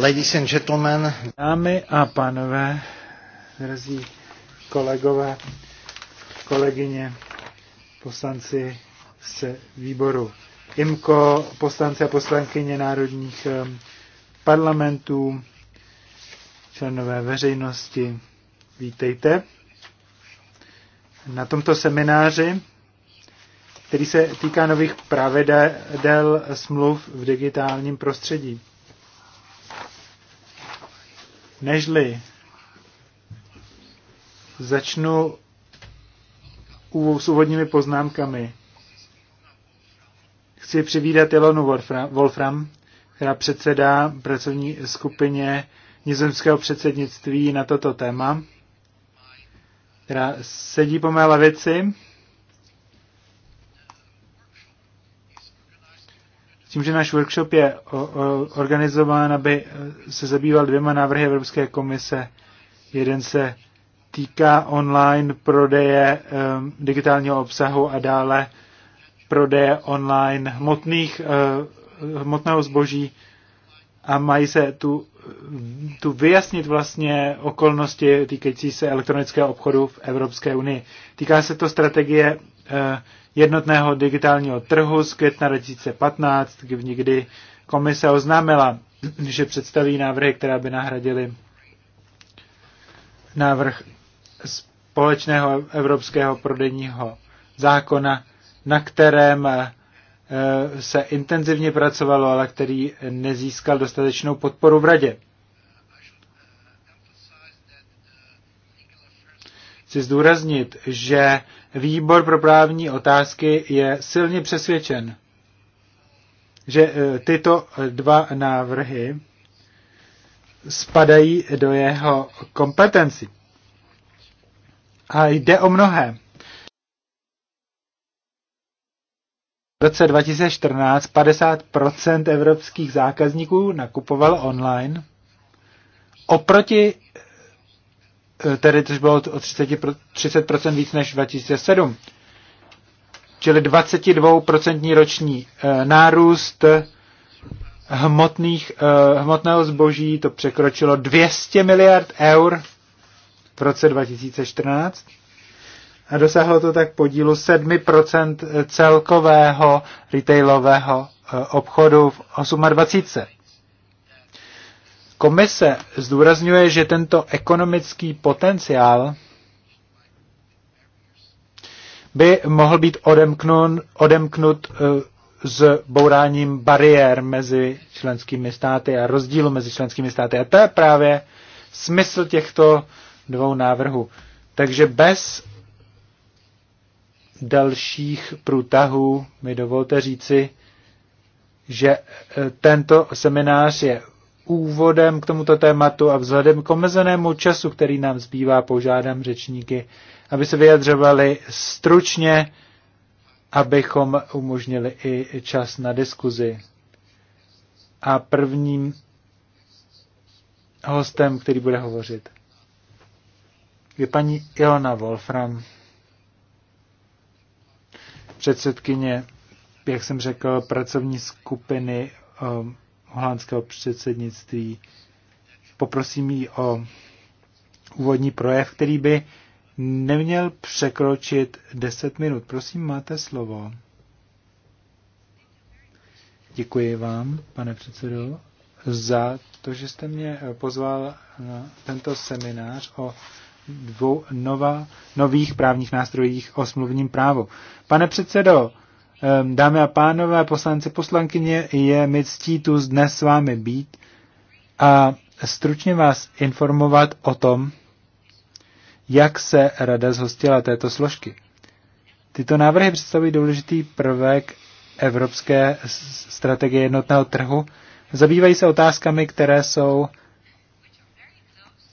Ladies and gentlemen. Dámy a pánové, drazí kolegové, kolegyně, poslanci z výboru IMKO, poslanci a poslankyně národních eh, parlamentů, členové veřejnosti, vítejte na tomto semináři, který se týká nových pravidel smluv v digitálním prostředí. Nežli začnu s úvodními poznámkami. Chci přivídat Jelonu Wolfram, která předsedá pracovní skupině nizozemského předsednictví na toto téma, která sedí po mé lavici. tím, že náš workshop je organizován, aby se zabýval dvěma návrhy Evropské komise. Jeden se týká online prodeje digitálního obsahu a dále prodeje online hmotných, eh, hmotného zboží a mají se tu, tu vyjasnit vlastně okolnosti týkající se elektronického obchodu v Evropské unii. Týká se to strategie eh, jednotného digitálního trhu z května 2015, kdy komise oznámila, že představí návrhy, které by nahradily návrh společného evropského prodejního zákona, na kterém eh, se intenzivně pracovalo, ale který nezískal dostatečnou podporu v radě. chci zdůraznit, že výbor pro právní otázky je silně přesvědčen, že e, tyto e, dva návrhy spadají do jeho kompetenci. A jde o mnohé. V roce 2014 50 evropských zákazníků nakupovalo online oproti Eh, tedy což bylo o 30, 30% víc než 2007. Čili 22% roční eh, nárůst hmotných, eh, hmotného zboží, to překročilo 200 miliard eur v roce 2014 a dosáhlo to tak podílu 7% celkového retailového obchodu v 28. Komise zdůrazňuje, že tento ekonomický potenciál by mohl být odemknut, odemknut eh, s bouráním bariér mezi členskými státy a rozdílu mezi členskými státy. A to je právě smysl těchto dvou návrhů. Takže bez dalších průtahů mi dovolte říci, že eh, tento seminář je úvodem k tomuto tématu a vzhledem k omezenému času, který nám zbývá, požádám řečníky, aby se vyjadřovali stručně, abychom umožnili i čas na diskuzi. A prvním hostem, který bude hovořit, je paní Ilona Wolfram, předsedkyně, jak jsem řekl, pracovní skupiny um, holandského předsednictví. Poprosím ji o úvodní projev, který by neměl překročit 10 minut. Prosím, máte slovo. Děkuji vám, pane předsedo, za to, že jste mě pozval na tento seminář o dvou nova, nových právních nástrojích o smluvním právu. Pane předsedo, Ehm, dámy a pánové, poslanci, poslankyně, je mi ctí tu dnes s vámi být a stručně vás informovat o tom, jak se Rada zhostila této složky. Tyto návrhy představují důležitý prvek evropské strategie jednotného trhu. Zabývají se otázkami, které jsou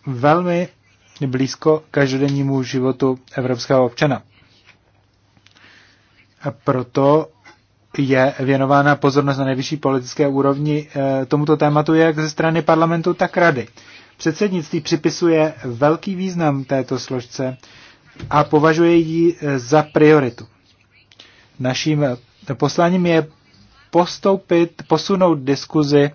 velmi blízko každodennímu životu evropského občana proto je věnována pozornost na nejvyšší politické úrovni eh, tomuto tématu jak ze strany parlamentu, tak rady. Předsednictví připisuje velký význam této složce a považuje ji eh, za prioritu. Naším eh, posláním je postoupit, posunout diskuzi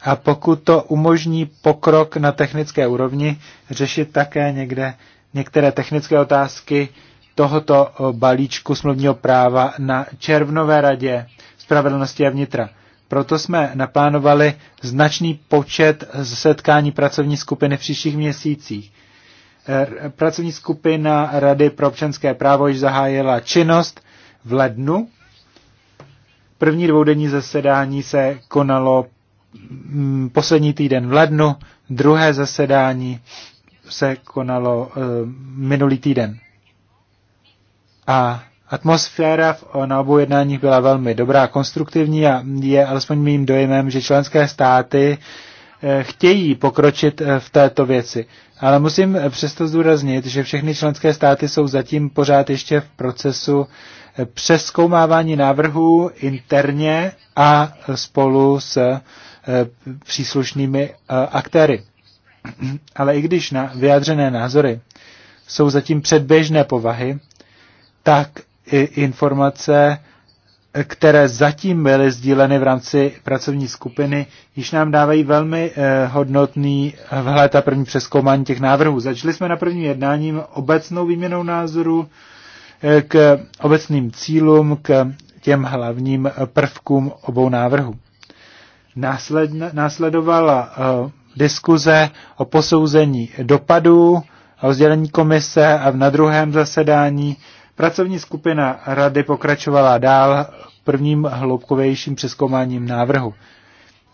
a pokud to umožní pokrok na technické úrovni, řešit také někde některé technické otázky tohoto balíčku smluvního práva na červnové radě spravedlnosti a vnitra. Proto jsme naplánovali značný počet setkání pracovní skupiny v příštích měsících. E, pracovní skupina Rady pro občanské právo již zahájila činnost v lednu. První dvoudenní zasedání se konalo mm, poslední týden v lednu, druhé zasedání se konalo e, minulý týden. A atmosféra na obou jednáních byla velmi dobrá a konstruktivní a je alespoň mým dojmem, že členské státy eh, chtějí pokročit eh, v této věci. Ale musím eh, přesto zdůraznit, že všechny členské státy jsou zatím pořád ještě v procesu přeskoumávání návrhů interně a spolu s příslušnými aktéry. Ale i když na vyjádřené názory jsou zatím předběžné povahy, tak i informace, které zatím byly sdíleny v rámci pracovní skupiny, již nám dávají velmi eh, hodnotný vhled a první přeskoumání těch návrhů. Začali jsme na prvním jednáním obecnou výměnou názoru eh, k obecným cílům, k těm hlavním eh, prvkům obou návrhů. Násled, následovala diskuze o posouzení dopadů, o sdělení komise a na druhém zasedání Pracovní skupina rady pokračovala dál prvním hloubkovějším přeskoumáním návrhu.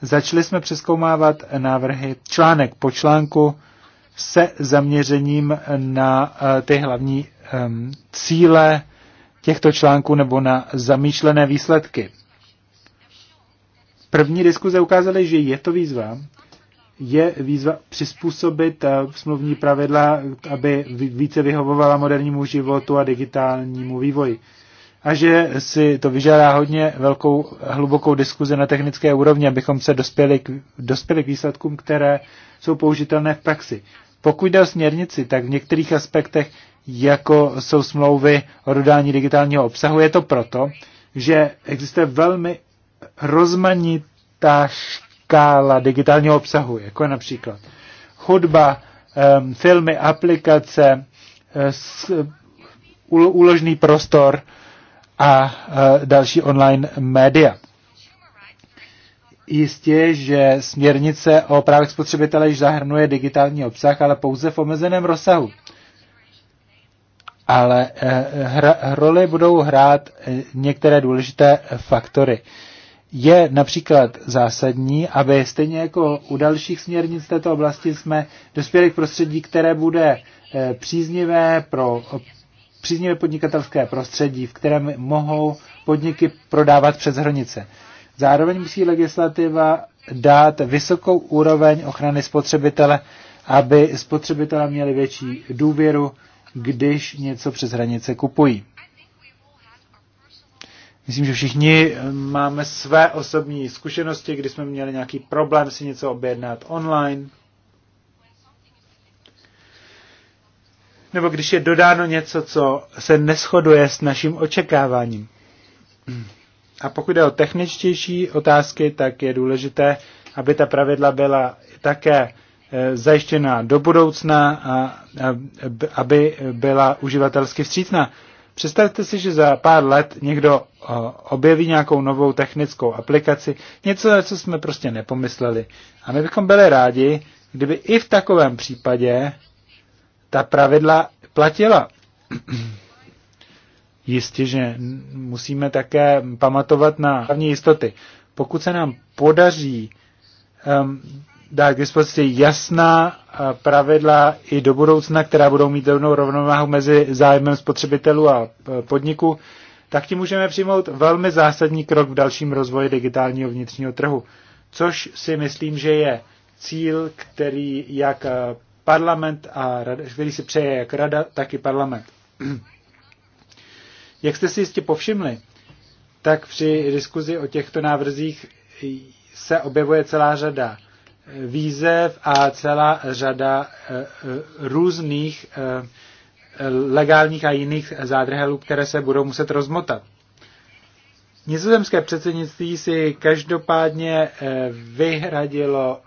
Začali jsme přeskoumávat návrhy článek po článku se zaměřením na eh, ty hlavní ehm, cíle těchto článků nebo na zamýšlené výsledky. První diskuze ukázaly, že je to výzva, je výzva přizpůsobit eh, smluvní pravidla, aby více vyhovovala modernímu životu a digitálnímu vývoji. A že si to vyžádá hodně velkou, hlubokou diskuzi na technické úrovni, abychom se dospěli k, dospěli k výsledkům, které jsou použitelné v praxi. Pokud jde o směrnici, tak v některých aspektech, jako jsou smlouvy o dodání digitálního obsahu, je to proto, že existuje velmi rozmanitá škála digitálního obsahu, jako například hudba, filmy, aplikace, eh, úložný prostor a eh, další online média. Jistě, že směrnice o právech spotřebitele již zahrnuje digitální obsah, ale pouze v omezeném rozsahu. Ale eh, hra, roli budou hrát některé důležité faktory je například zásadní, aby stejně jako u dalších směrnic této oblasti jsme dospěli k prostředí, které bude eh, příznivé pro příznivé podnikatelské prostředí, v kterém mohou podniky prodávat přes hranice. Zároveň musí legislativa dát vysokou úroveň ochrany spotřebitele, aby spotřebitele měli větší důvěru, když něco přes hranice kupují. Myslím, že všichni eh, máme své osobní zkušenosti, kdy jsme měli nějaký problém si něco objednat online. Nebo když je dodáno něco, co se neschoduje s naším očekáváním. A pokud jde o techničtější otázky, tak je důležité, aby ta pravidla byla také eh, zajištěna do budoucna a aby byla uživatelsky vstřícná. Představte si, že za pár let někdo eh, objeví nějakou novou technickou aplikaci, něco, na co jsme prostě nepomysleli. A my bychom byli rádi, kdyby i v takovém případě ta pravidla platila. Jistě, že musíme také pamatovat na hlavní jistoty. Pokud se nám podaří um, Dá k dispozici jasná eh, pravidla i do budoucna, která budou mít rovnou rovnováhu mezi zájmem spotřebitelů a eh, podniku, tak tím můžeme přijmout velmi zásadní krok v dalším rozvoji digitálního vnitřního trhu, což si myslím, že je cíl, který jak eh, parlament a rada, který si přeje jak rada, tak i parlament. Jak jste si jistě povšimli, tak při diskuzi o těchto návrzích se objevuje celá řada výzev a celá řada eh, eh, různých eh, legálních a jiných zádrhelů, které se budou muset rozmotat. Nizozemské předsednictví si každopádně vyhradilo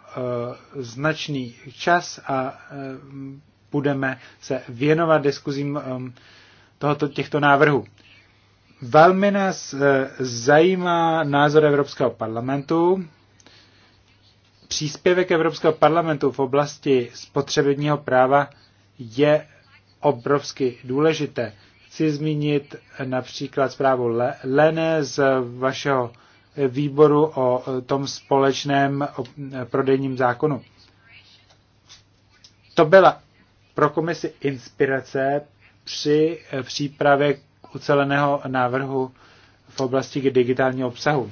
značný čas a budeme se věnovat diskuzím tohoto, těchto návrhů. Velmi nás zajímá názor Evropského parlamentu, příspěvek Evropského parlamentu v oblasti spotřebního práva je obrovsky důležité. Chci zmínit například zprávu Lene z vašeho výboru o tom společném prodejním zákonu. To byla pro komisi inspirace při přípravě uceleného návrhu v oblasti digitálního obsahu.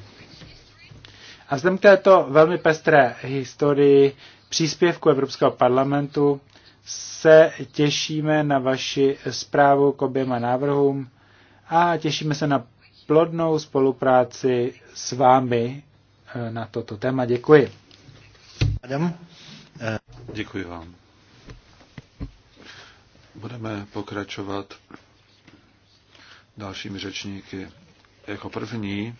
A vzhledem k této velmi pestré historii příspěvku Evropského parlamentu se těšíme na vaši zprávu k oběma návrhům a těšíme se na plodnou spolupráci s vámi eh, na toto téma. Děkuji. Adam. Eh. Děkuji vám. Budeme pokračovat dalšími řečníky. Jako první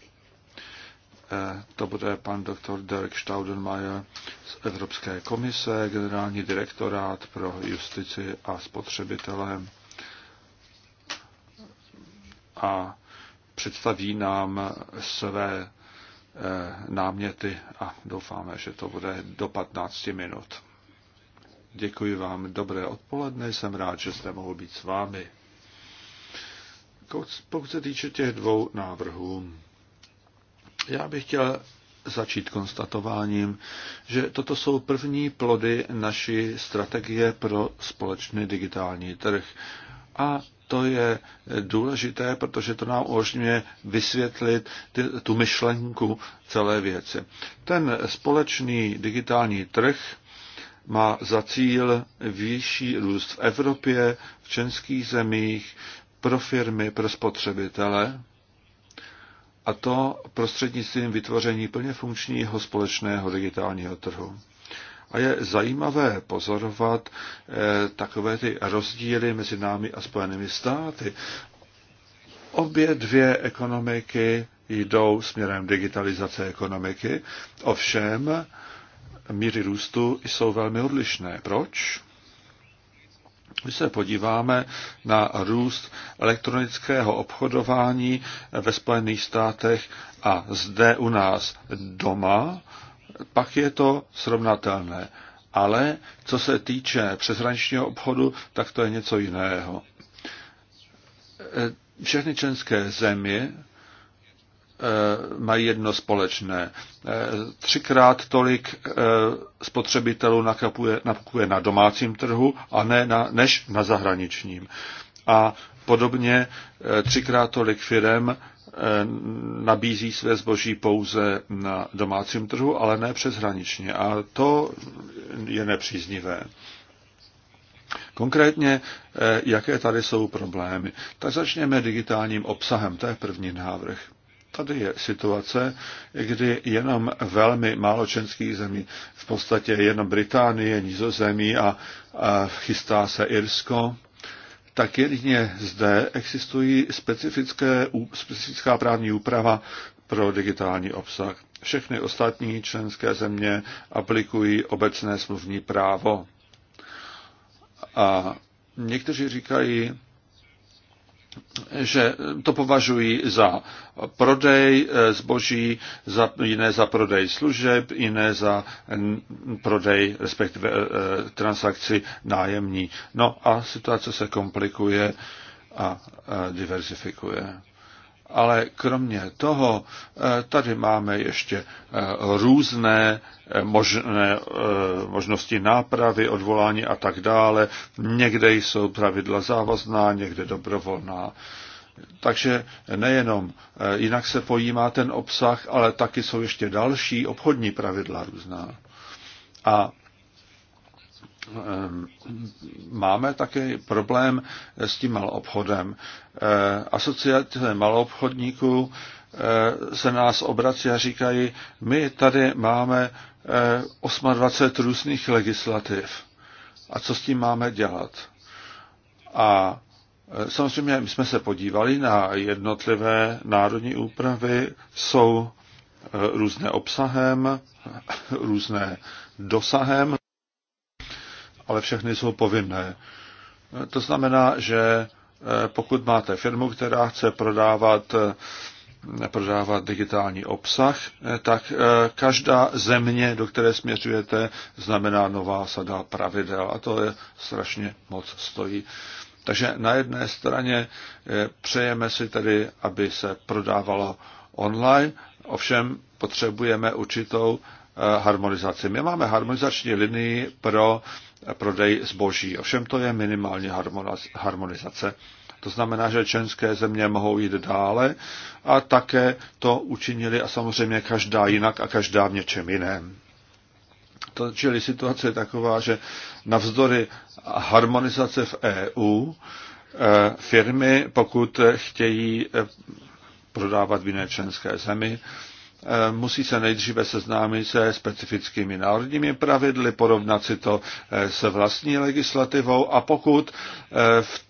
to bude pan doktor Dirk Staudenmayer z Evropské komise, generální direktorát pro justici a spotřebitele. A představí nám své eh, náměty a doufáme, že to bude do 15 minut. Děkuji vám, dobré odpoledne, jsem rád, že jste mohl být s vámi. Pokud se týče těch dvou návrhů, já bych chtěl začít konstatováním, že toto jsou první plody naší strategie pro společný digitální trh. A to je důležité, protože to nám umožňuje vysvětlit ty, tu myšlenku celé věci. Ten společný digitální trh má za cíl vyšší růst v Evropě, v českých zemích, pro firmy, pro spotřebitele, a to prostřednictvím vytvoření plně funkčního společného digitálního trhu. A je zajímavé pozorovat eh, takové ty rozdíly mezi námi a Spojenými státy. Obě dvě ekonomiky jdou směrem digitalizace ekonomiky, ovšem míry růstu jsou velmi odlišné. Proč? Když se podíváme na růst elektronického obchodování ve Spojených státech a zde u nás doma, pak je to srovnatelné. Ale co se týče přeshraničního obchodu, tak to je něco jiného. E, všechny členské země Eh, mají jedno společné. Eh, třikrát tolik eh, spotřebitelů nakupuje, nakupuje na domácím trhu a ne na, než na zahraničním. A podobně třikrát tolik firem nabízí své zboží pouze na domácím trhu, ale ne přeshraničně. A to je nepříznivé. Konkrétně, jaké tady jsou problémy? Tak začněme digitálním obsahem, to je první návrh tady je situace, kdy jenom velmi málo členských zemí, v podstatě jenom Británie, Nizozemí a, a chystá se Irsko, tak jedině zde existují specifické, specifická právní úprava pro digitální obsah. Všechny ostatní členské země aplikují obecné smluvní právo. A někteří říkají, že to považují za prodej eh, zboží, za, jiné za prodej služeb, jiné za prodej, respektive eh, transakci nájemní. No a situace se komplikuje a diversifikuje. Ale kromě toho eh, tady máme ještě eh, různé eh, možné, možnosti nápravy, odvolání a tak dále. Někde jsou pravidla závazná, někde dobrovolná. Takže nejenom jinak se pojímá ten obsah, ale taky jsou ještě další obchodní pravidla různá. A Ehm, máme také problém s tím malobchodem. Ehm, asociace malobchodníků ehm, se nás obrací a říkají, my tady máme 28 různých legislativ. A co s tím máme dělat? A samozřejmě my jsme se podívali na jednotlivé národní úpravy, jsou různé obsahem, různé dosahem ale všechny jsou povinné. To znamená, že eh, pokud máte firmu, která chce prodávat, eh, prodávat digitální obsah, eh, tak každá země, do které směřujete, znamená nová sada pravidel a to je strašně moc stojí. Takže na jedné straně přejeme si tedy, aby se prodávalo online, ovšem potřebujeme určitou Eh, harmonizaci. My máme harmonizační linii pro prodej zboží, ovšem to je minimální harmonizace. To znamená, že členské země mohou jít dále a také to učinili a samozřejmě každá jinak a každá v něčem jiném. To, čili situace je taková, že navzdory harmonizace v EU eh, firmy, pokud chtějí eh, prodávat v jiné členské zemi, Eh, musí se nejdříve seznámit se specifickými národními pravidly, porovnat si to eh, se vlastní legislativou a pokud eh, v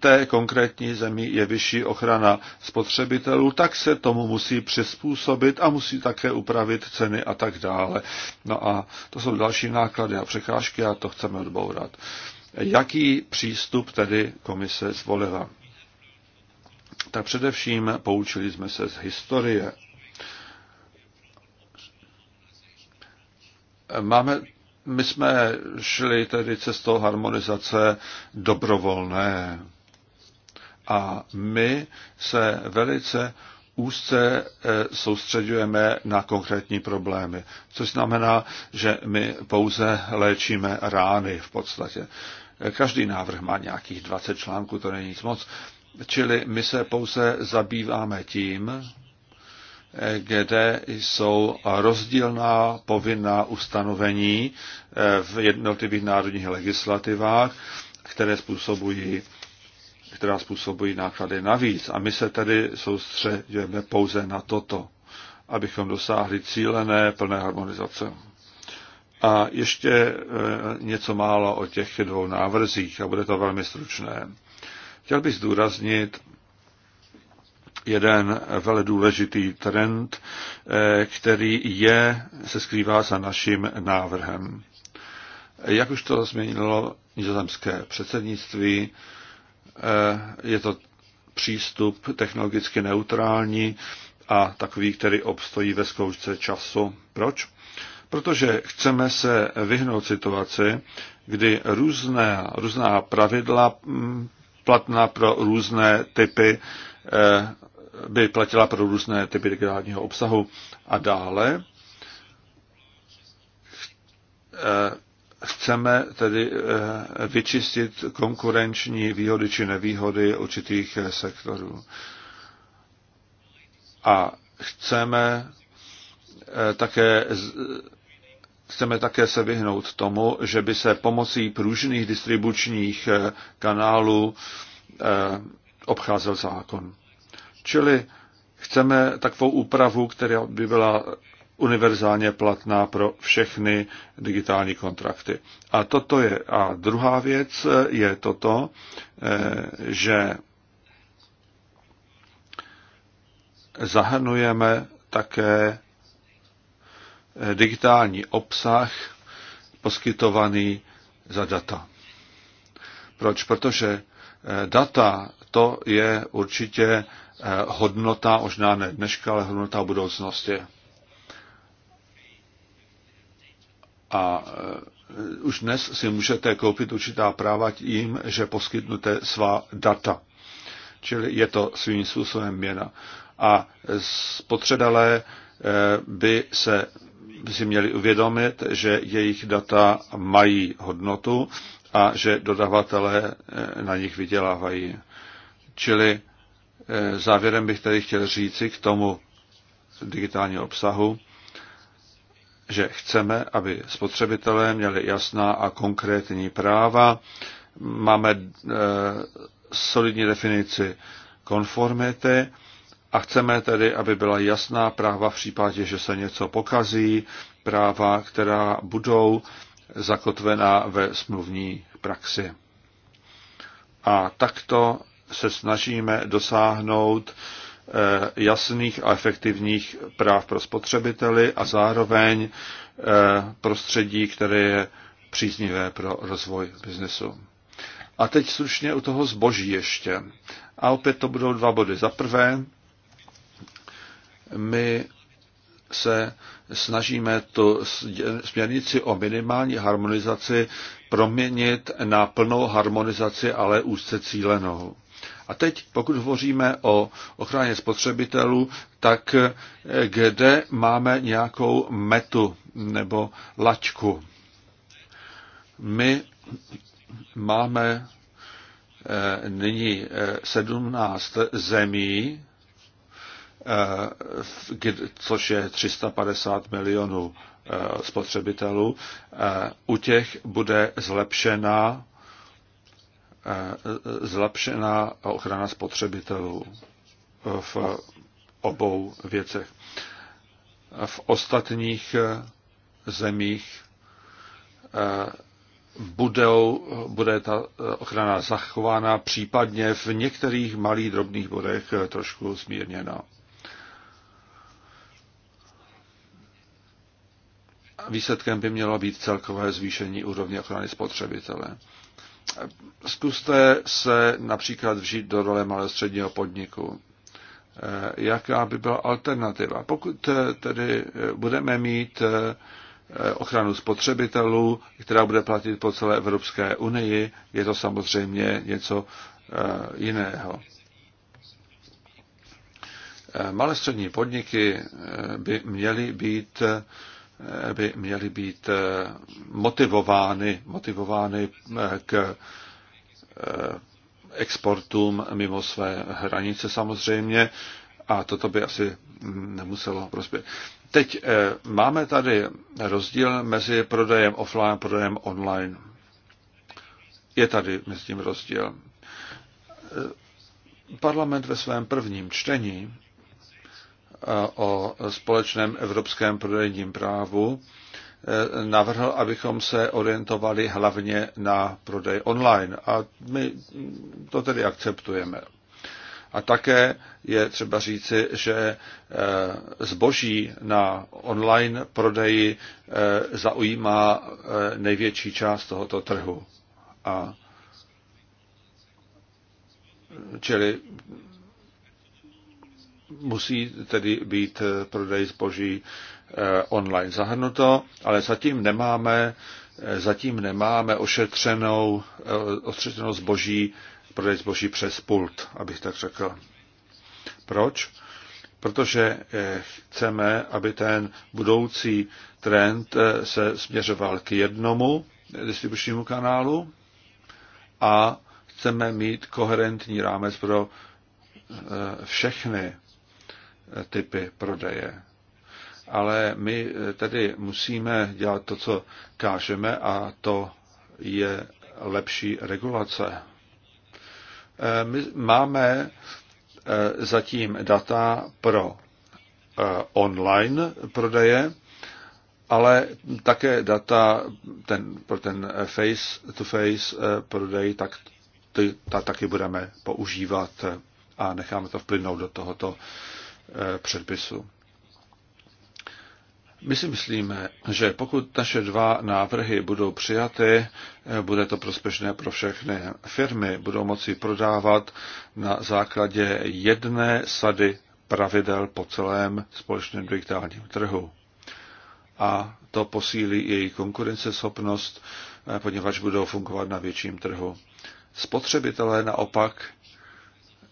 té konkrétní zemi je vyšší ochrana spotřebitelů, tak se tomu musí přizpůsobit a musí také upravit ceny a tak dále. No a to jsou další náklady a překážky a to chceme odbourat. Jaký přístup tedy komise zvolila? Tak především poučili jsme se z historie Máme, my jsme šli tedy cestou harmonizace dobrovolné. A my se velice úzce eh, soustředujeme na konkrétní problémy, což znamená, že my pouze léčíme rány v podstatě. Každý návrh má nějakých 20 článků, to není nic moc, čili my se pouze zabýváme tím, kde jsou rozdílná povinná ustanovení e, v jednotlivých národních legislativách, které způsobují která způsobují náklady navíc. A my se tedy soustředujeme pouze na toto, abychom dosáhli cílené plné harmonizace. A ještě e, něco málo o těch dvou návrzích a bude to velmi stručné. Chtěl bych zdůraznit, jeden velmi důležitý trend, eh, který je, se skrývá za naším návrhem. Jak už to změnilo nizozemské předsednictví, eh, je to přístup technologicky neutrální a takový, který obstojí ve zkoušce času. Proč? Protože chceme se vyhnout situaci, kdy různé, různá pravidla mm, platná pro různé typy eh, by platila pro různé typy digitálního obsahu. A dále eh, chceme tedy eh, vyčistit konkurenční výhody či nevýhody určitých eh, sektorů. A chceme také chceme také se vyhnout tomu, že by se pomocí průžných distribučních kanálů obcházel zákon. Čili chceme takovou úpravu, která by byla univerzálně platná pro všechny digitální kontrakty. A toto je. A druhá věc je toto, eh, že zahrnujeme také eh, digitální obsah poskytovaný za data. Proč? Protože eh, data to je určitě Eh, hodnota, možná ne dneška, ale hodnota budoucnosti. A eh, už dnes si můžete koupit určitá práva tím, že poskytnete svá data. Čili je to svým způsobem měna. A spotřebitelé eh, by se by si měli uvědomit, že jejich data mají hodnotu a že dodavatelé na nich vydělávají. Čili Eh, závěrem bych tady chtěl říci k tomu digitálního obsahu, že chceme, aby spotřebitelé měli jasná a konkrétní práva. Máme eh, solidní definici konformity a chceme tedy, aby byla jasná práva v případě, že se něco pokazí, práva, která budou zakotvená ve smluvní praxi. A takto se snažíme dosáhnout eh, jasných a efektivních práv pro spotřebiteli a zároveň eh, prostředí, které je příznivé pro rozvoj biznesu. A teď slušně u toho zboží ještě. A opět to budou dva body. Za prvé, my se snažíme tu směrnici o minimální harmonizaci proměnit na plnou harmonizaci, ale úzce cílenou. A teď, pokud hovoříme o ochraně spotřebitelů, tak eh, kde máme nějakou metu nebo lačku? My máme eh, nyní 17 eh, zemí, což je 350 milionů spotřebitelů. U těch bude zlepšena Eh, zlepšená ochrana spotřebitelů v obou věcech. V ostatních eh, zemích eh, budou, bude ta ochrana zachována, případně v některých malých drobných bodech trošku zmírněna. Výsledkem by mělo být celkové zvýšení úrovně ochrany spotřebitele zkuste se například vžít do role malého středního podniku. Eh, jaká by byla alternativa? Pokud eh, tedy eh, budeme mít ochranu spotřebitelů, která bude platit po celé Evropské unii, je to samozřejmě něco jiného. Malé střední podniky by měly být by měly být eh, motivovány, motivovány eh, k eh, exportům mimo své hranice samozřejmě a toto by asi nemuselo prospět. Teď máme tady rozdíl mezi prodejem offline a prodejem online. Je tady mezi tím rozdíl. Parlament ve svém prvním čtení o společném evropském prodejním právu eh, navrhl, abychom se orientovali hlavně na prodej online. A my to tedy akceptujeme. A také je třeba říci, že eh, zboží na online prodeji eh, zaujímá největší část tohoto trhu. A čili musí tedy být eh, prodej zboží eh, online zahrnuto, ale zatím nemáme, eh, zatím nemáme ošetřenou, ošetřenou zboží, prodej zboží přes pult, abych tak řekl. Proč? Protože chceme, aby ten budoucí trend se směřoval k jednomu distribučnímu kanálu a chceme mít koherentní rámec pro všechny typy prodeje. Ale my tedy musíme dělat to, co kážeme, a to je lepší regulace. My máme eh, zatím data pro eh, online prodeje, ale také data ten, pro ten face-to-face -face eh, prodej, tak ty, ta taky budeme používat a necháme to vplynout do tohoto Eh, předpisu. My si myslíme, že pokud naše dva návrhy budou přijaty, eh, bude to prospešné pro všechny. Firmy budou moci prodávat na základě jedné sady pravidel po celém společném digitálním trhu. A to posílí její konkurenceschopnost, eh, poněvadž budou fungovat na větším trhu. Spotřebitelé naopak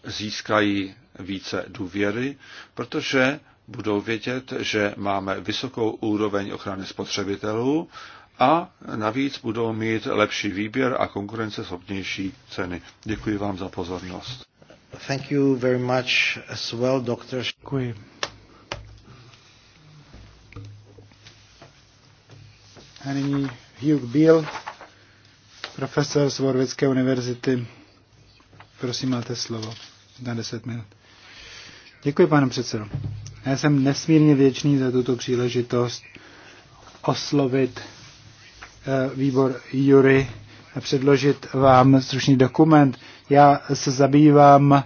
získají více důvěry, protože budou vědět, že máme vysokou úroveň ochrany spotřebitelů a navíc budou mít lepší výběr a konkurenceschopnější ceny. Děkuji vám za pozornost. Thank you very much as well, doctor. Děkuji. A nyní Hugh Beal, profesor z Warwickské univerzity. Prosím, máte slovo na 10 minut. Děkuji, pane předsedo. Já jsem nesmírně věčný za tuto příležitost oslovit eh, výbor Jury a předložit vám stručný dokument. Já se zabývám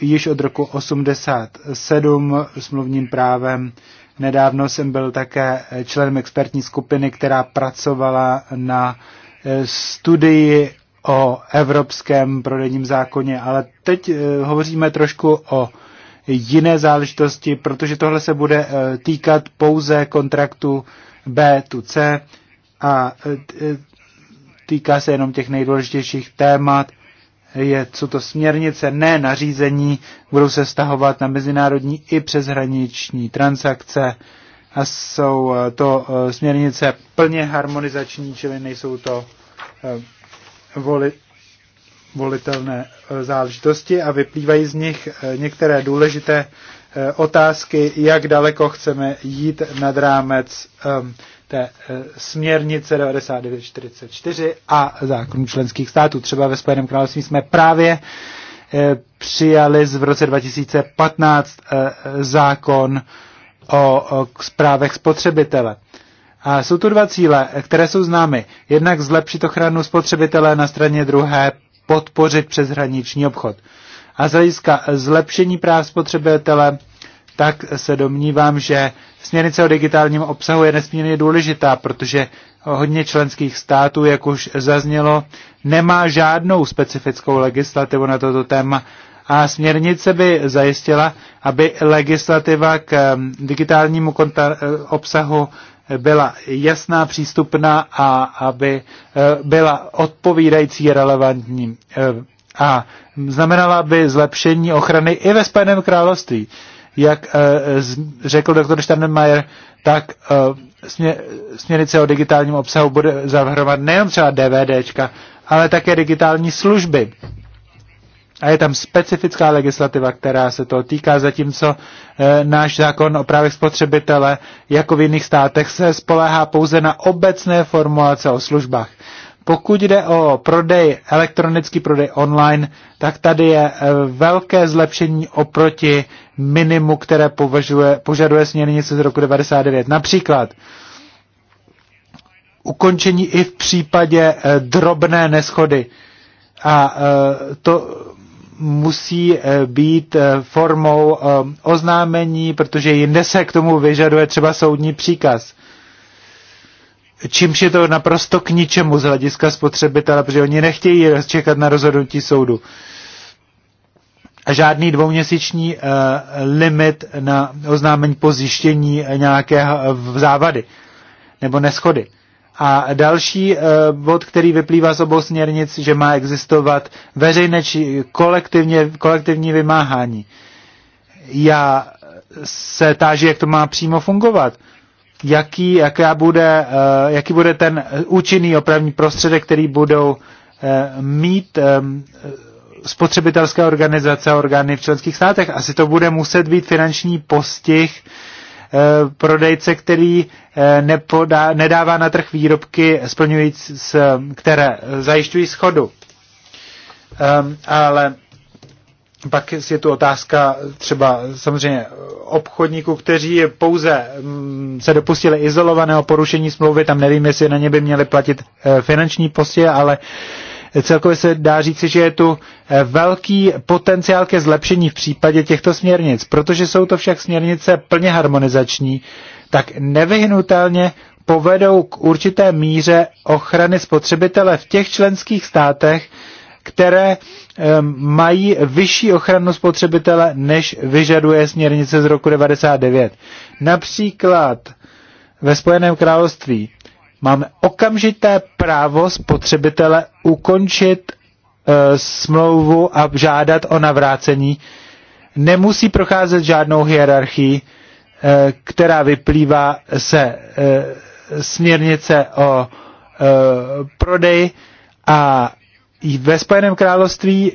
již od roku 87 smluvním právem. Nedávno jsem byl také členem expertní skupiny, která pracovala na eh, studii o evropském prodejním zákoně, ale teď eh, hovoříme trošku o jiné záležitosti, protože tohle se bude eh, týkat pouze kontraktu B tu C a eh, eh, týká se jenom těch nejdůležitějších témat. Je, co to směrnice, ne nařízení, budou se stahovat na mezinárodní i přeshraniční transakce a jsou to směrnice plně harmonizační, čili nejsou to volit volitelné e, záležitosti a vyplývají z nich e, některé důležité e, otázky, jak daleko chceme jít nad rámec té směrnice 9944 a zákonů členských států. Třeba ve Spojeném království jsme právě přijali v roce 2015 zákon o zprávech spotřebitele. A jsou tu dva cíle, které jsou známy. Jednak zlepšit ochranu spotřebitele na straně druhé podpořit přeshraniční obchod. A z hlediska zlepšení práv spotřebitele, tak se domnívám, že směrnice o digitálním obsahu je nesmírně důležitá, protože hodně členských států, jak už zaznělo, nemá žádnou specifickou legislativu na toto téma a směrnice by zajistila, aby legislativa k eh, digitálnímu eh, obsahu byla jasná, přístupná a aby e, byla odpovídající relevantní e, a znamenala by zlepšení ochrany i ve Spojeném království. Jak e, řekl doktor Sternemeyer, tak směrnice o digitálním obsahu bude zahrnovat nejen třeba DVDčka, ale také digitální služby a je tam specifická legislativa, která se toho týká, zatímco e, náš zákon o právech spotřebitele, jako v jiných státech, se spoléhá pouze na obecné formulace o službách. Pokud jde o prodej, elektronický prodej online, tak tady je eh, velké zlepšení oproti minimu, které považuje, požaduje směrnice z roku 99. Například ukončení i v případě eh, drobné neschody. A to musí eh, být eh, formou eh, oznámení, protože jinde se k tomu vyžaduje třeba soudní příkaz. Čímž je to naprosto k ničemu z hlediska spotřebitele, protože oni nechtějí čekat na rozhodnutí soudu. A žádný dvouměsíční limit na oznámení po zjištění nějaké závady nebo neschody. A další eh, bod, který vyplývá z obou směrnic, že má existovat veřejné či kolektivně, kolektivní vymáhání. Já se táží, jak to má přímo fungovat. Jaký, jaká bude, eh, jaký bude ten účinný opravní prostředek, který budou eh, mít spotřebitelské organizace a orgány v členských státech. Asi to bude muset být finanční postih Eh, prodejce, který eh, nepodá, nedává na trh výrobky splňující, které zajišťují schodu. Ehm, ale pak je tu otázka třeba samozřejmě obchodníků, kteří pouze mm, se dopustili izolovaného porušení smlouvy, tam nevím, jestli na ně by měli platit eh, finanční postě, ale Celkově se dá říci, že je tu eh, velký potenciál ke zlepšení v případě těchto směrnic. Protože jsou to však směrnice plně harmonizační, tak nevyhnutelně povedou k určité míře ochrany spotřebitele v těch členských státech, které mají vyšší ochranu spotřebitele, než vyžaduje směrnice z roku 99. Například ve Spojeném království máme okamžité právo spotřebitele ukončit e, smlouvu a žádat o navrácení. Nemusí procházet žádnou hierarchii, e, která vyplývá se e, směrnice o e, prodeji a ve Spojeném království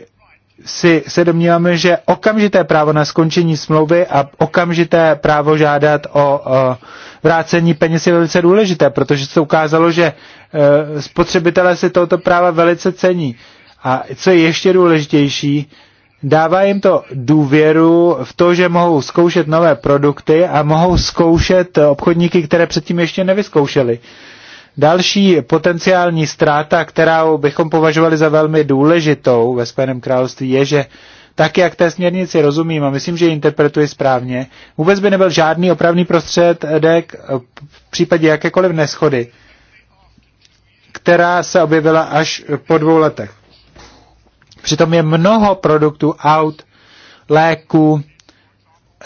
si se domníváme, že okamžité právo na skončení smlouvy a okamžité právo žádat o, o vrácení peněz je velice důležité, protože se ukázalo, že eh, spotřebitelé si tohoto práva velice cení. A co je ještě důležitější, dává jim to důvěru v to, že mohou zkoušet nové produkty a mohou zkoušet obchodníky, které předtím ještě nevyzkoušeli. Další potenciální ztráta, kterou bychom považovali za velmi důležitou ve Spojeném království, je, že tak jak té směrnici rozumím a myslím, že ji interpretuji správně, vůbec by nebyl žádný opravný prostředek eh, v případě jakékoliv neschody, která se objevila až po dvou letech. Přitom je mnoho produktů, aut, léků,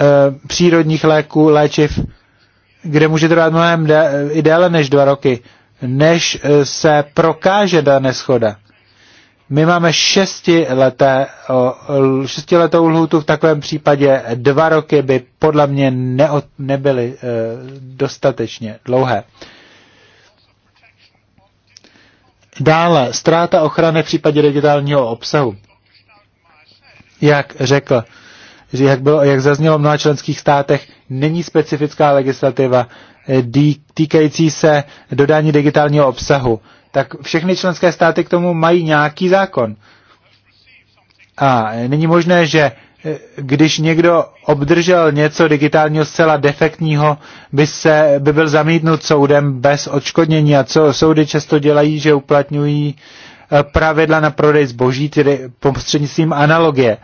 e, přírodních léků, léčiv, kde může trvat mnohem de, i déle než dva roky, než eh, se prokáže dané schoda. My máme šestileté, šestiletou lhůtu, v takovém případě dva roky by podle mě neo, nebyly e, dostatečně dlouhé. Dále, ztráta ochrany v případě digitálního obsahu. Jak řekl, že jak, bylo, jak zaznělo v mnoha členských státech, není specifická legislativa e, týkající se dodání digitálního obsahu tak všechny členské státy k tomu mají nějaký zákon. A není možné, že eh, když někdo obdržel něco digitálního zcela defektního, by, se, by byl zamítnut soudem bez odškodnění. A co soudy často dělají, že uplatňují eh, pravidla na prodej zboží, tedy prostřednictvím analogie.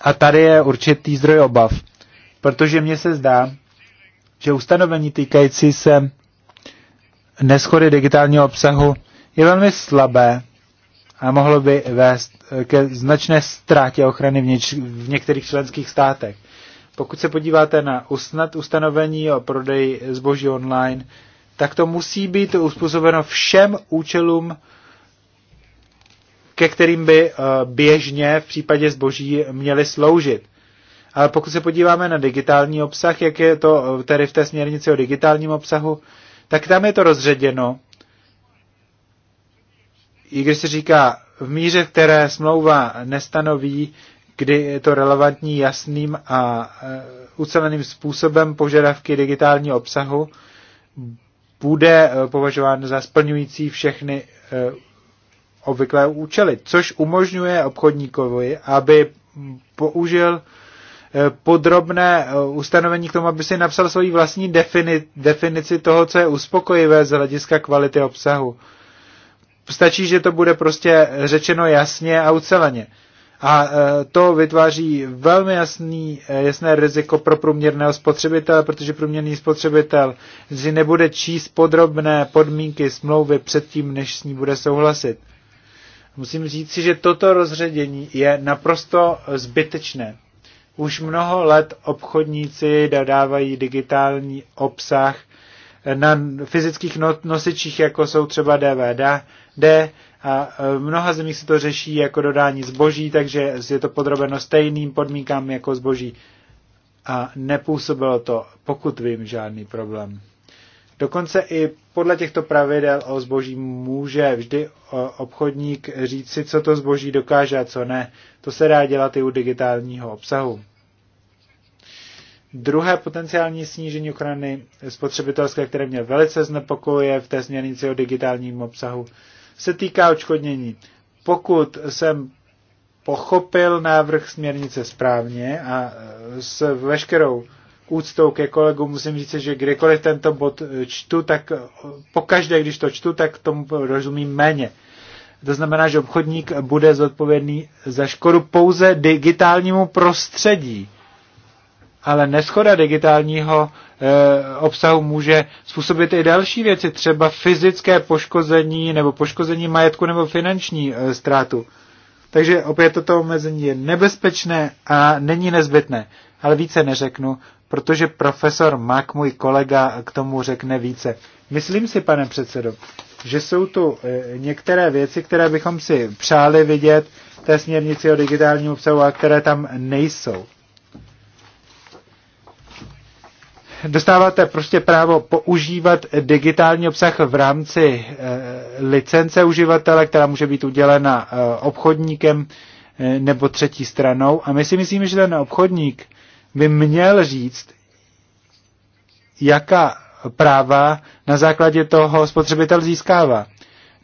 A tady je určitý zdroj obav, protože mně se zdá, že ustanovení týkající se neschody digitálního obsahu je velmi slabé a mohlo by vést eh, ke značné ztrátě ochrany v, něč, v některých členských státech. Pokud se podíváte na usnad ustanovení o prodeji zboží online, tak to musí být uspůsobeno všem účelům, ke kterým by eh, běžně v případě zboží měly sloužit. Ale pokud se podíváme na digitální obsah, jak je to eh, tedy v té směrnici o digitálním obsahu, tak tam je to rozředěno. I když se říká v míře, které smlouva nestanoví, kdy je to relevantní jasným a eh, uceleným způsobem požadavky digitálního obsahu, bude eh, považován za splňující všechny eh, obvyklé účely, což umožňuje obchodníkovi, aby použil Eh, podrobné eh, ustanovení k tomu, aby si napsal svoji vlastní defini- definici toho, co je uspokojivé z hlediska kvality obsahu. Stačí, že to bude prostě řečeno jasně a uceleně. A eh, to vytváří velmi jasný, jasné riziko pro průměrného spotřebitele, protože průměrný spotřebitel si nebude číst podrobné podmínky smlouvy předtím, než s ní bude souhlasit. Musím říct si, že toto rozředění je naprosto zbytečné. Už mnoho let obchodníci dodávají digitální obsah na fyzických no-, nosičích, jako jsou třeba DVD, D, a v e, mnoha zemích se to řeší jako dodání zboží, takže je to podrobeno stejným podmínkám jako zboží. A nepůsobilo to, pokud vím, žádný problém. Dokonce i podle těchto pravidel o zboží může vždy eh, obchodník si, co to zboží dokáže a co ne. To se dá dělat i u digitálního obsahu. Druhé potenciální snížení ochrany spotřebitelské, které mě velice znepokojuje v té směrnici o digitálním obsahu, se týká očkodnění. Pokud jsem pochopil návrh směrnice správně a s veškerou úctou ke kolegům musím říct, že kdykoliv tento bod eh, čtu, tak eh, pokaždé, když to čtu, tak tomu rozumím méně. To znamená, že obchodník bude zodpovědný za škodu pouze digitálnímu prostředí. Ale neschoda digitálního e, obsahu může způsobit i další věci, třeba fyzické poškození nebo poškození majetku nebo finanční e, ztrátu. Takže opět toto omezení je nebezpečné a není nezbytné. Ale více neřeknu, protože profesor Mak, můj kolega, k tomu řekne více. Myslím si, pane předsedo, že jsou tu e, některé věci, které bychom si přáli vidět té směrnici o digitálním obsahu a které tam nejsou. Dostáváte prostě právo používat digitální obsah v rámci e, licence uživatele, která může být udělena e, obchodníkem nebo třetí stranou. A my si myslíme, že ten obchodník by měl říct, jaká práva na základě toho spotřebitel získává.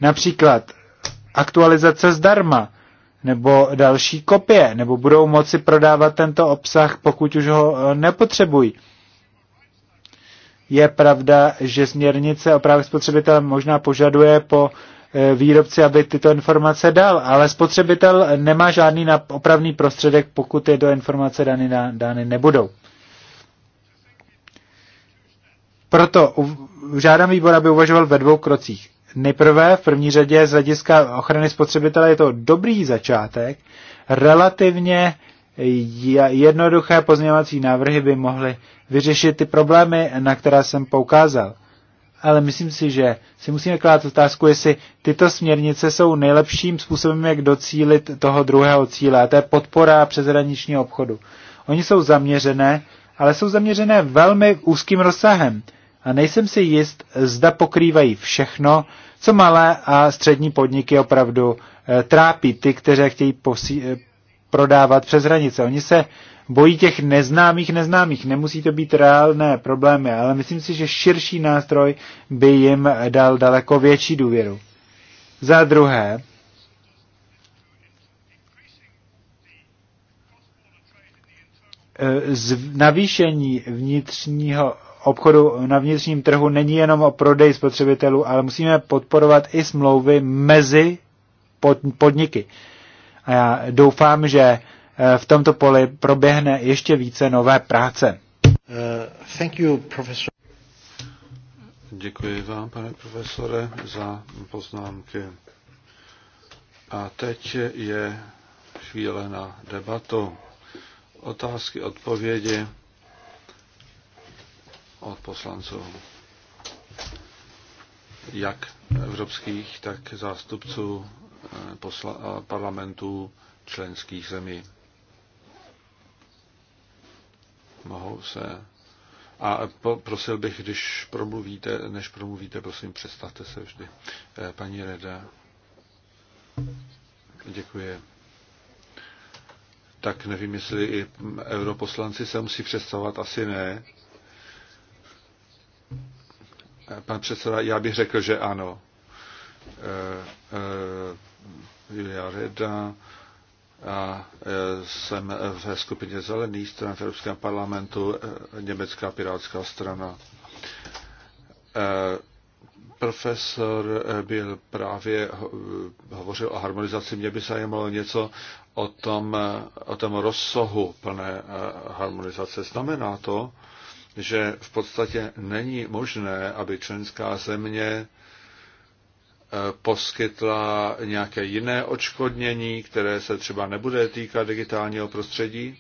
Například aktualizace zdarma, nebo další kopie, nebo budou moci prodávat tento obsah, pokud už ho eh, nepotřebují. Je pravda, že směrnice o právě spotřebitele možná požaduje po Eh, výrobci, aby tyto informace dal, ale spotřebitel nemá žádný opravný prostředek, pokud je do informace dány, dány nebudou. Proto žádám výbor, aby uvažoval ve dvou krocích. Nejprve, v první řadě, z hlediska ochrany spotřebitele je to dobrý začátek. Relativně jednoduché pozměňovací návrhy by mohly vyřešit ty problémy, na které jsem poukázal ale myslím si, že si musíme klát otázku, jestli tyto směrnice jsou nejlepším způsobem, jak docílit toho druhého cíle, a to je podpora přeshraničního obchodu. Oni jsou zaměřené, ale jsou zaměřené velmi úzkým rozsahem a nejsem si jist, zda pokrývají všechno, co malé a střední podniky opravdu eh, trápí, ty, kteří chtějí posí- eh, prodávat přes hranice. Oni se bojí těch neznámých neznámých. Nemusí to být reálné problémy, ale myslím si, že širší nástroj by jim dal daleko větší důvěru. Za druhé, z navýšení vnitřního obchodu na vnitřním trhu není jenom o prodej spotřebitelů, ale musíme podporovat i smlouvy mezi podniky. A já doufám, že Eh, v tomto poli proběhne ještě více nové práce. Uh, thank you, professor. Děkuji vám, pane profesore, za poznámky. A teď je chvíle na debatu. Otázky, odpovědi od poslanců. Jak evropských, tak zástupců eh, parlamentů členských zemí mohou se. A prosil bych, když promluvíte, než promluvíte, prosím, představte se vždy. Eh, paní Reda, děkuji. Tak nevím, jestli i europoslanci se musí představovat, asi ne. Eh, pan předseda, já bych řekl, že ano. Eh, Julia Reda, a e, jsem ve skupině zelených stran v Evropském parlamentu e, Německá pirátská strana. E, profesor byl právě hovořil o harmonizaci. Mě by zajímalo něco o tom, o tom rozsahu plné harmonizace. Znamená to, že v podstatě není možné, aby členská země poskytla nějaké jiné očkodnění, které se třeba nebude týkat digitálního prostředí?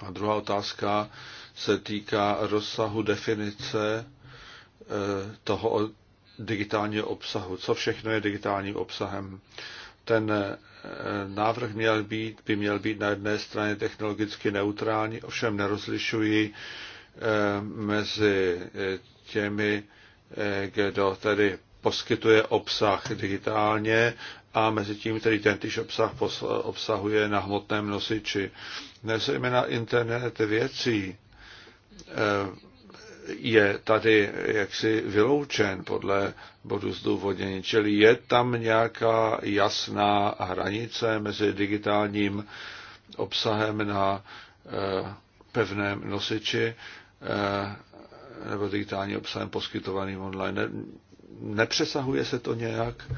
A druhá otázka se týká rozsahu definice eh, toho digitálního obsahu. Co všechno je digitálním obsahem? Ten eh, návrh měl být, by měl být na jedné straně technologicky neutrální, ovšem nerozlišuji eh, mezi těmi, kdo tedy poskytuje obsah digitálně a mezi tím tedy tentýž obsah obsahuje na hmotném nosiči. Dnes na internet věcí eh, je tady jaksi vyloučen podle bodu zdůvodnění, čili je tam nějaká jasná hranice mezi digitálním obsahem na eh, pevném nosiči eh, nebo digitálním obsahem poskytovaným online. Nepřesahuje se to nějak?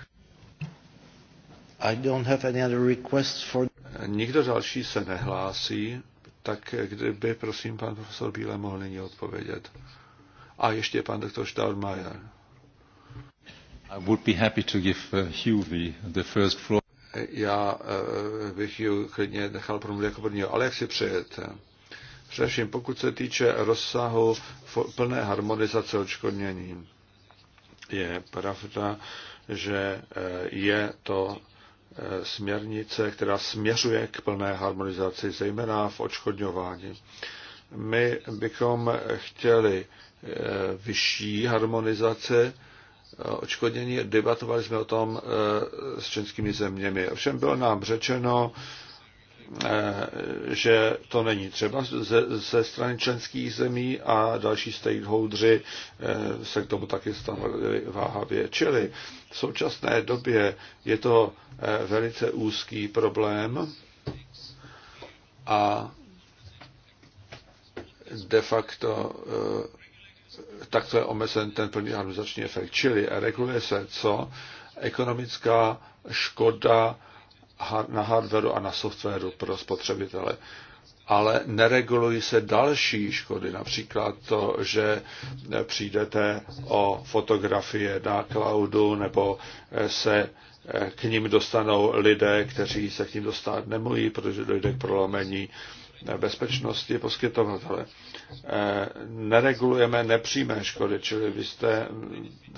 I don't have any other request for... Nikdo další se nehlásí, tak kdyby, prosím, pan profesor Bíle mohl nyní odpovědět. A ještě pan doktor Staudmajer. I would be happy to give uh, Hugh the, the first floor. Já uh, bych ji klidně nechal promluvit jako prvního, ale jak si přejete? Především pokud se týče rozsahu plné harmonizace odškodnění je pravda, že e, je to e, směrnice, která směřuje k plné harmonizaci, zejména v odškodňování. My bychom chtěli e, vyšší harmonizace očkodnění. debatovali jsme o tom s českými zeměmi. Ovšem bylo nám řečeno, Eh, že to není třeba ze, ze strany členských zemí a další stakeholdři eh, se k tomu taky stanovili váhavě. Čili v současné době je to eh, velice úzký problém a de facto takto je omezen ten plný harmonizační efekt. Čili reguluje se co? Ekonomická škoda na hardwareu a na softwaru pro spotřebitele. Ale neregulují se další škody, například to, že přijdete o fotografie na cloudu nebo se eh, k ním dostanou lidé, kteří se k ním dostat nemojí, protože dojde k prolomení bezpečnosti poskytovatele. Eh, neregulujeme nepřímé škody, čili vy jste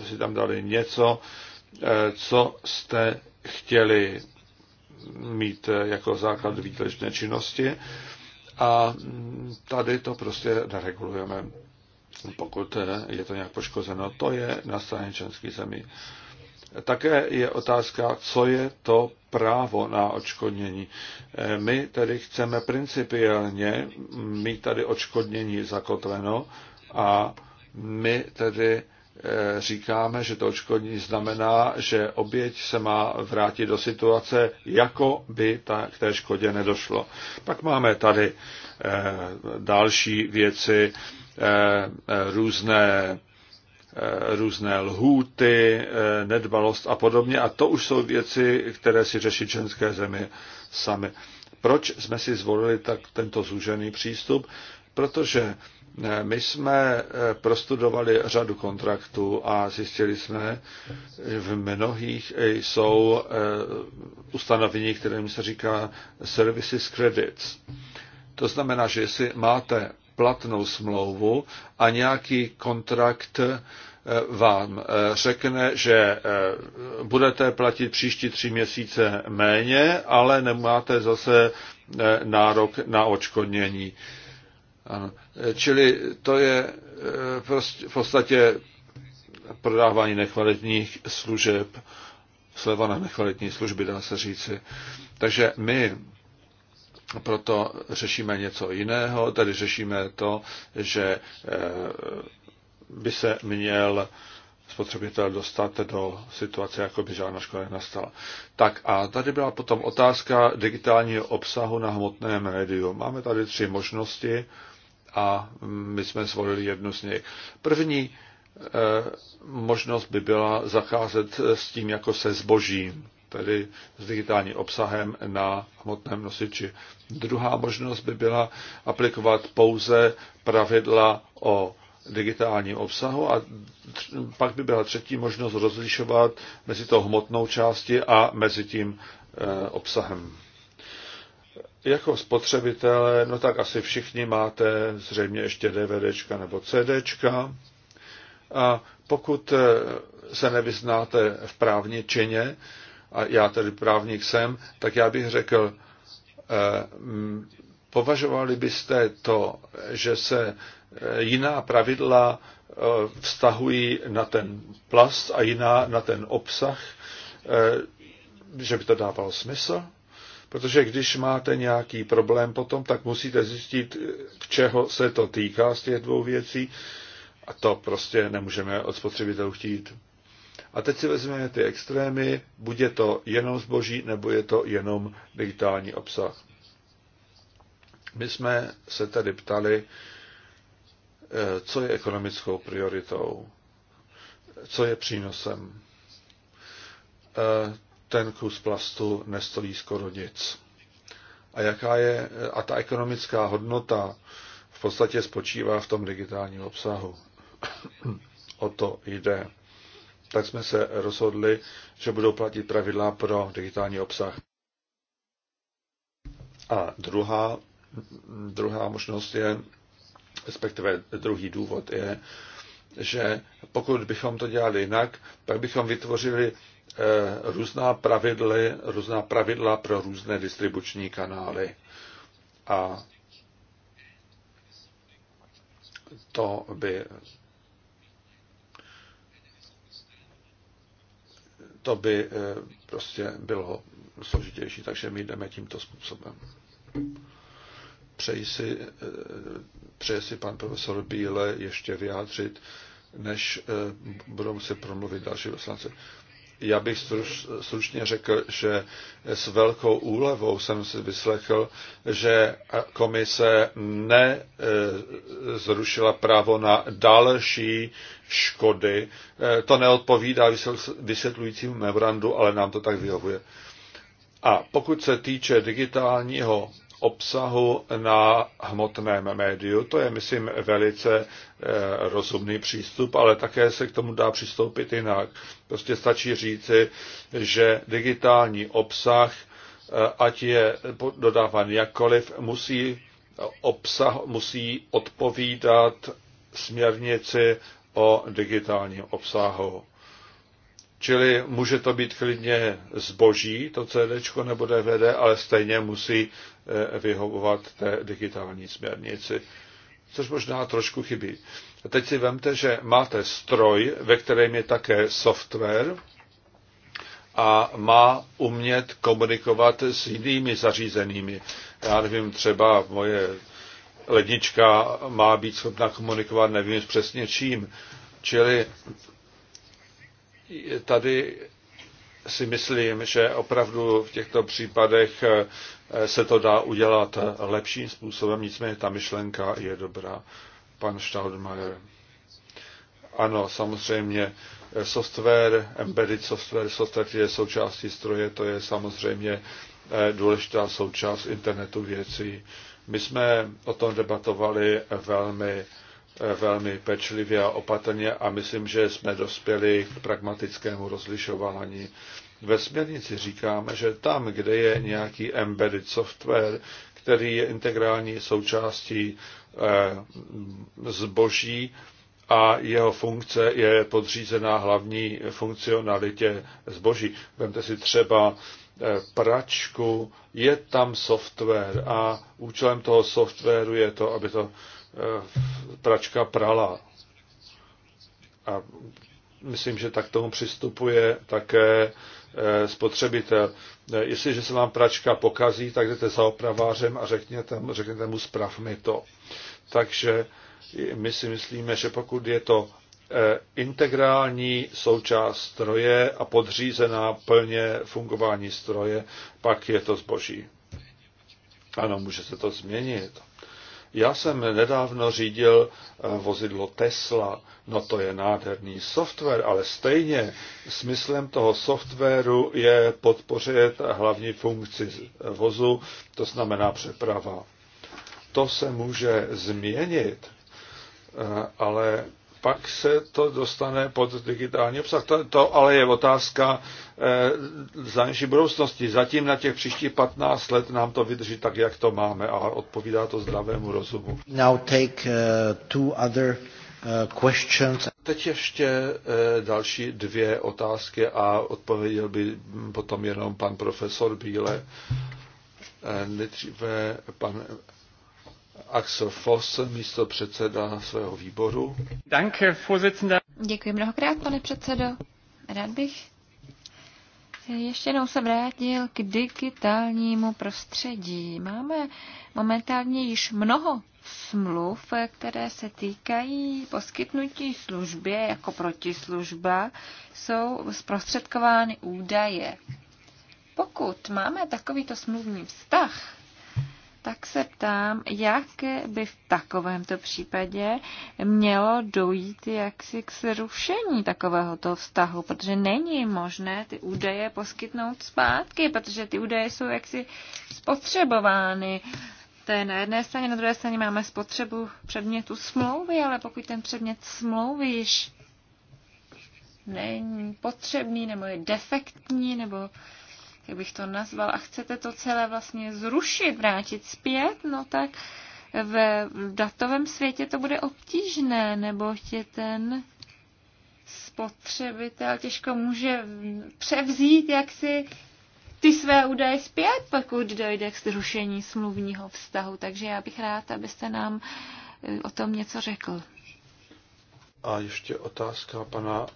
si tam dali něco, eh, co jste chtěli mít eh, jako základ výtlečné činnosti. A mm, tady to prostě neregulujeme, pokud eh, je to nějak poškozeno. To je na straně členských zemí. Také je otázka, co je to právo na očkodnění. Eh, my tedy chceme principiálně mít tady očkodnění zakotveno a my tedy Eh, říkáme, že to očkodní znamená, že oběť se má vrátit do situace, jako by ta, k té škodě nedošlo. Pak máme tady eh, další věci, eh, různé různé lhůty, nedbalost a podobně. A to už jsou věci, které si řeší členské zemi sami. Proč jsme si zvolili tak tento zúžený přístup? Protože my jsme eh, prostudovali řadu kontraktů a zjistili jsme, že v mnohých eh, jsou eh, ustanovení, kterým se říká services credits. To znamená, že jestli máte platnou smlouvu a nějaký kontrakt vám řekne, že budete platit příští tři měsíce méně, ale nemáte zase nárok na očkodnění ano. E, čili to je prostě, v podstatě prodávání nekvalitních služeb, sleva na nekvalitní služby, dá se říci. Takže my proto řešíme něco jiného, tedy řešíme to, že e, by se měl spotřebitel dostat do situace, jako by žádná škola nenastala. Tak a tady byla potom otázka digitálního obsahu na hmotném médiu. Máme tady tři možnosti a my jsme zvolili jednu z nich. První eh, možnost by byla zacházet s tím jako se zbožím, tedy s digitálním obsahem na hmotném nosiči. Druhá možnost by byla aplikovat pouze pravidla o digitálním obsahu a pak by byla třetí možnost rozlišovat mezi tou hmotnou části a mezi tím eh, obsahem jako spotřebitelé, no tak asi všichni máte zřejmě ještě DVDčka nebo CDčka. A pokud eh, se nevyznáte v právní čině, a já tedy právník jsem, tak já bych řekl, eh, považovali byste to, že se eh, jiná pravidla vztahují na ten plast a jiná na ten obsah, že by to dávalo smysl? Protože když máte nějaký problém potom, tak musíte zjistit, k čeho se to týká z těch dvou věcí. A to prostě nemůžeme od spotřebitelů chtít. A teď si vezmeme ty extrémy, buď je to jenom zboží, nebo je to jenom digitální obsah. My jsme se tedy ptali, eh, co je ekonomickou prioritou, co je přínosem. Eh, ten kus plastu nestojí skoro nic. A, jaká je, a ta ekonomická hodnota v podstatě spočívá v tom digitálním obsahu. o to jde. Tak jsme se rozhodli, že budou platit pravidla pro digitální obsah. A druhá, druhá možnost je, respektive druhý důvod je, že pokud bychom to dělali jinak, pak bychom vytvořili Eh, různá pravidla, různá pravidla pro různé distribuční kanály. A to by to by eh, prostě bylo složitější, takže my jdeme tímto způsobem. Přeji si, eh, přeji si pan profesor Bíle ještě vyjádřit, než budou muset promluvit další poslanci. Já bych struč, stručně řekl, že s velkou úlevou jsem si vyslechl, že komise nezrušila e, právo na další škody. E, to neodpovídá vysvětlujícímu memorandu, ale nám to tak vyhovuje. A pokud se týče digitálního obsahu na hmotném médiu. To je, myslím, velice eh, rozumný přístup, ale také se k tomu dá přistoupit jinak. Prostě stačí říci, že digitální obsah, eh, ať je dodáván jakkoliv, musí, obsah, musí odpovídat směrnici o digitálním obsahu. Čili může to být klidně zboží, to CD nebo DVD, ale stejně musí eh, vyhovovat té digitální směrnici, což možná trošku chybí. A teď si vemte, že máte stroj, ve kterém je také software a má umět komunikovat s jinými zařízeními. Já nevím, třeba moje lednička má být schopna komunikovat, nevím přesně čím. Čili tady si myslím, že opravdu v těchto případech eh, se to dá udělat lepším způsobem, nicméně ta myšlenka je dobrá. Pan Staudmeier. Ano, samozřejmě eh, software, embedded software, software, který je součástí stroje, to je samozřejmě eh, důležitá součást internetu věcí. My jsme o tom debatovali velmi velmi pečlivě a opatrně a myslím, že jsme dospěli k pragmatickému rozlišování. Ve směrnici říkáme, že tam, kde je nějaký embedded software, který je integrální součástí eh, zboží a jeho funkce je podřízená hlavní funkcionalitě zboží. Vemte si třeba eh, pračku, je tam software a účelem toho softwaru je to, aby to Eh, pračka prala. A myslím, že tak tomu přistupuje také eh, spotřebitel. Eh, jestliže se vám pračka pokazí, tak jdete za opravářem a řekněte, řekněte mu, zprav mi to. Takže my si myslíme, že pokud je to integrální součást stroje a podřízená plně fungování stroje, pak je to zboží. Ano, může se to změnit. Já jsem nedávno řídil eh, vozidlo Tesla. No to je nádherný software, ale stejně smyslem toho softwaru je podpořit hlavní funkci eh, vozu, to znamená přeprava. To se může změnit, eh, ale pak se to dostane pod digitální obsah. To, to ale je otázka e, eh, za naší budoucnosti. Zatím na těch příštích 15 let nám to vydrží tak, jak to máme a odpovídá to zdravému rozumu. Now take, uh, two other, uh, questions. Teď ještě e, další dvě otázky a odpověděl by potom jenom pan profesor Bíle. E, nejdříve pan Axel Foss, místo předseda svého výboru. Danke, Děkuji mnohokrát, pane předsedo. Rád bych ještě jednou se vrátil k digitálnímu prostředí. Máme momentálně již mnoho smluv, které se týkají poskytnutí službě jako protislužba, jsou zprostředkovány údaje. Pokud máme takovýto smluvní vztah, tak se ptám, jak by v takovémto případě mělo dojít jaksi k zrušení takovéhoto vztahu, protože není možné ty údaje poskytnout zpátky, protože ty údaje jsou jaksi spotřebovány. To je na jedné straně, na druhé straně máme spotřebu předmětu smlouvy, ale pokud ten předmět smlouvy již není potřebný nebo je defektní nebo jak bych to nazval, a chcete to celé vlastně zrušit, vrátit zpět, no tak v datovém světě to bude obtížné, Nebo tě ten spotřebitel těžko může převzít jaksi ty své údaje zpět, pokud dojde k zrušení smluvního vztahu. Takže já bych rád, abyste nám eh, o tom něco řekl. A ještě otázka pana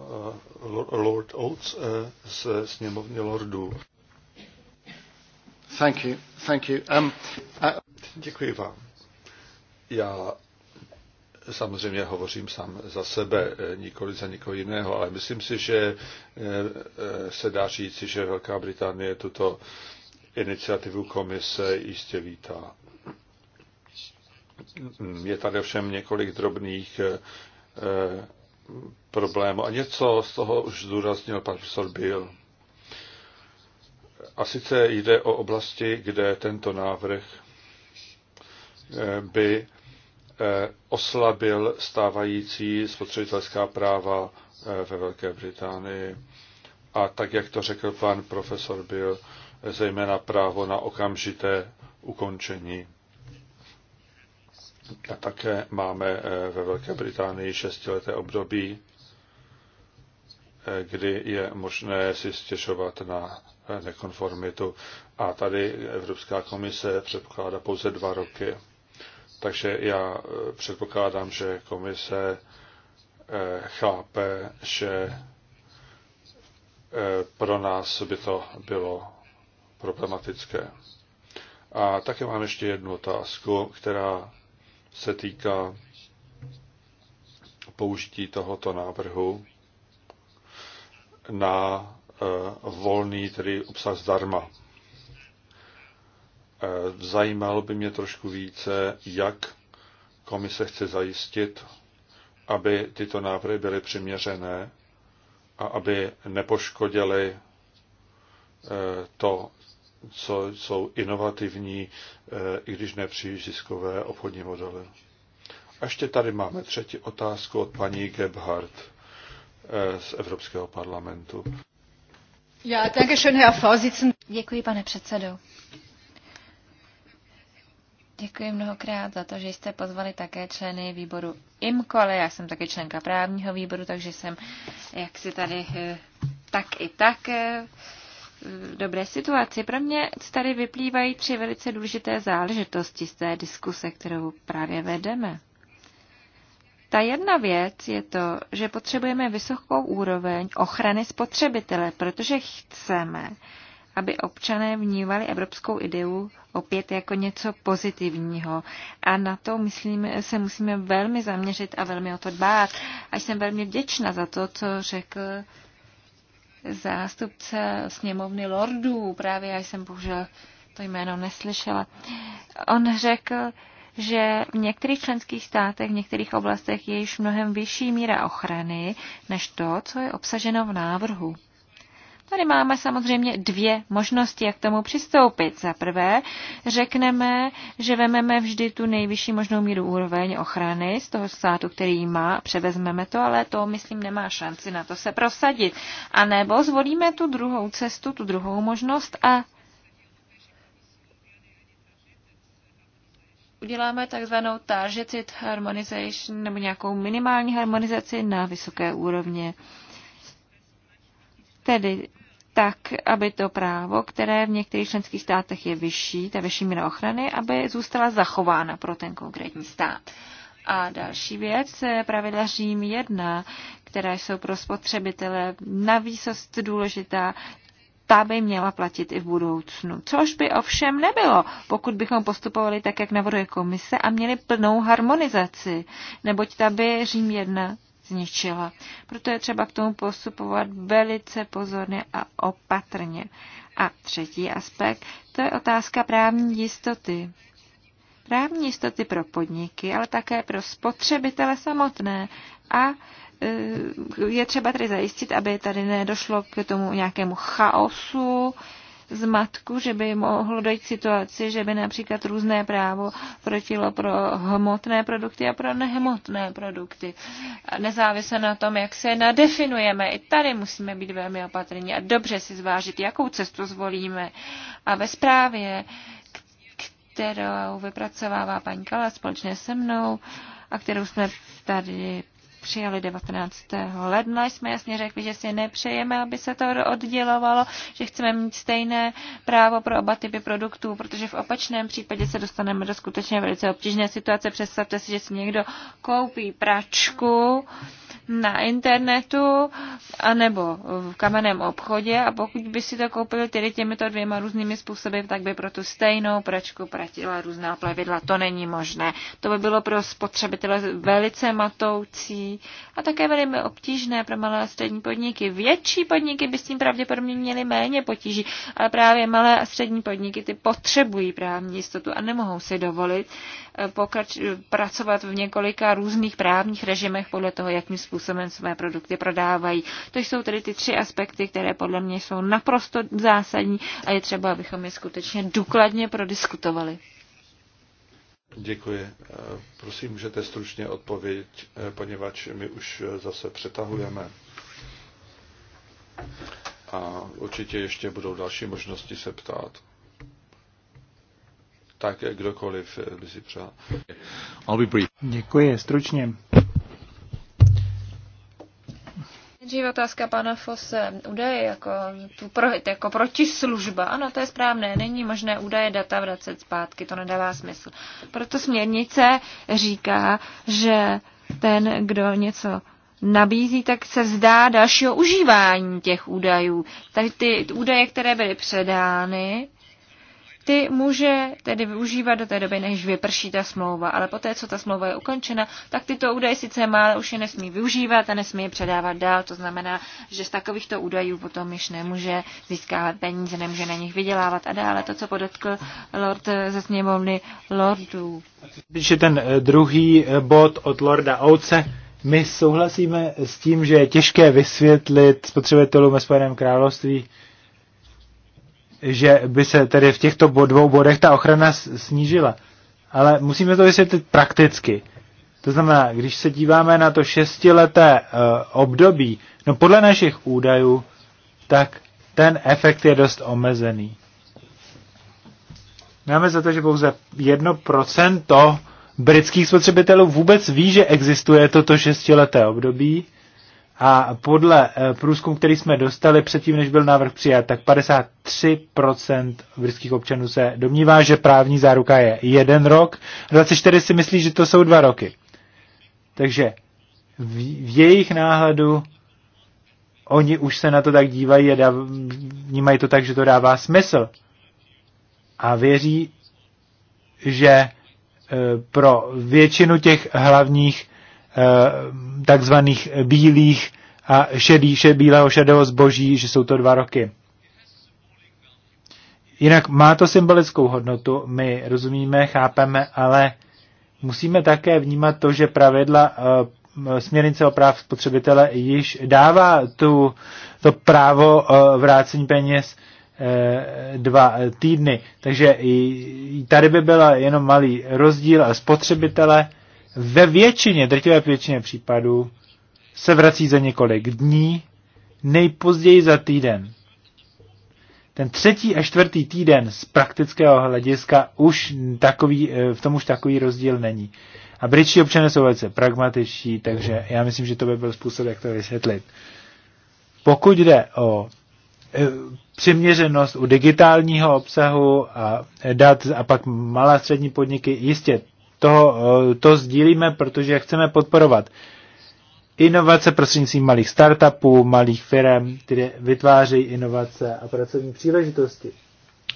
Eh, Lord Oates eh, z sněmovny Lordů. Thank you, thank you. Um, I... Uh, Děkuji vám. Já samozřejmě hovořím sám za sebe, eh, nikoli za nikoho jiného, ale myslím si, že se dá říci, že Velká Británie tuto iniciativu komise jistě vítá. Je tady všem několik drobných problému. A něco z toho už zdůraznil pan profesor Bill. A sice jde o oblasti, kde tento návrh eh, by eh, oslabil stávající spotřebitelská práva eh, ve Velké Británii. A tak, jak to řekl pan profesor Bill, zejména právo na okamžité ukončení a také máme eh, ve Velké Británii šestileté období, eh, kdy je možné si stěžovat na nekonformitu. A tady Evropská komise předpokládá pouze dva roky. Takže já eh, předpokládám, že komise chápe, že pro nás by to bylo problematické. A také mám ještě jednu otázku, která se týká použití tohoto návrhu na eh, volný, tedy obsah zdarma. Eh, zajímalo by mě trošku více, jak komise chce zajistit, aby tyto návrhy byly přiměřené a aby nepoškodily eh, to co jsou inovativní, eh, i když nepříliš ziskové obchodní modely. A ještě tady máme třetí otázku od paní Gebhardt eh, z Evropského parlamentu. Ja, danke schön, Herr Vorsitzender. Děkuji, pane předsedo. Děkuji mnohokrát za to, že jste pozvali také členy výboru IMKOLE. Já jsem také členka právního výboru, takže jsem jaksi tady eh, tak i tak v dobré situaci. Pro mě tady vyplývají tři velice důležité záležitosti z té diskuse, kterou právě vedeme. Ta jedna věc je to, že potřebujeme vysokou úroveň ochrany spotřebitele, protože chceme, aby občané vnívali evropskou ideu opět jako něco pozitivního. A na to, myslím, se musíme velmi zaměřit a velmi o to dbát. A jsem velmi vděčna za to, co řekl zástupce sněmovny lordů, právě já jsem bohužel to jméno neslyšela. On řekl, že v některých členských státech, v některých oblastech je již mnohem vyšší míra ochrany než to, co je obsaženo v návrhu. Tady máme samozřejmě dvě možnosti, jak tomu přistoupit. Za prvé řekneme, že vememe vždy tu nejvyšší možnou míru úroveň ochrany z toho státu, který ji má, převezmeme to, ale to, myslím, nemá šanci na to se prosadit. A nebo zvolíme tu druhou cestu, tu druhou možnost a uděláme takzvanou targeted harmonization nebo nějakou minimální harmonizaci na vysoké úrovně. Tedy tak, aby to právo, které v některých členských státech je vyšší, ta vyšší míra ochrany, aby zůstala zachována pro ten konkrétní stát. A další věc, pravidla Řím 1, která jsou pro spotřebitele výsost důležitá, ta by měla platit i v budoucnu. Což by ovšem nebylo, pokud bychom postupovali tak, jak navrhuje komise a měli plnou harmonizaci, neboť ta by Řím 1 zničila. Proto je třeba k tomu postupovat velice pozorně a opatrně. A třetí aspekt, to je otázka právní jistoty. Právní jistoty pro podniky, ale také pro spotřebitele samotné a e, je třeba tady zajistit, aby tady nedošlo k tomu nějakému chaosu, zmatku, že by mohlo dojít k situaci, že by například různé právo protilo pro hmotné produkty a pro nehmotné produkty. Nezávisle na tom, jak se nadefinujeme, i tady musíme být velmi opatrní a dobře si zvážit, jakou cestu zvolíme. A ve zprávě, kterou vypracovává paní Kala společně se mnou a kterou jsme tady přijali 19. ledna, jsme jasně řekli, že si nepřejeme, aby se to oddělovalo, že chceme mít stejné právo pro oba typy produktů, protože v opačném případě se dostaneme do skutečně velice obtížné situace. Představte si, že si někdo koupí pračku, na internetu anebo v kamenném obchodě a pokud by si to koupili tedy těmito dvěma různými způsoby, tak by pro tu stejnou pračku pratila různá plavidla. To není možné. To by bylo pro spotřebitele velice matoucí a také velmi obtížné pro malé a střední podniky. Větší podniky by s tím pravděpodobně měly méně potíží, ale právě malé a střední podniky ty potřebují právní jistotu a nemohou si dovolit eh, pokrač- pracovat v několika různých právních režimech podle toho, jakým způsobem své produkty prodávají. To jsou tedy ty tři aspekty, které podle mě jsou naprosto zásadní a je třeba, abychom je skutečně důkladně prodiskutovali. Děkuji. Prosím, můžete stručně odpovědět, eh, poněvadž my už eh, zase přetahujeme. A určitě ještě budou další možnosti se ptát. Tak eh, kdokoliv by si přál. Děkuji, stručně. Dříve otázka pana Fose. Údaje jako, tu pro, jako protislužba. Ano, to je správné. Není možné údaje data vracet zpátky. To nedává smysl. Proto směrnice říká, že ten, kdo něco nabízí, tak se vzdá dalšího užívání těch údajů. Tak ty údaje, které byly předány, ty může tedy využívat do té doby, než vyprší ta smlouva. Ale poté, co ta smlouva je ukončena, tak tyto údaje sice má, ale už je nesmí využívat a nesmí je předávat dál. To znamená, že z takovýchto údajů potom již nemůže získávat peníze, nemůže na nich vydělávat a dále. To, co podotkl Lord ze sněmovny Lordů. Když je ten eh, druhý eh, bod od Lorda Ouce, my souhlasíme s tím, že je těžké vysvětlit spotřebitelům ve Spojeném království, že by se tedy v těchto dvou bodech ta ochrana snížila. Ale musíme to vysvětlit prakticky. To znamená, když se díváme na to šestileté eh, období, no podle našich údajů, tak ten efekt je dost omezený. Máme za to, že pouze 1% britských spotřebitelů vůbec ví, že existuje toto šestileté období a podle eh, průzkum, který jsme dostali předtím, než byl návrh přijat, tak 53% britských občanů se domnívá, že právní záruka je jeden rok, 24 si myslí, že to jsou dva roky. Takže v jejich náhledu oni už se na to tak dívají a vnímají to tak, že to dává smysl. A věří, že eh, pro většinu těch hlavních Eh, takzvaných bílých a šedý, še, bílého šedého zboží, že jsou to dva roky. Jinak má to symbolickou hodnotu, my rozumíme, chápeme, ale musíme také vnímat to, že pravidla eh, směrnice o práv spotřebitele již dává tu, to právo eh, vrácení peněz dva týdny. Takže i tady by byla jenom malý rozdíl a spotřebitele ve většině, drtivé většině případů, se vrací za několik dní, nejpozději za týden. Ten třetí a čtvrtý týden z praktického hlediska už takový, eh, v tom už takový rozdíl není. A britští občané jsou velice pragmatičtí, takže já myslím, že to by byl způsob, jak to vysvětlit. Pokud jde o eh, přiměřenost u digitálního obsahu a dat a pak malá střední podniky, jistě toho, eh, to sdílíme, protože chceme podporovat inovace prostřednictvím malých startupů, malých firm, které vytvářejí inovace a pracovní příležitosti.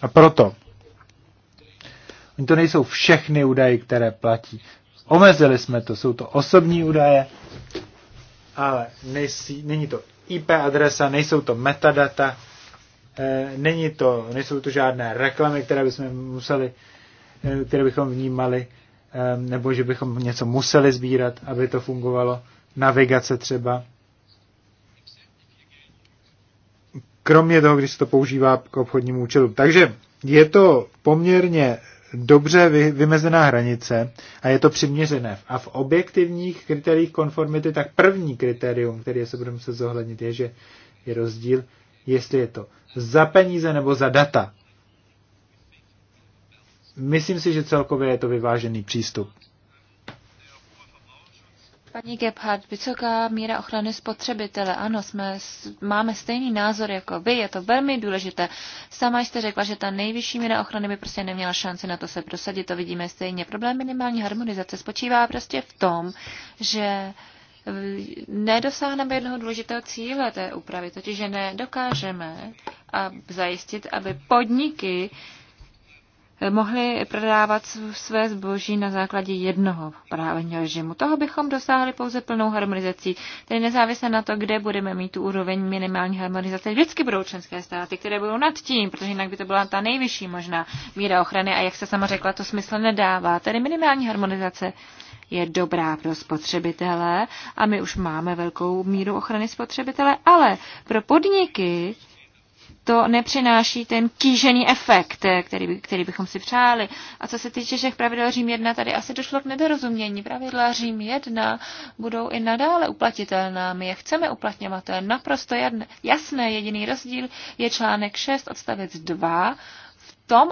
A proto Oni to nejsou všechny údaje, které platí. Omezili jsme to, jsou to osobní údaje, ale nejsi, není to IP adresa, nejsou to metadata, e, není to, nejsou to žádné reklamy, které bychom museli, e, které bychom vnímali nebo že bychom něco museli sbírat, aby to fungovalo. Navigace třeba. Kromě toho, když se to používá k obchodnímu účelu. Takže je to poměrně dobře vymezená hranice a je to přiměřené. A v objektivních kritériích konformity, tak první kritérium, které se budeme muset zohlednit, je, že je rozdíl, jestli je to za peníze nebo za data. Myslím si, že celkově je to vyvážený přístup. Paní Gebhardt, vysoká míra ochrany spotřebitele. Ano, jsme, máme stejný názor jako vy, je to velmi důležité. Sama jste řekla, že ta nejvyšší míra ochrany by prostě neměla šanci na to se prosadit, to vidíme stejně. Problém minimální harmonizace spočívá prostě v tom, že nedosáhneme jednoho důležitého cíle té úpravy, totiž že nedokážeme a zajistit, aby podniky mohli prodávat své zboží na základě jednoho právního režimu. Toho bychom dosáhli pouze plnou harmonizací, tedy nezávisle na to, kde budeme mít tu úroveň minimální harmonizace. Vždycky budou členské státy, které budou nad tím, protože jinak by to byla ta nejvyšší možná míra ochrany a jak se sama řekla, to smysl nedává. Tedy minimální harmonizace je dobrá pro spotřebitele a my už máme velkou míru ochrany spotřebitele, ale pro podniky to nepřináší ten kýžený efekt, eh, který, by, který bychom si přáli. A co se týče těch pravidel Řím 1, tady asi došlo k nedorozumění. Pravidla Řím 1 budou i nadále uplatitelná. My je chceme uplatňovat. To je naprosto jasné. Jediný rozdíl je článek 6 odstavec 2, V tom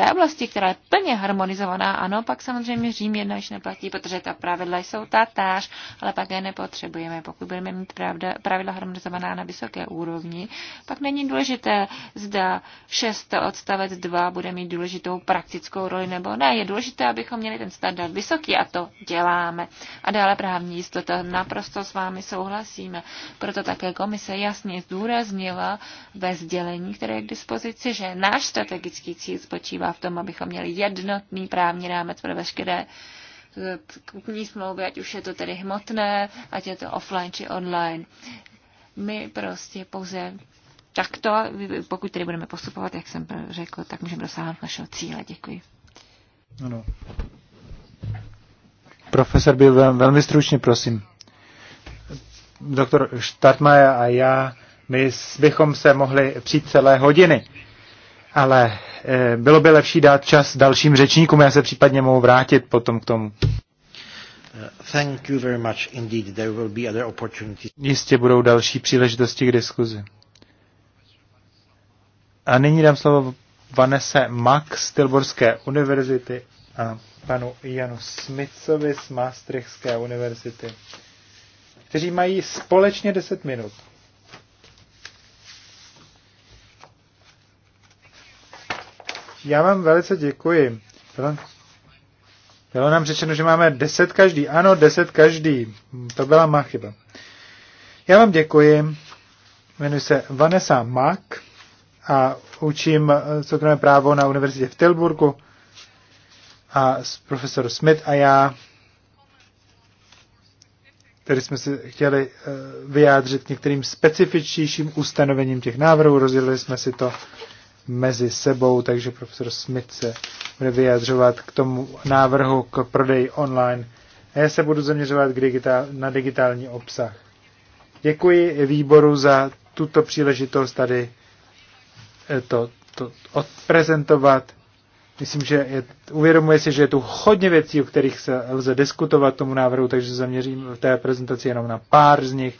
té oblasti, která je plně harmonizovaná, ano, pak samozřejmě Řím jedna již neplatí, protože ta pravidla jsou tatáž, ale pak je nepotřebujeme. Pokud budeme mít pravda, pravidla harmonizovaná na vysoké úrovni, pak není důležité, zda 6 odstavec 2 bude mít důležitou praktickou roli nebo ne. Je důležité, abychom měli ten standard vysoký a to děláme. A dále právní jistota. Naprosto s vámi souhlasíme. Proto také komise jasně zdůraznila ve sdělení, které je k dispozici, že náš strategický cíl spočívá spočívá v tom, abychom měli jednotný právní rámec pro veškeré eh, kupní smlouvy, ať už je to tedy hmotné, ať je to offline či online. My prostě pouze takto, pokud tedy budeme postupovat, jak jsem řekl, tak můžeme dosáhnout našeho cíle. Děkuji. Ano. Profesor byl velmi stručně, prosím. Doktor Štartmaja a já, my bychom se mohli přijít celé hodiny, ale Eh, bylo by lepší dát čas dalším řečníkům, já se případně mohu vrátit potom k tomu. Eh, thank you very much indeed. There will be other opportunities. Jistě budou další příležitosti k diskuzi. A nyní dám slovo Vanese Max z Tilborské univerzity a panu Janu Smithovi z Maastrichtské univerzity, kteří mají společně 10 minut. Já vám velice děkuji. Bylo, bylo nám řečeno, že máme deset každý. Ano, deset každý. To byla má chyba. Já vám děkuji. Jmenuji se Vanessa Mack a učím eh, soukromé právo na univerzitě v Tilburgu a profesor Smith a já který jsme si chtěli eh, vyjádřit k některým specifičtějším ustanovením těch návrhů, rozdělili jsme si to mezi sebou, takže profesor Smith se bude vyjadřovat k tomu návrhu k prodeji online. A já se budu zaměřovat k digitál, na digitální obsah. Děkuji výboru za tuto příležitost tady eh, to, to odprezentovat. Myslím, že je, uvědomuje si, že je tu hodně věcí, o kterých se lze diskutovat tomu návrhu, takže zaměřím v té prezentaci jenom na pár z nich,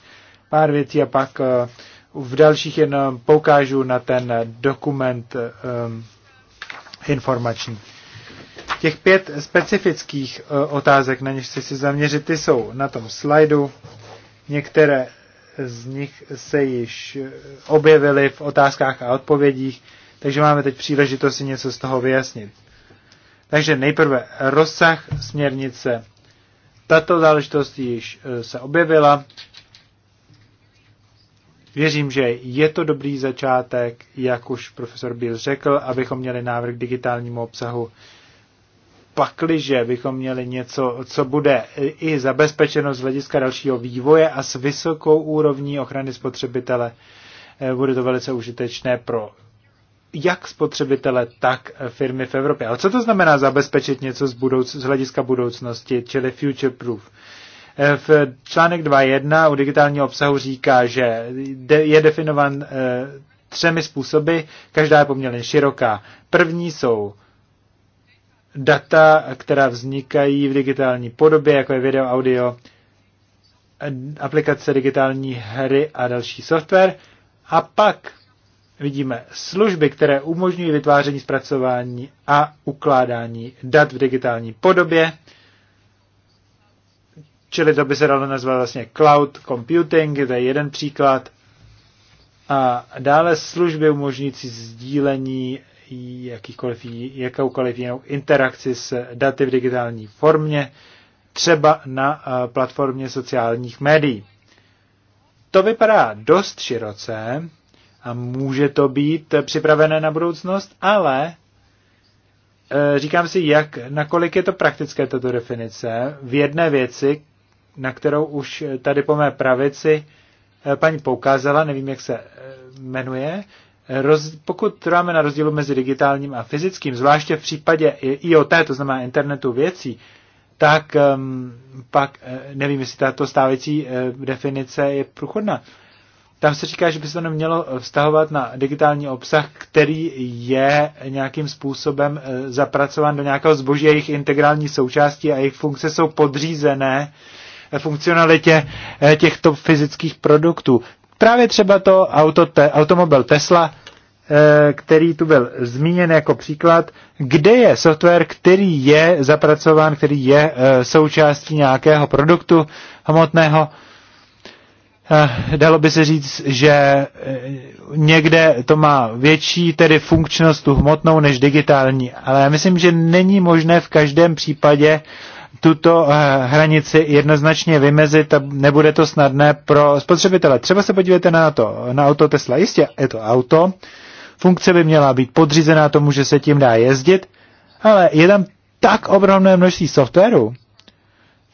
pár věcí a pak eh, v dalších jenom poukážu na ten dokument um, informační. Těch pět specifických uh, otázek, na něž chci si zaměřit, ty jsou na tom slajdu. Některé z nich se již eh, objevily v otázkách a odpovědích, takže máme teď příležitost si něco z toho vyjasnit. Takže nejprve rozsah směrnice. Tato záležitost již eh, se objevila Věřím, že je to dobrý začátek, jak už profesor Bill řekl, abychom měli návrh k digitálnímu obsahu. Pakliže bychom měli něco, co bude i zabezpečeno z hlediska dalšího vývoje a s vysokou úrovní ochrany spotřebitele, eh, bude to velice užitečné pro jak spotřebitele, tak firmy v Evropě. Ale co to znamená zabezpečit něco z, budouc- z hlediska budoucnosti, čili future proof? V článek 2.1 u digitálního obsahu říká, že je definovan eh, třemi způsoby, každá je poměrně široká. První jsou data, která vznikají v digitální podobě, jako je video, audio, aplikace digitální hry a další software. A pak vidíme služby, které umožňují vytváření, zpracování a ukládání dat v digitální podobě. Čili to by se dalo nazvat vlastně cloud computing, to je jeden příklad. A dále služby umožňující sdílení jakýkoliv, jakoukoliv jinou interakci s daty v digitální formě, třeba na platformě sociálních médií. To vypadá dost široce a může to být připravené na budoucnost, ale e, říkám si, jak, nakolik je to praktické, tato definice. V jedné věci na kterou už tady po mé pravici eh, paní poukázala, nevím, jak se eh, jmenuje. Roz, pokud trváme na rozdílu mezi digitálním a fyzickým, zvláště v případě IoT, to znamená internetu věcí, tak um, pak eh, nevím, jestli tato stávající definice je průchodná. Tam se říká, že by se to nemělo vztahovat na digitální obsah, který je nějakým způsobem zapracován do nějakého zboží, jejich integrální součástí a jejich funkce jsou podřízené uh, funkcionalitě eh, těchto fyzických produktů. Právě třeba to auto, te, automobil Tesla, eh, který tu byl zmíněn jako příklad, kde je software, který je zapracován, který je eh, součástí nějakého produktu hmotného. Dalo by se říct, že někde to má větší tedy funkčnost tu hmotnou než digitální, ale já myslím, že není možné v každém případě uh, tuto eh, hranici jednoznačně vymezit a nebude to snadné pro spotřebitele. Třeba se podívejte na to, na auto Tesla. Jistě je to auto, funkce by měla být podřízená tomu, že se tím dá jezdit, ale je tam tak obrovné množství softwaru,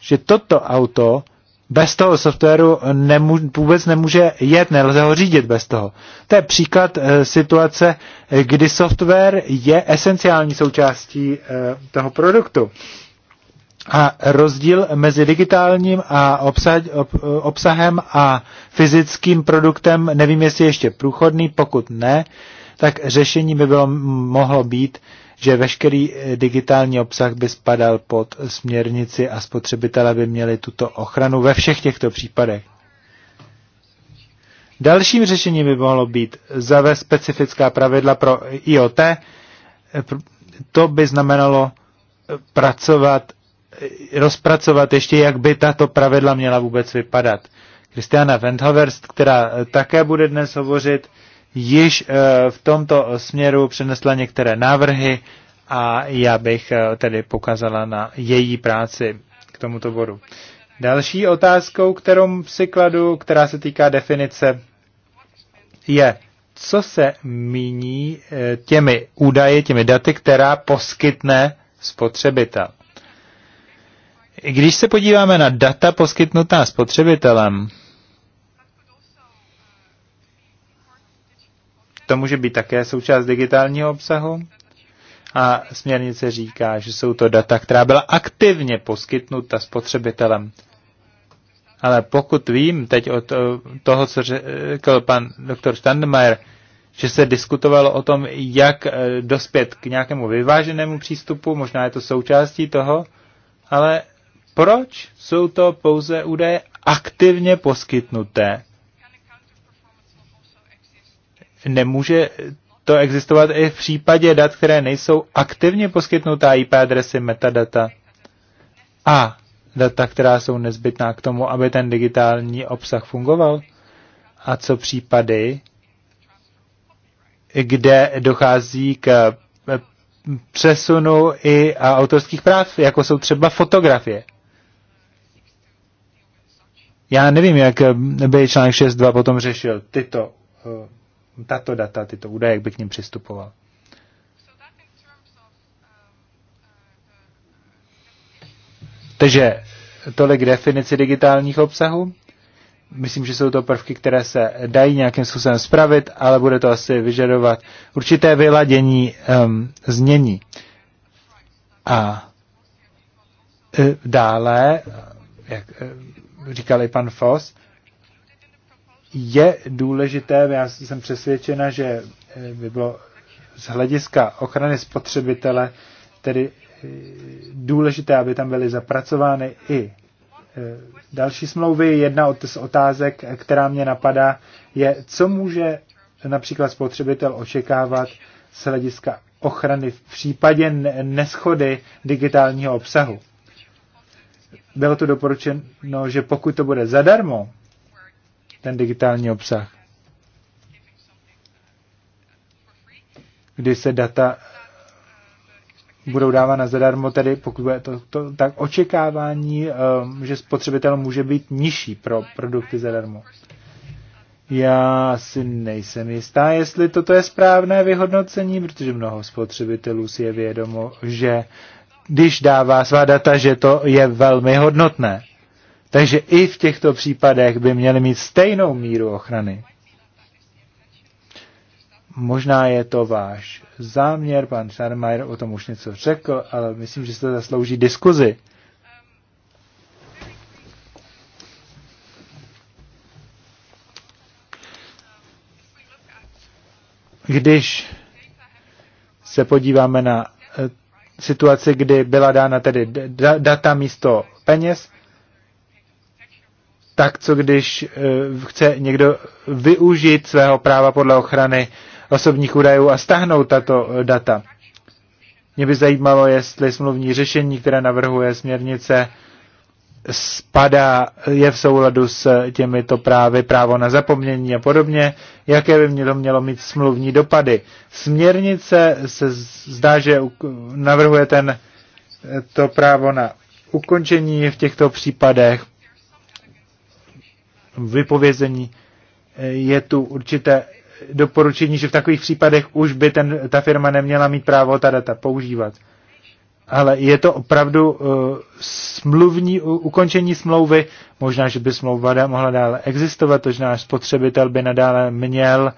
že toto auto bez toho softwaru nemů, vůbec nemůže jet, nelze ho řídit bez toho. To je příklad e, situace, eh, kdy software je esenciální součástí e, toho produktu. A rozdíl mezi digitálním a obsah, obsahem a fyzickým produktem, nevím, jestli je ještě průchodný, pokud ne, tak řešení by bylo, mohlo být, že veškerý eh, digitální obsah by spadal pod směrnici a spotřebitelé by měli tuto ochranu ve všech těchto případech. Dalším řešením by mohlo být zavést specifická pravidla pro IoT. Eh, to by znamenalo eh, pracovat Eh, rozpracovat ještě, jak by tato pravidla měla vůbec vypadat. Kristiana Wendhoverst, která eh, také bude dnes hovořit, již eh, v tomto směru přinesla některé návrhy a já bych tedy pokázala na její práci k tomuto bodu. Další otázkou, kterou si kladu, která se týká definice, je, co se míní těmi údaji, těmi daty, která poskytne spotřebitel. Když se podíváme na data poskytnutá spotřebitelem, to může být také součást digitálního obsahu. A směrnice říká, že jsou to data, která byla aktivně poskytnuta spotřebitelem. Ale pokud vím teď od toho, co řekl pan doktor Standmeier, že se diskutovalo o tom, jak eh, dospět k nějakému vyváženému přístupu, možná je to součástí toho, ale proč jsou to pouze údaje aktivně poskytnuté? Nemůže to existovat i v případě dat, které nejsou aktivně poskytnutá IP adresy, metadata a data, která jsou nezbytná k tomu, aby ten digitální obsah fungoval. A co případy, kde dochází k přesunu i autorských práv, jako jsou třeba fotografie. Já nevím, jak eh, by článek 6.2 potom řešil tyto, eh, tato data, tyto údaje, jak by k ním přistupoval. Takže tolik definici digitálních obsahů. Myslím, že jsou to prvky, které se dají nějakým způsobem spravit, ale bude to asi vyžadovat určité vyladění um, znění. A e, dále, jak, říkali pan Foss, je důležité, já jsem přesvědčena, že eh, by bylo z hlediska ochrany spotřebitele tedy eh, důležité, aby tam byly zapracovány i eh, další smlouvy. Jedna z otázek, která mě napadá, je, co může například spotřebitel očekávat z hlediska ochrany v případě neschody digitálního obsahu bylo tu doporučeno, no, že pokud to bude zadarmo, ten digitální obsah, kdy se data budou dávána zadarmo, tedy pokud bude to, to tak očekávání, ehm, že spotřebitel může být nižší pro produkty zadarmo. Já si nejsem jistá, jestli toto je správné vyhodnocení, protože mnoho spotřebitelů si je vědomo, že když dává svá data, že to je velmi hodnotné. Takže i v těchto případech by měly mít stejnou míru ochrany. Možná je to váš záměr, pan Scharmeier o tom už něco řekl, ale myslím, že se zaslouží diskuzi. Když se podíváme na situaci, kdy byla dána tedy data místo peněz, tak co když e, chce někdo využít svého práva podle ochrany osobních údajů a stáhnout tato e, data. Mě by zajímalo, jestli smluvní řešení, které navrhuje směrnice, spadá, je v souladu s těmito právy, právo na zapomnění a podobně, jaké by to mělo mít smluvní dopady. Směrnice se zdá, že navrhuje ten, to právo na ukončení v těchto případech, vypovězení, je tu určité doporučení, že v takových případech už by ten, ta firma neměla mít právo ta data používat ale je to opravdu uh, smluvní uh, ukončení smlouvy. Možná, že by smlouva mohla dále existovat, to, že náš spotřebitel by nadále měl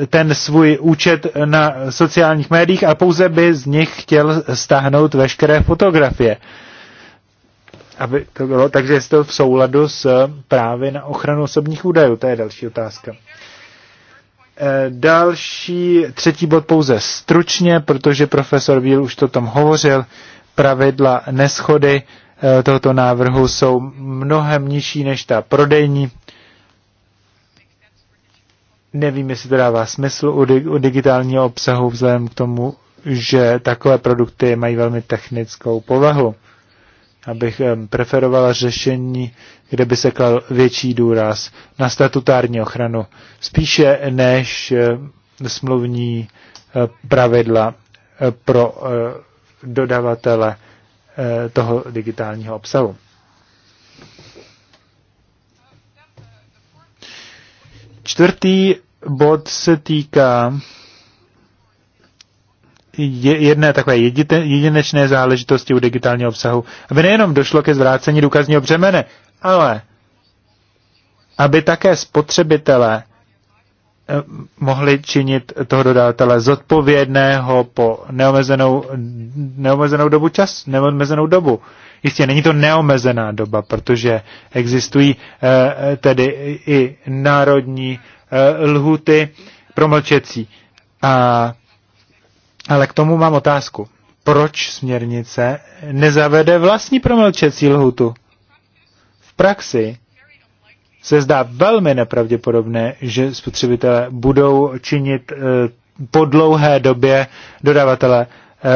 uh, ten svůj účet na sociálních médiích a pouze by z nich chtěl stáhnout veškeré fotografie. Aby to bylo, takže je to v souladu s eh, právy na ochranu osobních údajů, to je další otázka. Eh, další, třetí bod pouze stručně, protože profesor Víl už to tam hovořil, pravidla neschody eh, tohoto návrhu jsou mnohem nižší než ta prodejní. Nevím, jestli to dává smysl u, dig- u digitálního obsahu vzhledem k tomu, že takové produkty mají velmi technickou povahu abych preferovala řešení, kde by se klal větší důraz na statutární ochranu, spíše než smluvní e, pravidla e, pro e, dodavatele toho digitálního obsahu. Čtvrtý bod se týká jedné takové jedinečné záležitosti u digitálního obsahu, aby nejenom došlo ke zvrácení důkazního břemene, ale aby také spotřebitelé eh, mohli činit toho dodavatele zodpovědného po neomezenou, neomezenou dobu čas, neomezenou dobu. Jistě není to neomezená doba, protože existují eh, tedy i národní eh, lhuty promlčecí. A ale k tomu mám otázku. Proč směrnice nezavede vlastní promlčecí lhutu? V praxi se zdá velmi nepravděpodobné, že spotřebitelé budou činit eh, po dlouhé době dodavatele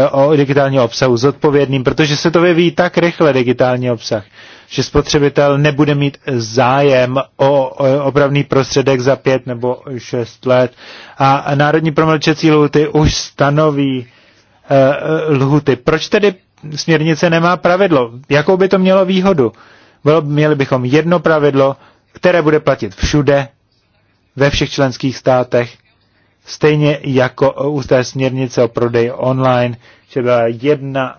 eh, o digitálního obsahu zodpovědným, protože se to vyvíjí tak rychle digitální obsah že spotřebitel nebude mít zájem o opravný prostředek za pět nebo šest let. A národní promlčecí lhuty už stanoví eh, lhuty. Proč tedy směrnice nemá pravidlo? Jakou by to mělo výhodu? Bylo, měli bychom jedno pravidlo, které bude platit všude, ve všech členských státech, stejně jako u té směrnice o prodeji online, že byla jedna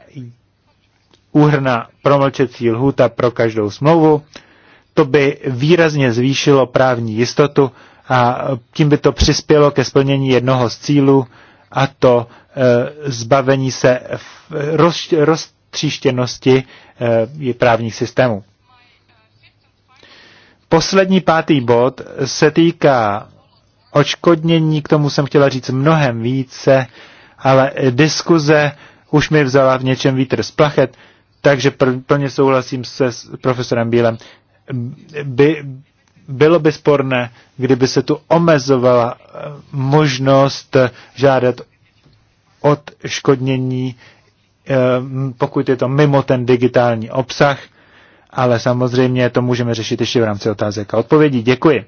úhrna promlčecí lhůta pro každou smlouvu. To by výrazně zvýšilo právní jistotu a tím by to přispělo ke splnění jednoho z cílů, a to e, zbavení se roz, roztříštěnosti e, právních systémů. Poslední pátý bod se týká očkodnění, k tomu jsem chtěla říct mnohem více, ale diskuze už mi vzala v něčem vítr z plachet. Takže plně souhlasím se s profesorem Bílem. By, bylo by sporné, kdyby se tu omezovala eh, možnost eh, žádat odškodnění, eh, pokud je to mimo ten digitální obsah, ale samozřejmě to můžeme řešit ještě v rámci otázek a odpovědí. Děkuji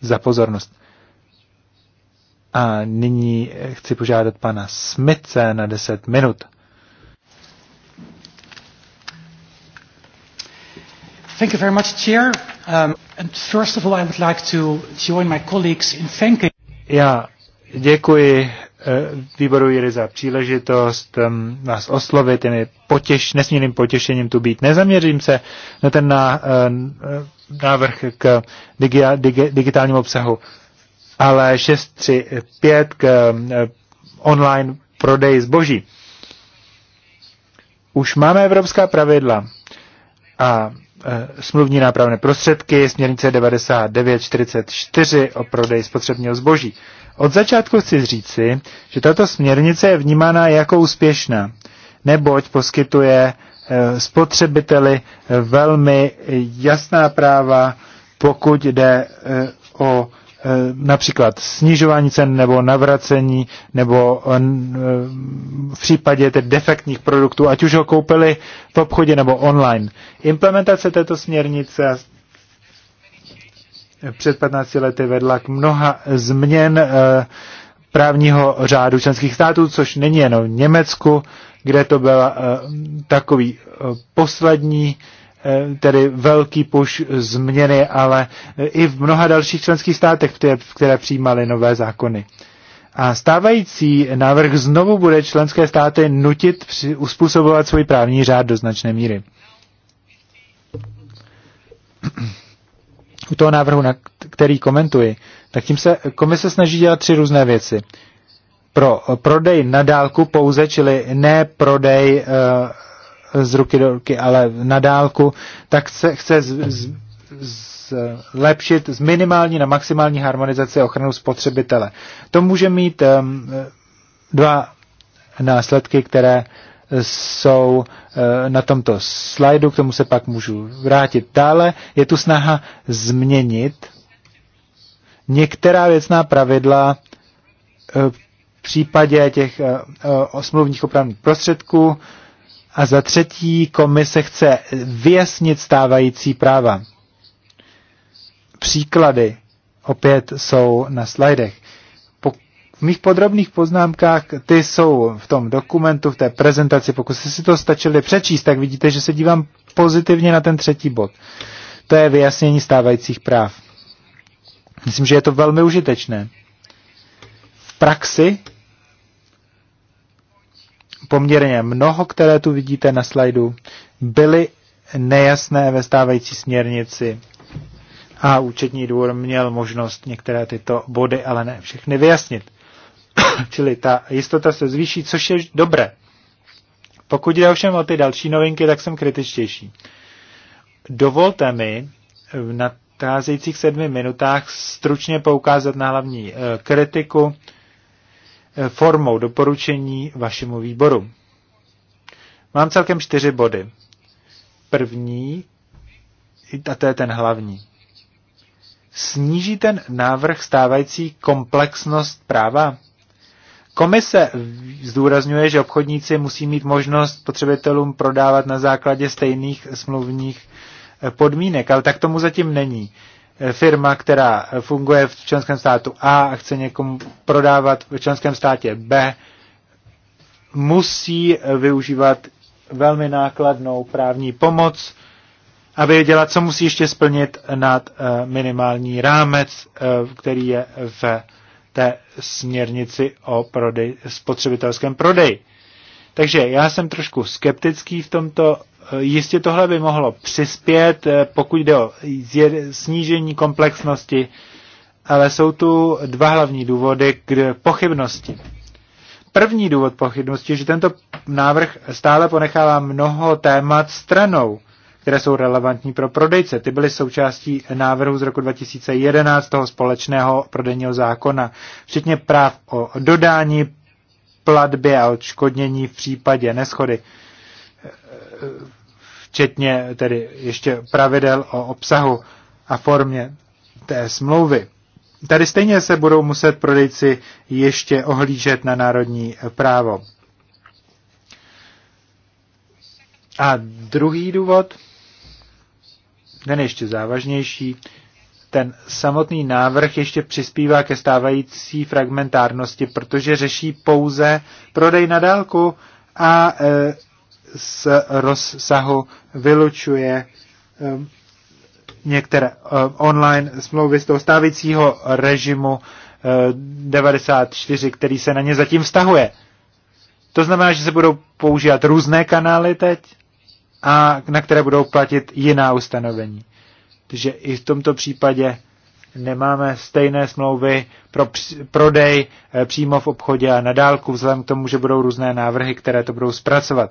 za pozornost. A nyní chci požádat pana Smice na 10 minut. Thank you very much, Chair. Um, and first of all, I would like to join my colleagues in thanking. Já děkuji eh, výboru Jiry za příležitost um, vás oslovit. Je mi potěš, nesmírným potěšením tu být. Nezaměřím se na ten na, eh, návrh k digi, digi, digitálnímu obsahu, ale 635 k eh, online prodeji zboží. Už máme evropská pravidla a Eh, smluvní nápravné prostředky, směrnice 9944 o prodeji spotřebního zboží. Od začátku chci říci, že tato směrnice je vnímána jako úspěšná, neboť poskytuje eh, spotřebiteli eh, velmi jasná práva, pokud jde o Eh, například snižování cen nebo navracení, nebo eh, eh, v případě těch defektních produktů, ať už ho koupili v obchodě nebo online. Implementace této směrnice před 15 lety vedla k mnoha změn právního řádu členských států, což není jenom v Německu, kde to byl takový poslední Eh, tedy velký puš změny, ale eh, i v mnoha dalších členských státech, které, které přijímaly nové zákony. A stávající návrh znovu bude členské státy nutit při, uspůsobovat svůj právní řád do značné míry. U toho návrhu, na který komentuji, tak tím se komise snaží dělat tři různé věci pro prodej na dálku pouze, čili ne prodej eh, z ruky do ruky, ale na dálku, tak se chce z, z, zlepšit z minimální na maximální harmonizaci ochranu spotřebitele. To může mít um, dva následky, které jsou eh, na tomto slajdu, k tomu se pak můžu vrátit dále. Je tu snaha změnit některá věcná pravidla eh, v případě těch eh, osmluvních opravných prostředků, a za třetí, komise chce vyjasnit stávající práva. Příklady opět jsou na slajdech. Po, v mých podrobných poznámkách, ty jsou v tom dokumentu, v té prezentaci, pokud jste si to stačili přečíst, tak vidíte, že se dívám pozitivně na ten třetí bod. To je vyjasnění stávajících práv. Myslím, že je to velmi užitečné. V praxi poměrně mnoho, které tu vidíte na slajdu, byly nejasné ve stávající směrnici a účetní dvůr měl možnost některé tyto body, ale ne všechny vyjasnit. Čili ta jistota se zvýší, což je dobré. Pokud jde ovšem o ty další novinky, tak jsem kritičtější. Dovolte mi v nadcházejících sedmi minutách stručně poukázat na hlavní eh, kritiku formou doporučení vašemu výboru. Mám celkem čtyři body. První, a to je ten hlavní. Sníží ten návrh stávající komplexnost práva? Komise zdůrazňuje, že obchodníci musí mít možnost potřebitelům prodávat na základě stejných smluvních podmínek, ale tak tomu zatím není. Eh, firma, která funguje v členském státu A a chce někomu prodávat v členském státě B, musí využívat velmi nákladnou právní pomoc, aby věděla, co musí ještě splnit nad eh, minimální rámec, eh, který je v té směrnici o prodej, spotřebitelském prodeji. Takže já jsem trošku skeptický v tomto Eh, jistě tohle by mohlo přispět, eh, pokud jde o snížení komplexnosti, ale jsou tu dva hlavní důvody k pochybnosti. První důvod pochybnosti je, že tento návrh stále ponechává mnoho témat stranou, které jsou relevantní pro prodejce. Ty byly součástí návrhu z roku 2011 toho společného prodejního zákona, včetně práv o dodání, platbě a odškodnění v případě neschody eh, včetně tedy ještě pravidel o obsahu a formě té smlouvy. Tady stejně se budou muset prodejci ještě ohlížet na národní právo. A druhý důvod, ten ještě závažnější, ten samotný návrh ještě přispívá ke stávající fragmentárnosti, protože řeší pouze prodej na dálku a e, z rozsahu vylučuje ehm, některé ehm, online smlouvy z toho stávajícího režimu 94, ehm, který se na ně zatím vztahuje. To znamená, že se budou používat různé kanály teď, a na které budou platit jiná ustanovení. Takže i v tomto případě nemáme stejné smlouvy pro prodej eh, přímo v obchodě a na dálku, vzhledem k tomu, že budou různé návrhy, které to budou zpracovat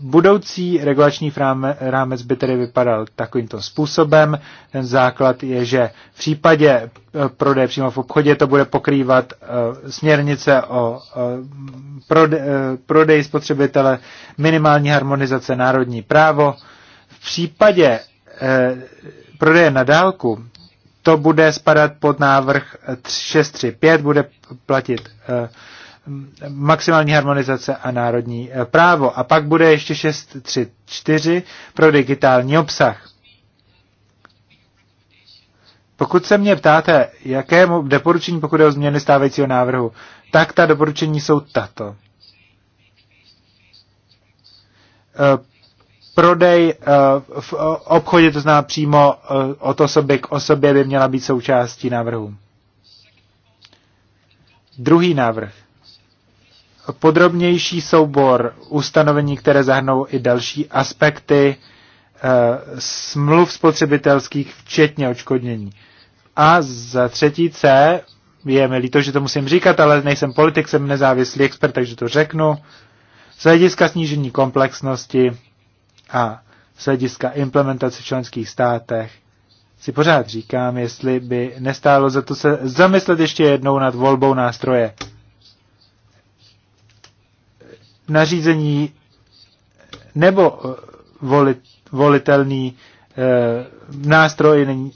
budoucí regulační rámec by tedy vypadal takovýmto způsobem. Ten základ je, že v případě eh, prodeje přímo v obchodě to bude pokrývat eh, směrnice o eh, prodeji spotřebitele, minimální harmonizace národní právo. V případě prodeje na dálku to bude spadat pod návrh 635, bude platit maximální harmonizace a národní e, právo. A pak bude ještě 634 pro digitální obsah. Pokud se mě ptáte, jaké doporučení, pokud je o změny stávajícího návrhu, tak ta doporučení jsou tato. E, prodej e, v obchodě, to zná přímo od osoby k osobě, by měla být součástí návrhu. Druhý návrh podrobnější soubor ustanovení, které zahrnou i další aspekty eh, smluv spotřebitelských, včetně očkodnění. A za třetí C, je mi líto, že to musím říkat, ale nejsem politik, jsem nezávislý expert, takže to řeknu. Z hlediska snížení komplexnosti a z hlediska implementace v členských státech si pořád říkám, jestli by nestálo za to se zamyslet ještě jednou nad volbou nástroje nařízení nebo eh, volit, volitelný e, nástroj, není,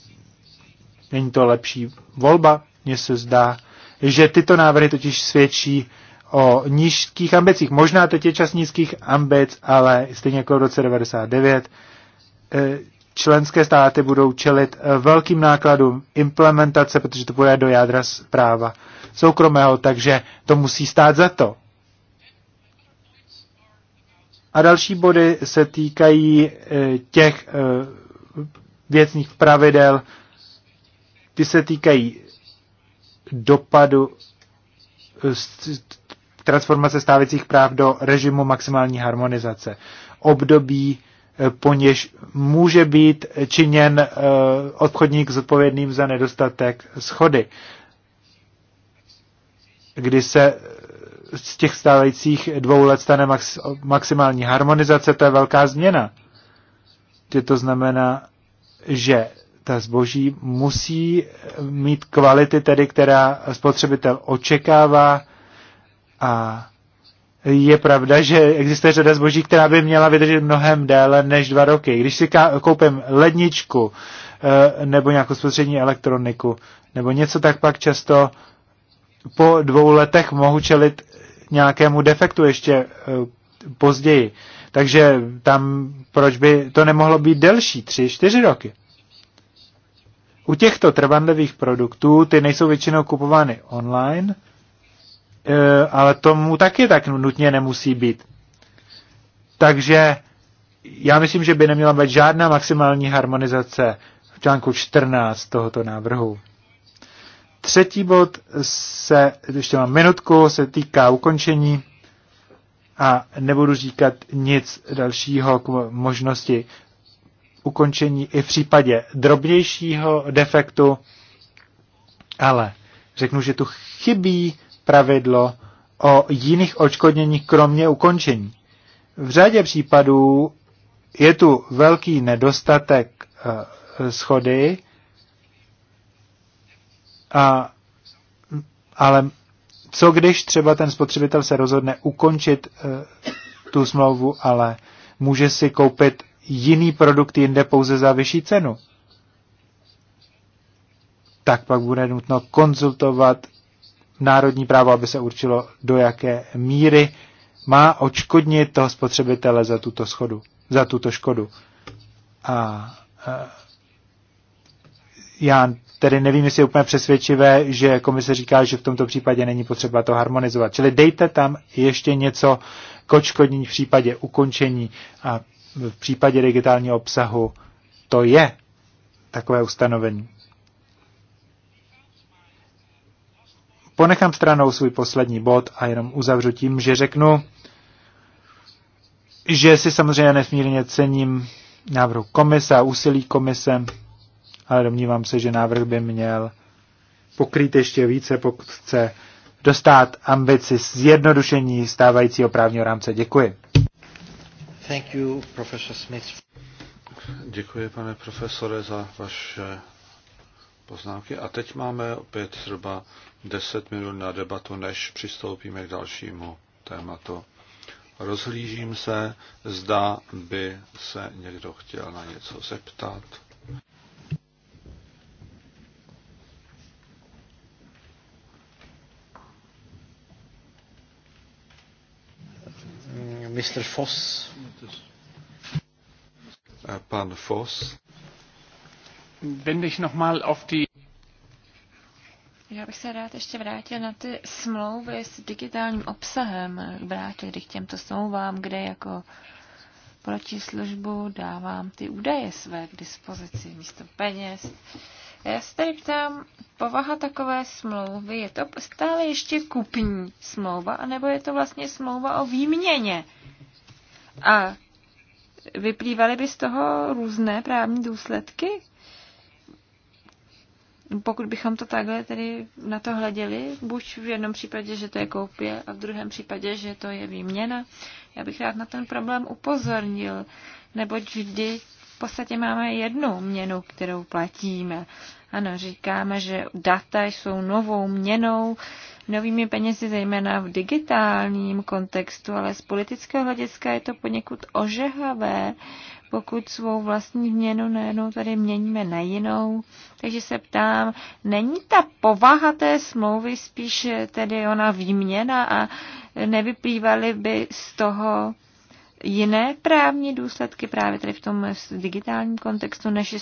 není to lepší volba. Mně se zdá, že tyto návrhy totiž svědčí o nízkých ambicích. Možná teď je čas nízkých ambic, ale stejně jako v roce 1999 e, eh, členské státy budou čelit velkým nákladům implementace, protože to bude do jádra práva soukromého, takže to musí stát za to. A další body se týkají eh, těch eh, věcných pravidel, ty se týkají dopadu eh, transformace stávajících práv do režimu maximální harmonizace, období, po něž může být činěn obchodník zodpovědným za nedostatek schody, kdy se z těch stávajících dvou let stane max, maximální harmonizace, to je velká změna. Že to znamená, že ta zboží musí mít kvality, tedy která spotřebitel očekává a je pravda, že existuje řada zboží, která by měla vydržet mnohem déle než dva roky. Když si koupím ledničku eh, nebo nějakou spotřební elektroniku nebo něco, tak pak často po dvou letech mohu čelit nějakému defektu ještě eh, později. Takže tam proč by to nemohlo být delší, tři, čtyři roky. U těchto trvanlivých produktů, ty nejsou většinou kupovány online, eh, ale tomu taky tak nutně nemusí být. Takže já myslím, že by neměla být žádná maximální harmonizace v článku 14 tohoto návrhu. Třetí bod se, ještě mám minutku, se týká ukončení a nebudu říkat nic dalšího k možnosti ukončení i v případě drobnějšího defektu, ale řeknu, že tu chybí pravidlo o jiných očkodněních kromě ukončení. V řadě případů je tu velký nedostatek eh, schody a, ale co když třeba ten spotřebitel se rozhodne ukončit e, tu smlouvu, ale může si koupit jiný produkt jinde pouze za vyšší cenu? Tak pak bude nutno konzultovat národní právo, aby se určilo, do jaké míry má očkodnit toho spotřebitele za tuto, schodu, za tuto škodu. A, a eh, já tedy nevím, jestli je úplně přesvědčivé, že komise říká, že v tomto případě není potřeba to harmonizovat. Čili dejte tam ještě něco k očkodnění v případě ukončení a v případě digitálního obsahu to je takové ustanovení. Ponechám stranou svůj poslední bod a jenom uzavřu tím, že řeknu, že si samozřejmě nesmírně cením návrhu komise a úsilí komise ale domnívám se, že návrh by měl pokrýt ještě více, pokud chce dostat ambici zjednodušení stávajícího právního rámce. Děkuji. Thank you, professor Smith. Děkuji, pane profesore, za vaše poznámky. A teď máme opět zhruba 10 minut na debatu, než přistoupíme k dalšímu tématu. Rozhlížím se, zda by se někdo chtěl na něco zeptat. Mr. Foss. Pan Foss. Wenn ich noch mal auf die já bych se rád ještě vrátil na ty smlouvy s digitálním obsahem, vrátil bych k těmto smlouvám, kde jako protislužbu službu dávám ty údaje své k dispozici místo peněz. Uh, já eh, se tady ptám, povaha takové smlouvy, je to stále ještě kupní smlouva, anebo je to vlastně smlouva o výměně? A vyplývaly by z toho různé právní důsledky? Pokud bychom to takhle tedy na to hleděli, buď v jednom případě, že to je koupě a v druhém případě, že to je výměna, já bych rád na ten problém upozornil, neboť vždy podstatě máme jednu měnu, kterou platíme. Ano, říkáme, že data jsou novou měnou, novými penězi, zejména v digitálním kontextu, ale z politického hlediska je to poněkud ožehavé, pokud svou vlastní měnu najednou tady měníme na jinou. Takže se ptám, není ta povaha té smlouvy spíš tedy ona výměna a nevyplývaly by z toho jiné právní důsledky právě tady v tom digitálním kontextu než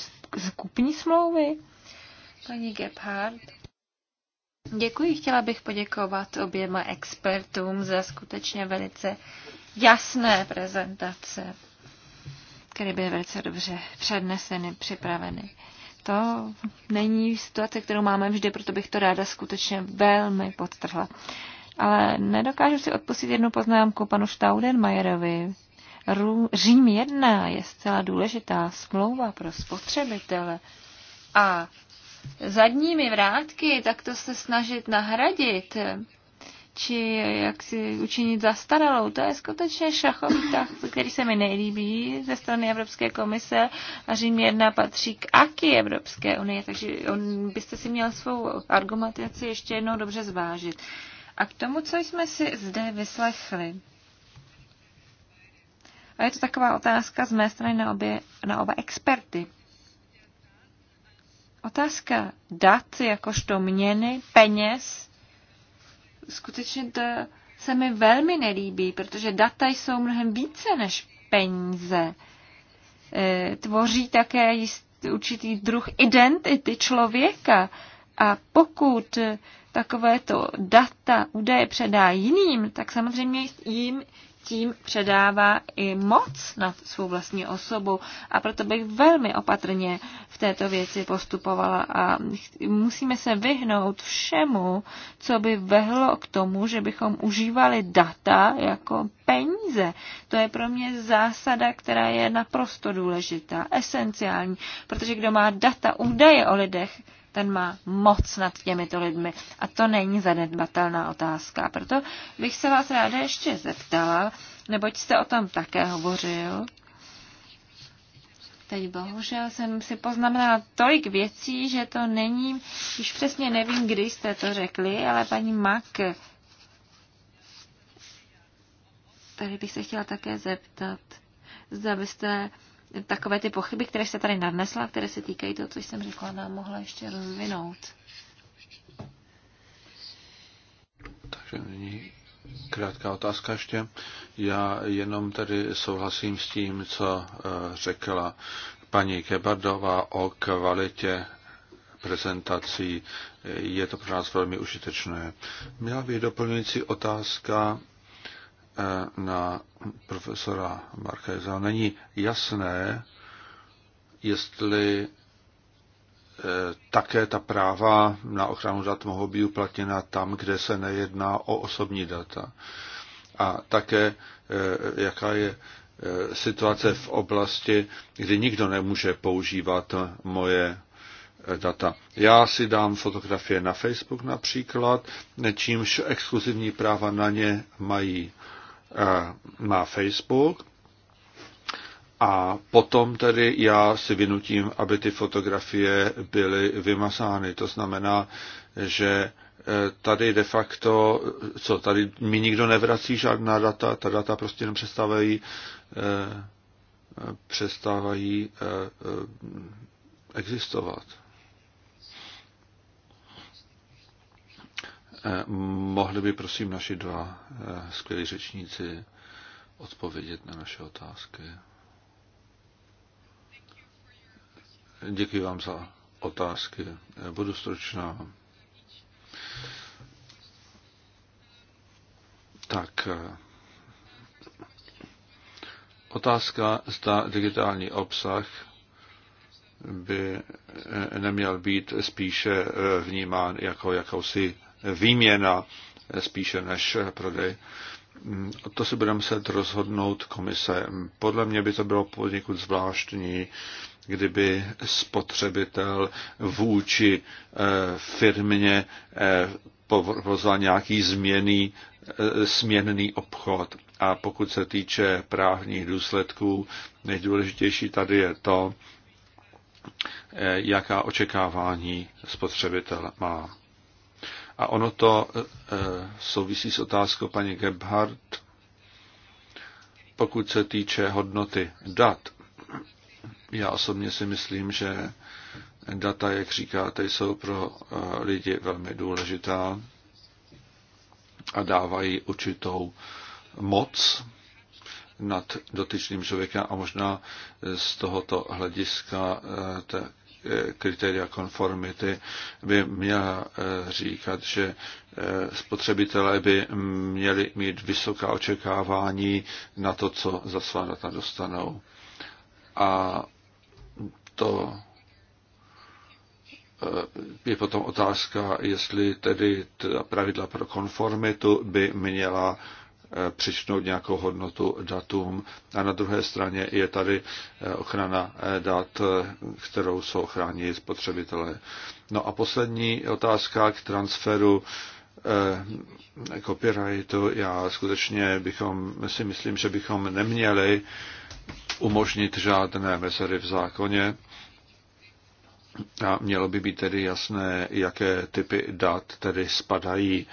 skupní smlouvy? Paní Gebhardt. Děkuji, chtěla bych poděkovat oběma expertům za skutečně velice jasné prezentace, které byly velice dobře předneseny, připraveny. To není situace, kterou máme vždy, proto bych to ráda skutečně velmi podtrhla. Ale nedokážu si odpustit jednu poznámku panu Staudenmajerovi. Řím 1 je zcela důležitá smlouva pro spotřebitele a zadními vrátky takto se snažit nahradit či jak si učinit zastaralou. To je skutečně šachový tah, který se mi nejlíbí ze strany Evropské komise a Řím 1 patří k AKI Evropské unie, takže on, byste si měl svou argumentaci ještě jednou dobře zvážit. A k tomu, co jsme si zde vyslechli. A je to taková otázka z mé strany na, obě, na oba experty. Otázka dat jakožto měny, peněz, skutečně to se mi velmi nelíbí, protože data jsou mnohem více než peníze. E, tvoří také určitý druh identity člověka. A pokud takovéto data, údaje předá jiným, tak samozřejmě jim tím předává i moc nad svou vlastní osobu a proto bych velmi opatrně v této věci postupovala a musíme se vyhnout všemu, co by vehlo k tomu, že bychom užívali data jako peníze. To je pro mě zásada, která je naprosto důležitá, esenciální, protože kdo má data, údaje o lidech, ten má moc nad těmito lidmi. A to není zanedbatelná otázka. Proto bych se vás ráda ještě zeptala, neboť jste o tom také hovořil. Teď bohužel jsem si poznamenala tolik věcí, že to není, už přesně nevím, kdy jste to řekli, ale paní Mak, tady bych se chtěla také zeptat, zda byste takové ty pochyby, které se tady nadnesla, které se týkají toho, co jsem řekla, nám mohla ještě rozvinout. Takže nyní krátká otázka ještě. Já jenom tady souhlasím s tím, co eh, řekla paní Kebardová o kvalitě prezentací. Je to pro nás velmi užitečné. Měla bych doplňující otázka na profesora Markéza. Není jasné, jestli eh, také ta práva na ochranu dat mohou být uplatněna tam, kde se nejedná o osobní data. A také eh, jaká je eh, situace v oblasti, kdy nikdo nemůže používat moje data. Já si dám fotografie na Facebook například, čímž exkluzivní práva na ně mají má eh, Facebook a potom tedy já si vynutím, aby ty fotografie byly vymazány. To znamená, že eh, tady de facto, co tady mi nikdo nevrací žádná data, ta data prostě jenom přestávají, eh, přestávají existovat. Eh, mohli by prosím naši dva eh, skvělí řečníci odpovědět na naše otázky. Děkuji vám za otázky. Eh, budu stručná. Tak. Otázka, zda digitální obsah by neměl být spíše vnímán jako jakousi výměna eh, spíše než eh, prodej. Mm, to si budeme muset rozhodnout komise. Podle mě by to bylo poněkud zvláštní, kdyby spotřebitel vůči eh, firmě pozval nějaký změný, směnný obchod. A pokud se týče právních důsledků, nejdůležitější tady je to, jaká očekávání spotřebitel má. A ono to e, e, souvisí s otázkou paní Gebhardt, pokud se týče hodnoty dat. Já osobně si myslím, že data, jak říkáte, jsou pro e, lidi velmi důležitá a dávají určitou moc nad dotyčným člověkem a možná z tohoto hlediska te. Eh, kritéria konformity by měla eh, říkat, že eh, spotřebitelé by měli mít vysoká očekávání na to, co za svá data dostanou. A to je potom otázka, jestli tedy pravidla pro konformitu by měla Eh, přičnout nějakou hodnotu datům. A na druhé straně je tady eh, ochrana eh, dat, kterou jsou ochrání spotřebitelé. No a poslední otázka k transferu copyrightu. Já skutečně bychom, si myslím, že bychom neměli umožnit žádné mezery v zákoně. A mělo by být tedy jasné, jaké typy dat tedy spadají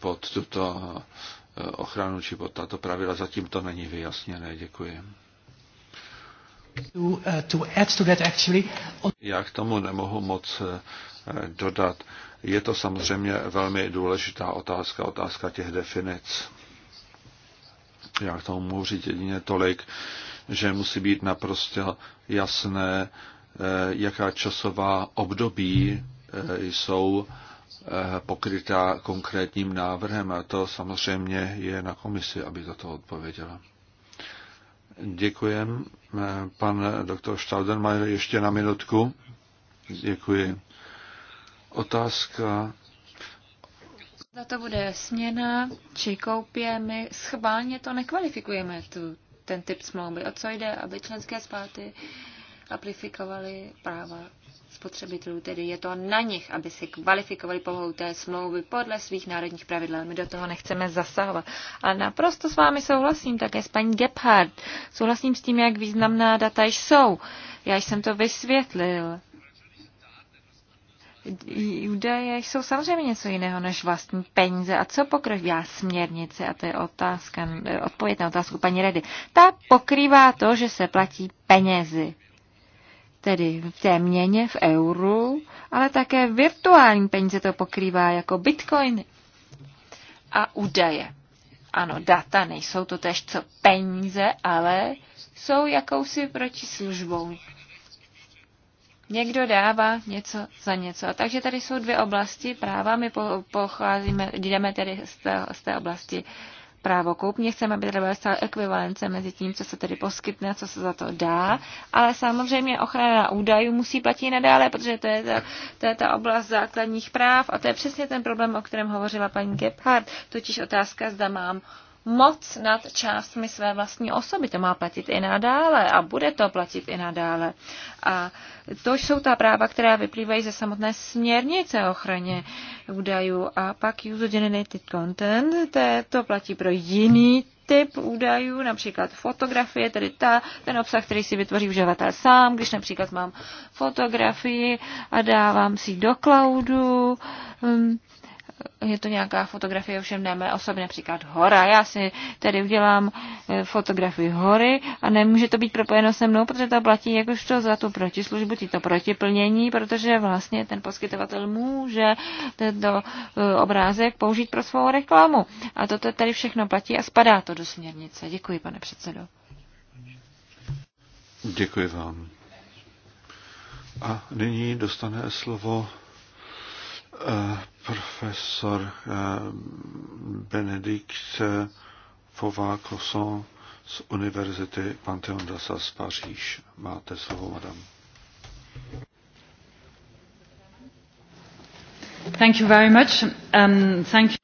pod tuto ochranu života. To pravidla zatím to není vyjasněné. Děkuji. Eh, Já k tomu nemohu moc eh, dodat. Je to samozřejmě velmi důležitá otázka, otázka těch definic. Já k tomu můžu říct jedině tolik, že musí být naprosto jasné, eh, jaká časová období jsou Eh, pokrytá konkrétním návrhem a to samozřejmě je na komisi, aby za to odpověděla. Děkujem. Eh, pan doktor Staudenmayer ještě na minutku. Děkuji. Otázka. Za to bude směna, či koupíme, schválně to nekvalifikujeme, tu, ten typ smlouvy. O co jde, aby členské státy aplifikovaly práva spotřebitelů, tedy je to na nich, aby si kvalifikovali povahu té smlouvy podle svých národních pravidel. My do toho nechceme zasahovat. Ale naprosto s vámi souhlasím také s paní Gebhardt. Souhlasím s tím, jak významná data jsou. Já jsem to vysvětlil. Údaje jsou samozřejmě něco jiného než vlastní peníze. A co pokrývá směrnice? A to je otázka, eh, odpověď na otázku paní Redy. Ta pokrývá to, že se platí penězi tedy v té měně, v euru, ale také virtuální peníze to pokrývá jako bitcoiny. A údaje. Ano, data nejsou to tež co peníze, ale jsou jakousi protislužbou. Někdo dává něco za něco. A takže tady jsou dvě oblasti práva. My pocházíme, jdeme tedy z té, z té oblasti uh, právo koupně. Chceme, aby tady byla ekvivalence mezi tím, co se tedy poskytne a co se za to dá. Ale samozřejmě ochrana údajů musí platit nadále, protože to je ta, to je ta oblast základních práv a to je přesně ten problém, o kterém hovořila paní Gebhardt, totiž otázka, zda mám moc nad částmi své vlastní osoby. To má platit i nadále a bude to platit i nadále. A to jsou ta práva, která vyplývají ze samotné směrnice o ochraně údajů. A pak user generated content, to platí pro jiný typ údajů, například fotografie, tedy ta, ten obsah, který si vytvoří uživatel sám, když například mám fotografii a dávám si do cloudu, hm, je to nějaká fotografie, ovšem ne mé osobně, například hora. Já si tady udělám eh, fotografii hory a nemůže to být propojeno se mnou, protože to platí jakožto za tu protislužbu, to protiplnění, protože vlastně ten poskytovatel může tento eh, obrázek použít pro svou reklamu. A toto tady všechno platí a spadá to do směrnice. Děkuji, pane předsedo. Děkuji vám. A nyní dostane slovo profesor eh, Benedikt fová eh, z Univerzity Pantheon Dasa z Paříž. Máte slovo, madam. Thank you very much. Um, thank you.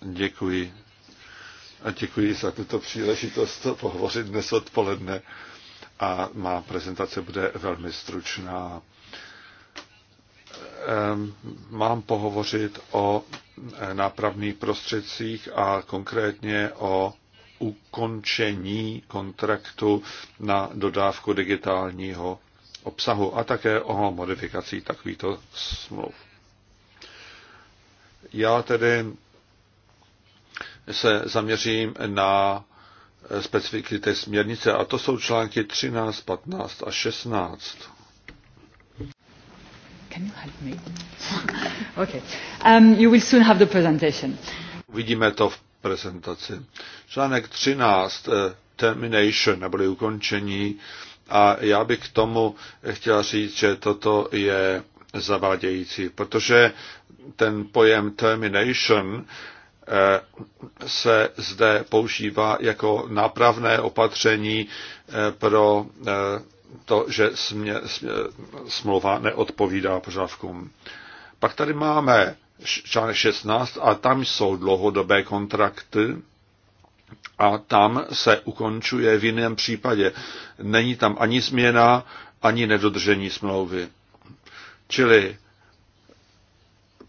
Děkuji. A děkuji za tuto příležitost pohovořit dnes odpoledne. A má prezentace bude velmi stručná mám pohovořit o eh, nápravných prostředcích a konkrétně o ukončení kontraktu na dodávku digitálního obsahu a také o modifikací takovýchto smluv. Já tedy se zaměřím na eh, specifiky té směrnice a to jsou články 13, 15 a 16. Can you help me? okay. Um, you will soon have the presentation. Vidíme to v prezentaci. Článek 13, eh, termination, neboli ukončení. A já bych k tomu chtěla říct, že toto je zavádějící, protože ten pojem termination eh, se zde používá jako nápravné opatření eh, pro to, že smě, smě, smlouva neodpovídá požadavkům. Pak tady máme článek 16 a tam jsou dlouhodobé kontrakty a tam se ukončuje v jiném případě. Není tam ani změna, ani nedodržení smlouvy. Čili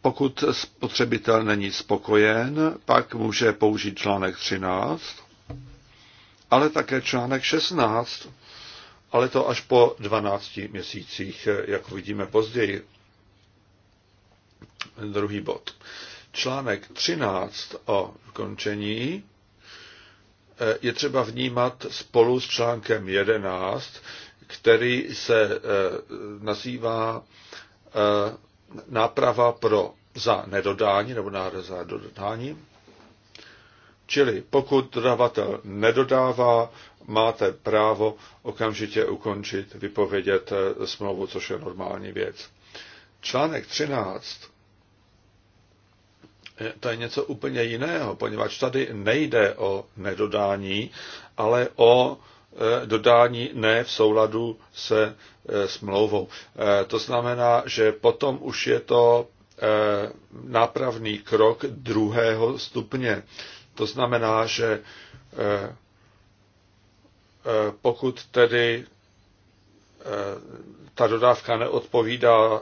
pokud spotřebitel není spokojen, pak může použít článek 13, ale také článek 16 ale to až po 12 měsících, jak vidíme později. Druhý bod. Článek 13 o končení je třeba vnímat spolu s článkem 11, který se eh, nazývá eh, náprava pro za nedodání nebo náhrada za dodání Čili pokud dodavatel nedodává, máte právo okamžitě ukončit, vypovědět eh, smlouvu, což je normální věc. Článek 13. Eh, to je něco úplně jiného, poněvadž tady nejde o nedodání, ale o eh, dodání ne v souladu se smlouvou. To znamená, že potom už je to nápravný krok druhého stupně. To znamená, že eh, eh, pokud tedy eh, ta dodávka neodpovídá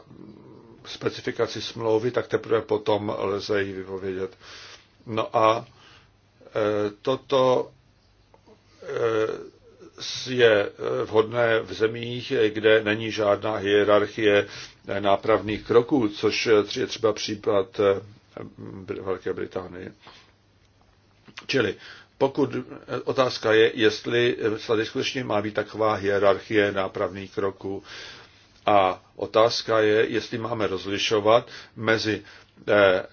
specifikaci smlouvy, tak teprve potom lze ji vypovědět. No a toto je vhodné v zemích, kde není žádná hierarchie nápravných kroků, což je třeba případ Velké Británie. Čili pokud eh, otázka je, jestli eh, tady skutečně má být taková hierarchie nápravných kroků. A otázka je, jestli máme rozlišovat mezi eh, eh,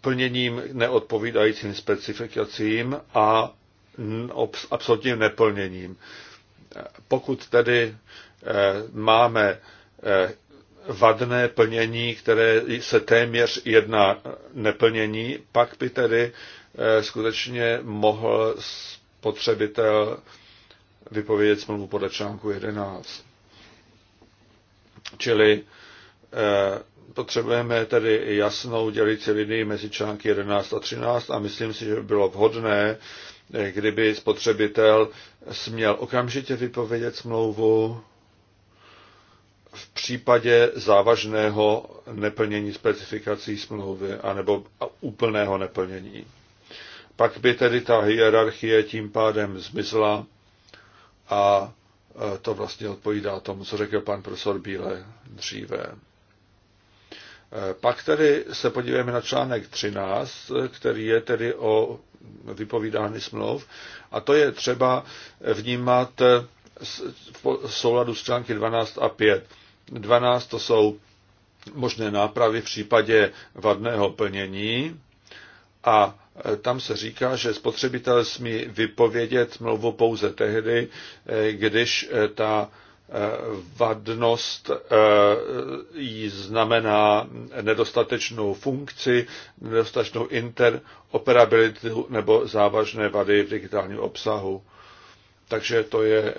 plněním neodpovídajícím specifikacím a absolutním neplněním. Eh, pokud tedy máme vadné plnění, které se téměř jedná neplnění, pak by tedy eh, skutečně mohl spotřebitel vypovědět smlouvu podle článku 11. Čili eh, potřebujeme tedy jasnou dělící linii mezi články 11 a 13 a myslím si, že by bylo vhodné, eh, kdyby spotřebitel směl okamžitě vypovědět smlouvu v případě závažného neplnění specifikací smlouvy anebo úplného neplnění. Pak by tedy ta hierarchie tím pádem zmizla a e, to vlastně odpovídá tomu, co řekl pan profesor Bíle dříve. E, pak tedy se podívejme na článek 13, který je tedy o vypovídání smlouv a to je třeba vnímat v souladu s články 12 a 5. 12 to jsou možné nápravy v případě vadného plnění a e, tam se říká, že spotřebitel smí vypovědět smlouvu pouze tehdy, e, když e, ta vadnost jí znamená nedostatečnou funkci, nedostatečnou interoperabilitu nebo závažné vady v digitálním obsahu takže to je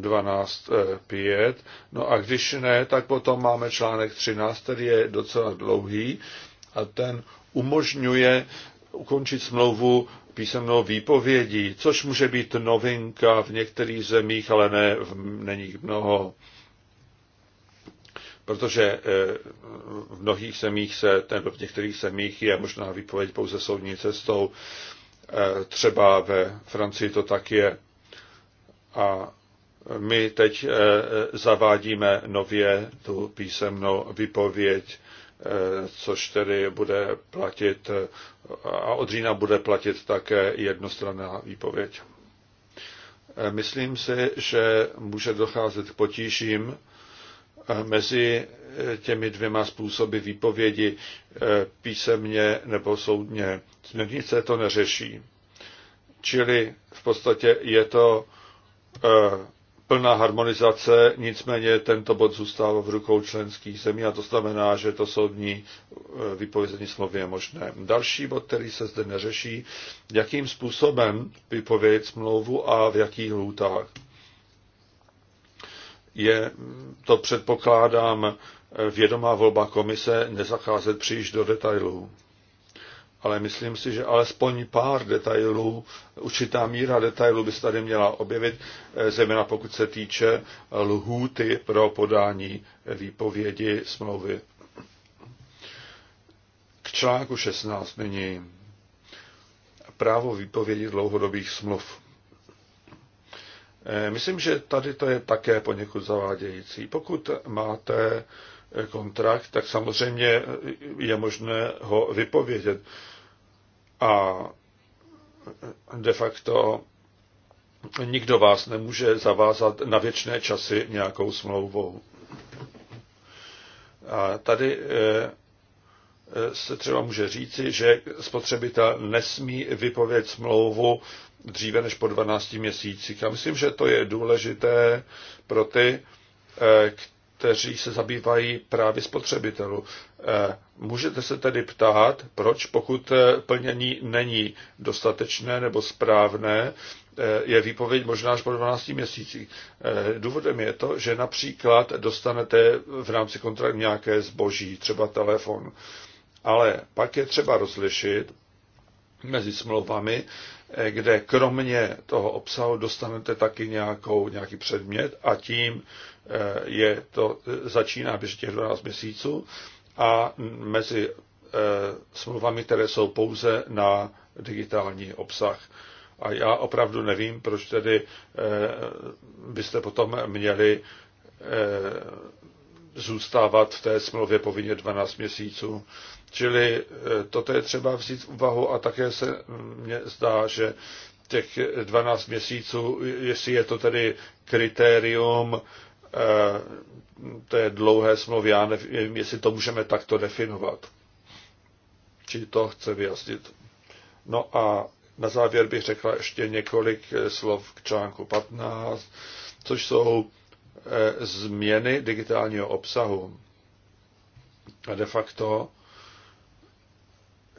12.5. Eh, eh, no a když ne, tak potom máme článek 13, který je docela dlouhý a ten umožňuje ukončit smlouvu písemnou výpovědí, což může být novinka v některých zemích, ale ne, není jich mnoho. Protože eh, v mnohých zemích se, nebo v některých zemích je možná výpověď pouze soudní cestou. Třeba ve Francii to tak je. A my teď eh, zavádíme nově tu písemnou vypověď, eh, což tedy bude platit eh, a od října bude platit také jednostranná výpověď. Myslím si, že může docházet k potížím mezi těmi dvěma způsoby výpovědi písemně nebo soudně. Směrnice to neřeší. Čili v podstatě je to Eh, plná harmonizace, nicméně tento bod zůstává v rukou členských zemí a to znamená, že to soudní eh, vypovězení smlouvy je možné. Další bod, který se zde neřeší, jakým způsobem vypovědět smlouvu a v jakých lhůtách. Je, to předpokládám, eh, vědomá volba komise nezacházet příliš do detailů ale myslím si, že alespoň pár detailů, určitá míra detailů by se tady měla objevit, eh, zejména pokud se týče lhůty pro podání výpovědi smlouvy. K článku 16 není právo výpovědi dlouhodobých smluv. Eh, myslím, že tady to je také poněkud zavádějící. Pokud máte kontrakt, tak samozřejmě je možné ho vypovědět. A de facto nikdo vás nemůže zavázat na věčné časy nějakou smlouvou. A tady eh, se třeba může říci, že spotřebitel nesmí vypovědět smlouvu dříve než po 12 měsících. Já myslím, že to je důležité pro ty, eh, kteří se zabývají právě spotřebitelů. Eh, můžete se tedy ptát, proč pokud eh, plnění není dostatečné nebo správné, eh, je výpověď možná až po 12 měsících. Důvodem je to, že například dostanete v rámci kontraktu nějaké zboží, třeba telefon. Ale pak je třeba rozlišit mezi smlouvami, Eh, kde kromě toho obsahu dostanete taky nějakou, nějaký předmět a tím eh, je to, eh, začíná běžet těch 12 měsíců a mezi smluvami, které jsou pouze na digitální obsah. A já opravdu nevím, proč tedy byste potom měli zůstávat v té smlouvě povinně 12 měsíců. Čili e, toto je třeba vzít v úvahu a také se mně zdá, že těch 12 měsíců, jestli je to tedy kritérium e, té dlouhé smlouvy, já nevím, jestli to můžeme takto definovat. Či to chce vyjasnit. No a na závěr bych řekla ještě několik e, slov k článku 15, což jsou Eh, změny digitálního obsahu. A de facto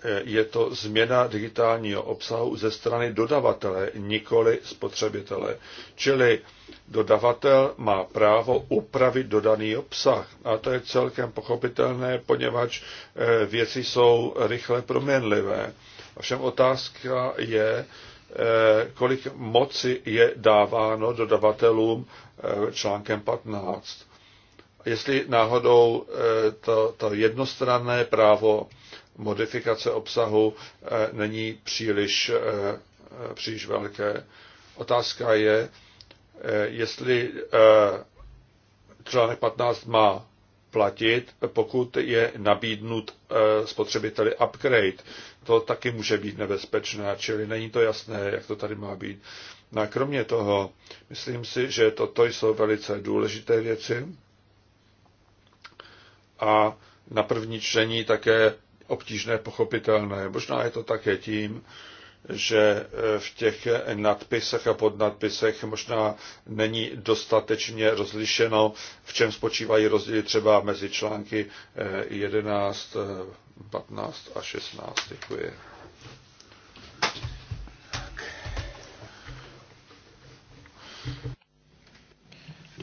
eh, je to změna digitálního obsahu ze strany dodavatele, nikoli spotřebitele. Čili dodavatel má právo upravit dodaný obsah. A to je celkem pochopitelné, poněvadž eh, věci jsou rychle proměnlivé. Ovšem otázka je, Eh, kolik moci je dáváno dodavatelům eh, článkem 15. Jestli náhodou eh, to, to jednostranné právo modifikace obsahu není příliš, příliš velké. Otázka je, jestli článek 15 má platit, pokud je nabídnut eh, spotřebiteli upgrade. To taky může být nebezpečné, čili není to jasné, jak to tady má být. No a kromě toho, myslím si, že toto jsou velice důležité věci a na první čtení také obtížné pochopitelné. Možná je to také tím, že eh, v těch nadpisech a podnadpisech možná není dostatečně rozlišeno, v čem spočívají rozdíly třeba mezi články 11, eh, 15 eh, a 16. Děkuji.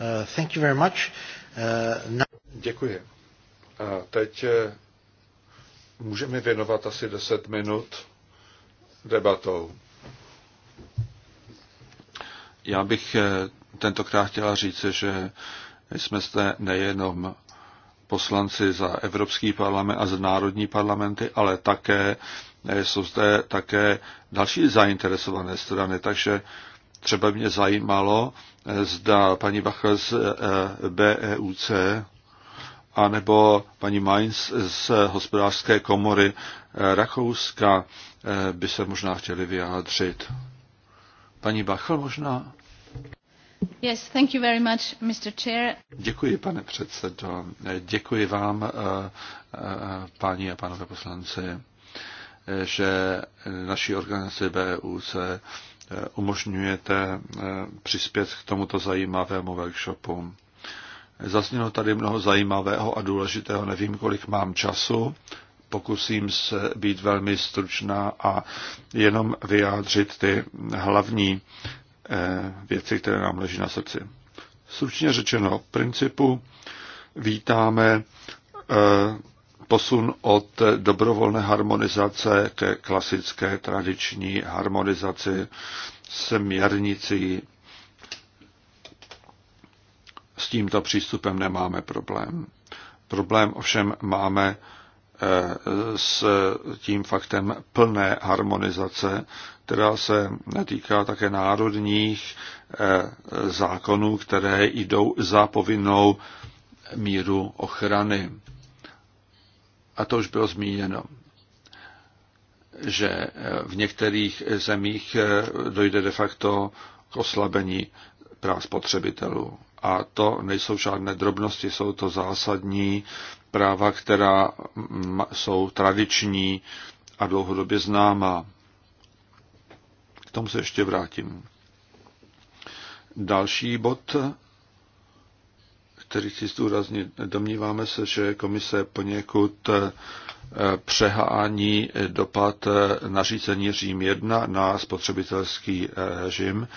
Uh, thank you very much. Uh, now... Děkuji. A teď můžeme věnovat asi 10 minut debatou. Já bych eh, tentokrát chtěla říct, že jsme zde nejenom poslanci za Evropský parlament a za národní parlamenty, ale také eh, jsou zde také další zainteresované strany. Takže třeba mě zajímalo, eh, zda paní Bacha z BEUC anebo paní Mainz z hospodářské komory eh, Rakouska eh, by se možná chtěli vyjádřit. Paní Bachl možná? Yes, thank you very much, Mr. Chair. Děkuji, pane předsedo. Eh, děkuji vám, paní a pánové poslanci, že naší organizaci BUC umožňujete přispět k tomuto zajímavému workshopu. Zaznělo tady mnoho zajímavého a důležitého, nevím, kolik mám času. Pokusím se být velmi stručná a jenom vyjádřit ty hlavní eh, věci, které nám leží na srdci. Stručně řečeno, v principu vítáme eh, posun od dobrovolné harmonizace ke klasické tradiční harmonizaci směrnicí s tímto přístupem nemáme problém. Problém ovšem máme eh, s tím faktem plné harmonizace, která se týká také národních eh, zákonů, které jdou za povinnou míru ochrany. A to už bylo zmíněno že eh, v některých zemích dojde de facto k oslabení práv spotřebitelů a to nejsou žádné drobnosti, jsou to zásadní práva, která jsou tradiční a dlouhodobě známá. K tomu se ještě vrátím. Další bod, který chci zdůraznit, domníváme se, že komise poněkud eh, přehání dopad eh, nařízení Řím 1 na spotřebitelský eh, režim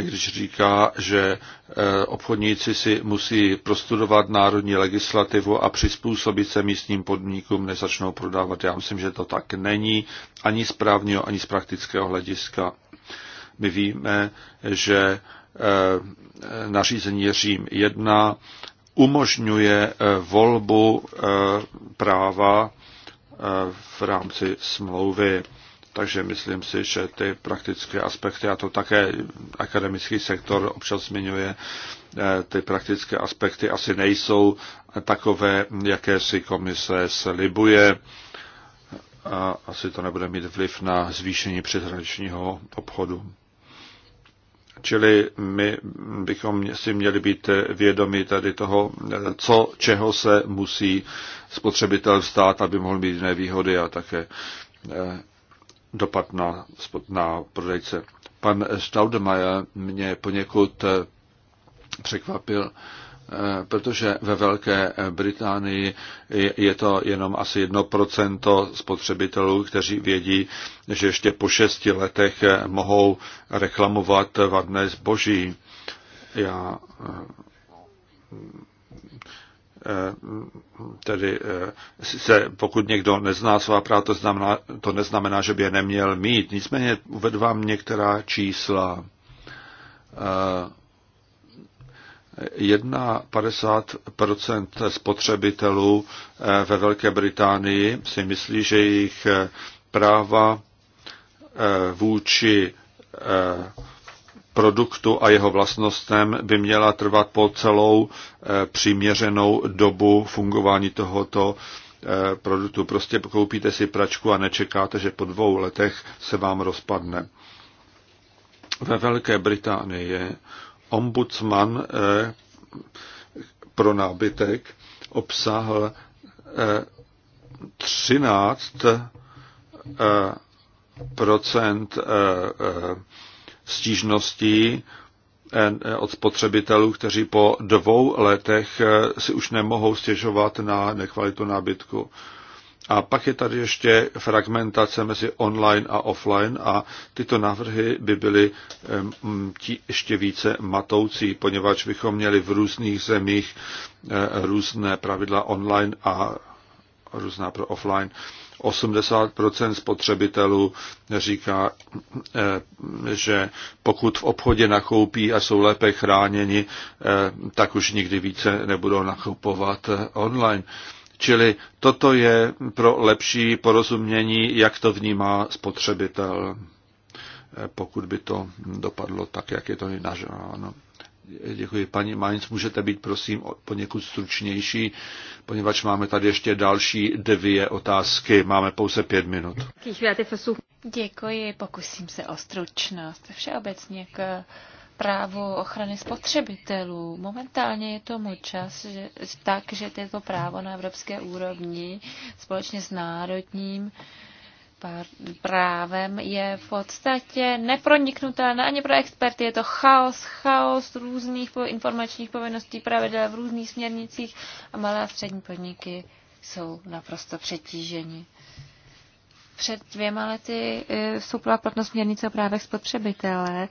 když říká, že e, obchodníci si musí prostudovat národní legislativu a přizpůsobit se místním podmínkům, než začnou prodávat. Já myslím, že to tak není, ani z právního, ani z praktického hlediska. My víme, že e, nařízení Řím 1 umožňuje e, volbu práva v rámci smlouvy. Takže myslím si, že ty praktické aspekty, a to také akademický sektor občas zmiňuje, eh, ty praktické aspekty asi nejsou takové, jaké si komise slibuje a asi to nebude mít vliv na zvýšení přeshraničního obchodu. Čili my bychom si měli být vědomi tady toho, co, čeho se musí spotřebitel vstát, aby mohl mít jiné výhody a také eh, dopad na, na prodejce. Pan Staudemeyer mě poněkud eh, překvapil, eh, protože ve Velké eh, Británii je to jenom asi 1% spotřebitelů, kteří vědí, že ještě po šesti letech mohou reklamovat vadné zboží. Já Eh, tedy eh, se, pokud někdo nezná svá práva, to, znamená, to neznamená, že by je neměl mít. Nicméně uvedu vám některá čísla. 51% eh, spotřebitelů ve Velké Británii si myslí, že jejich práva vůči produktu a jeho vlastnostem by měla trvat po celou eh, přiměřenou dobu fungování tohoto eh, produktu. Prostě koupíte si pračku a nečekáte, že po dvou letech se vám rozpadne. Ve Velké Británii je ombudsman eh, pro nábytek obsahl 13 procent stížností eh, eh, od spotřebitelů, kteří po dvou letech eh, si už nemohou stěžovat na nekvalitu nábytku. A pak je tady ještě fragmentace mezi online a offline a tyto návrhy by byly ještě více matoucí, poněvadž bychom měli v různých zemích různé pravidla online a různá pro offline. 80% spotřebitelů říká, eh, že pokud v obchodě nakoupí a jsou lépe chráněni, eh, tak už nikdy více nebudou nakupovat eh, online. Čili toto je pro lepší porozumění, jak to vnímá spotřebitel, pokud by to dopadlo tak, jak je to i Děkuji. Paní Mainz, můžete být prosím poněkud stručnější, poněvadž máme tady ještě další dvě otázky. Máme pouze pět minut. Děkuji, pokusím se o stručnost. Všeobecně k právu ochrany spotřebitelů. Momentálně je tomu čas že, tak, že to právo na evropské úrovni společně s národním právem je v podstatě neproniknutelné ani pro experty. Je to chaos, chaos různých informačních povinností, pravidel v různých směrnicích a malé a střední podniky jsou naprosto přetíženi. Před dvěma lety eh, vstoupila platnost směrnice o právech spotřebitele,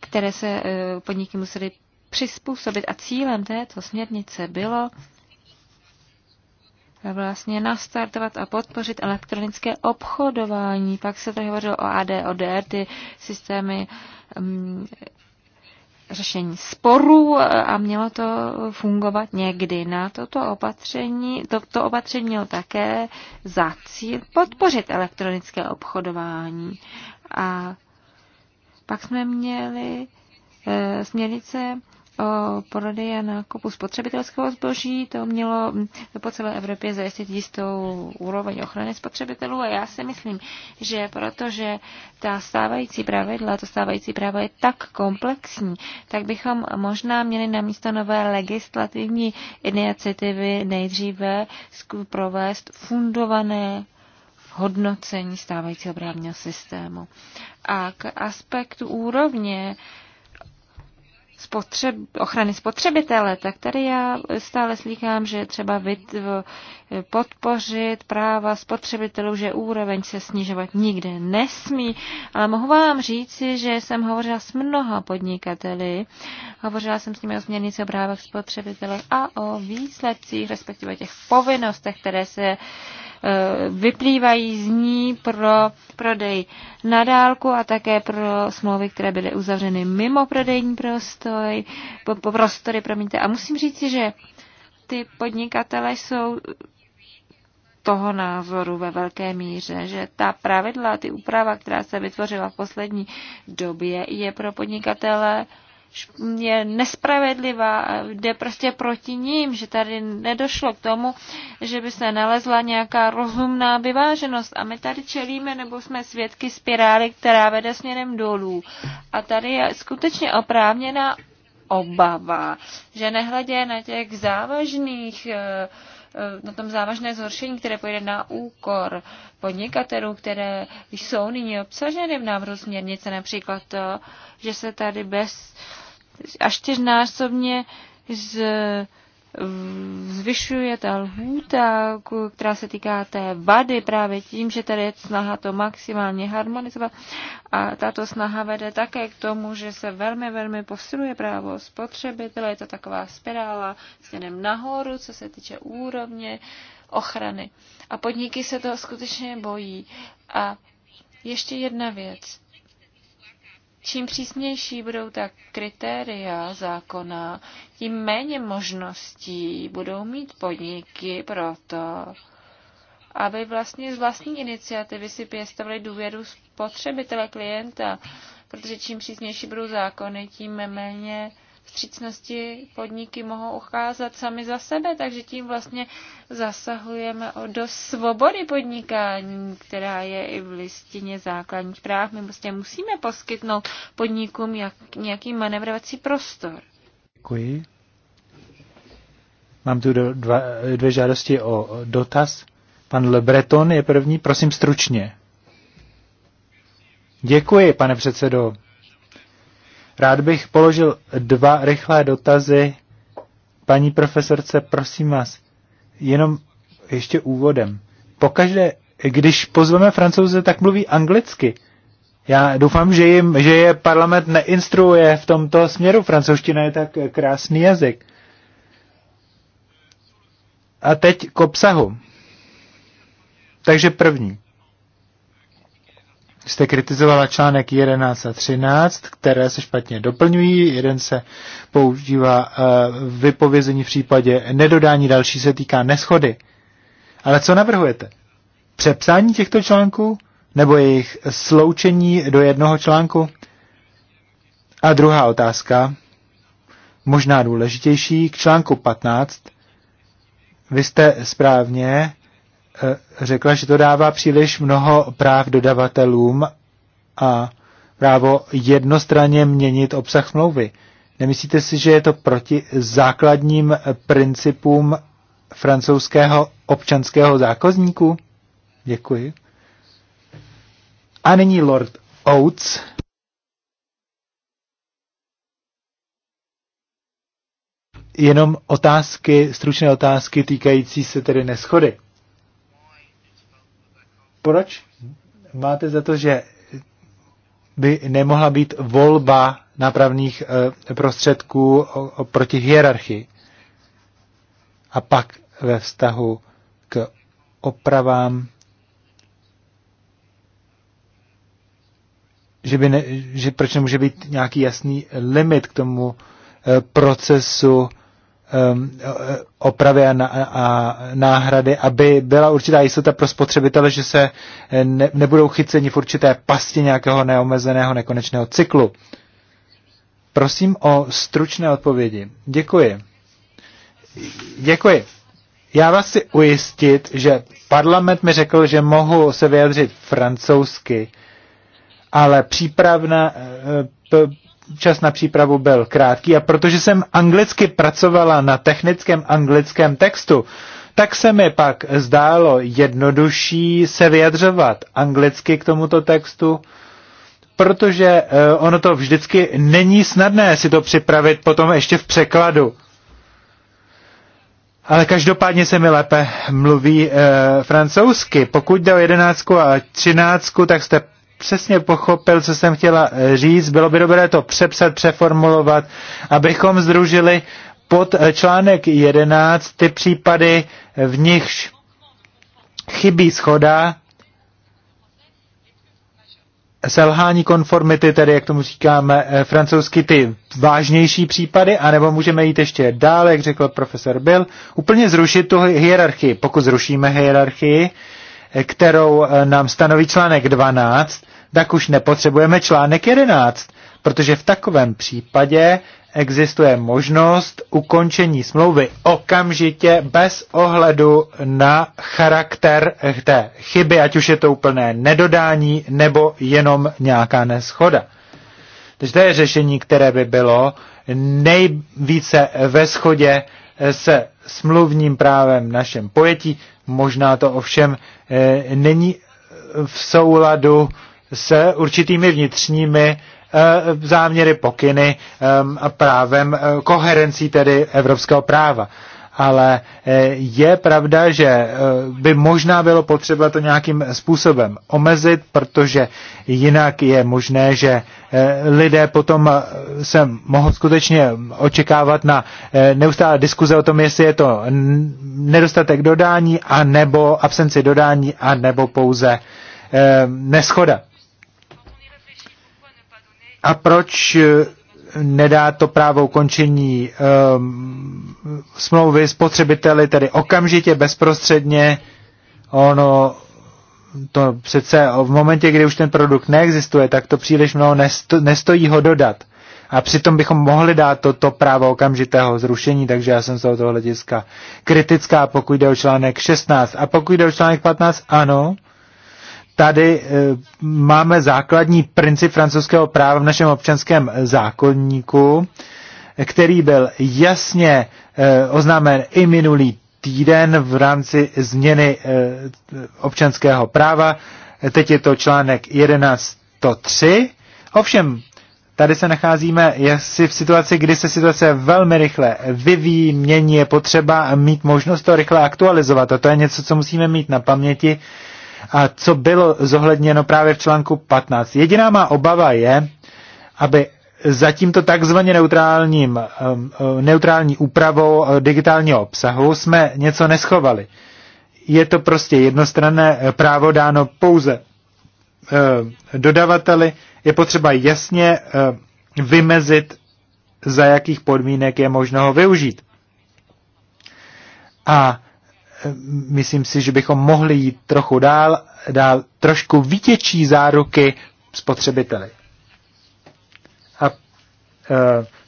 které se eh, podniky musely přizpůsobit a cílem této směrnice bylo vlastně nastartovat a podpořit elektronické obchodování. Pak se tady hovořilo o AD, ODR, ty systémy um, řešení sporů a mělo to fungovat někdy. Na toto opatření, toto opatření mělo také za cíl podpořit elektronické obchodování. A pak jsme měli e, směrnice prodeje na kupu nákupu spotřebitelského zboží. To mělo po celé Evropě zajistit jistou úroveň ochrany spotřebitelů a já si myslím, že protože ta stávající pravidla, to stávající právo je tak komplexní, tak bychom možná měli na místo nové legislativní iniciativy nejdříve provést fundované hodnocení stávajícího právního systému. A k aspektu úrovně spotřeb, ochrany spotřebitele, tak tady já stále slychám, že je třeba vytv, podpořit práva spotřebitelů, že úroveň se snižovat nikde nesmí. Ale mohu vám říci, že jsem hovořila s mnoha podnikateli, hovořila jsem s nimi o směrnici o právech spotřebitele a o výsledcích, respektive těch povinnostech, které se e, vyplývají z ní pro prodej na dálku a také pro smlouvy, které byly uzavřeny mimo prodejní prostor prostoj, po, po prostory, promiňte. A musím říct, že ty podnikatele jsou toho názoru ve velké míře, že ta pravidla, ty úprava, která se vytvořila v poslední době, je pro podnikatele je nespravedlivá jde prostě proti ním, že tady nedošlo k tomu, že by se nalezla nějaká rozumná vyváženost. A my tady čelíme nebo jsme svědky spirály, která vede směrem dolů. A tady je skutečně oprávněná obava, že nehledě na těch závažných eh, eh, na tom závažné zhoršení, které pojde na úkor podnikatelů, které jsou nyní obsaženy v návrhu směrnice, například to, že se tady bez uh, až čtyřnásobně z, zvyšuje ta lhůta, která se týká té vady právě tím, že tady je snaha to maximálně harmonizovat. A tato snaha vede také k tomu, že se velmi, velmi posiluje právo spotřebitele. Je to taková spirála směrem nahoru, co se týče úrovně ochrany. A podniky se toho skutečně bojí. A ještě jedna věc. Čím přísnější budou ta kritéria zákona, tím méně možností budou mít podniky pro to, aby vlastně z vlastní iniciativy si pěstovali důvěru spotřebitele klienta, protože čím přísnější budou zákony, tím méně vstřícnosti podniky mohou ucházet sami za sebe, takže tím vlastně zasahujeme do svobody podnikání, která je i v listině základních práv. My vlastně musíme poskytnout podnikům jak, nějaký manevrovací prostor. Děkuji. Mám tu dva, dvě žádosti o dotaz. Pan Le Breton je první, prosím stručně. Děkuji, pane předsedo. Rád bych položil dva rychlé dotazy. Paní profesorce, prosím vás, jenom ještě úvodem. Pokaždé, když pozveme francouze, tak mluví anglicky. Já doufám, že, jim, že je parlament neinstruuje v tomto směru. Francouzština je tak krásný jazyk. A teď k obsahu. Takže první kritizovala článek 11 a 13, které se špatně doplňují. Jeden se používá eh, vypovězení v případě nedodání, další se týká neschody. Ale co navrhujete? Přepsání těchto článků nebo jejich sloučení do jednoho článku? A druhá otázka, možná důležitější, k článku 15. Vy jste správně Eh, řekla, že to dává příliš mnoho práv dodavatelům a právo jednostranně měnit obsah smlouvy. Nemyslíte si, že je to proti základním principům francouzského občanského zákazníku? Děkuji. A nyní Lord Oates. Jenom otázky, stručné otázky týkající se tedy neschody. Proč máte za to, že by nemohla být volba nápravných eh, prostředků proti hierarchii? A pak ve vztahu k opravám, že, by ne, že proč nemůže být nějaký jasný limit k tomu eh, procesu Um, opravy a, a náhrady, aby byla určitá jistota pro spotřebitele, že se eh, ne, nebudou chyceni v určité pasti nějakého neomezeného nekonečného cyklu. Prosím o stručné odpovědi. Děkuji. Děkuji. Já vás chci ujistit, že parlament mi řekl, že mohu se vyjadřit francouzsky, ale přípravná, eh, čas na přípravu byl krátký a protože jsem anglicky pracovala na technickém anglickém textu, tak se mi pak zdálo jednodušší se vyjadřovat anglicky k tomuto textu, protože eh, ono to vždycky není snadné si to připravit potom ještě v překladu. Ale každopádně se mi lépe mluví e, francouzsky. Pokud jde o jedenáctku a třináctku, tak jste přesně pochopil, co jsem chtěla eh, říct. Bylo by dobré to přepsat, přeformulovat, abychom združili pod eh, článek 11 ty případy, eh, v nichž chybí schoda, selhání konformity, tedy jak tomu říkáme francouzsky, ty vážnější případy, anebo můžeme jít ještě dále, jak řekl profesor Bill, úplně zrušit tu hierarchii. Pokud zrušíme hierarchii, kterou eh, nám stanoví článek 12, tak už nepotřebujeme článek 11, protože v takovém případě existuje možnost ukončení smlouvy okamžitě bez ohledu na charakter eh, té chyby, ať už je to úplné nedodání nebo jenom nějaká neschoda. Takže to je řešení, které by bylo nejvíce ve shodě eh, se smluvním právem v našem pojetí. Možná to ovšem Eh, není v souladu s určitými vnitřními eh, záměry, pokyny eh, a právem, koherencí tedy evropského práva ale eh, je pravda, že eh, by možná bylo potřeba to nějakým způsobem omezit, protože jinak je možné, že eh, lidé potom se mohou skutečně očekávat na neustále diskuze o tom, jestli je to nedostatek dodání, a nebo absenci dodání, a nebo pouze neschoda. A proč nedá to právo ukončení um, smlouvy spotřebiteli, tedy okamžitě, bezprostředně. Ono to přece v momentě, kdy už ten produkt neexistuje, tak to příliš mnoho nesto, nestojí ho dodat. A přitom bychom mohli dát toto právo okamžitého zrušení, takže já jsem z toho hlediska kritická, pokud jde o článek 16. A pokud jde o článek 15, ano, tady eh, máme základní princip francouzského práva v našem občanském zákonníku, který byl jasně eh, oznámen i minulý týden v rámci změny eh, občanského práva. Teď je to článek 1103. Ovšem, tady se nacházíme jaksi v situaci, kdy se situace velmi rychle vyvíjí, mění, je potřeba mít možnost to rychle aktualizovat. A to je něco, co musíme mít na paměti, a co bylo zohledněno právě v článku 15. Jediná má obava je, aby za tímto takzvaně neutrálním, um, uh, neutrální úpravou uh, digitálního obsahu jsme něco neschovali. Je to prostě jednostranné eh, právo dáno pouze eh, dodavateli. Je potřeba jasně eh, vymezit, za jakých podmínek je možno ho využít. A myslím si, že bychom mohli jít trochu dál, dál trošku vytěčí záruky spotřebiteli. A e,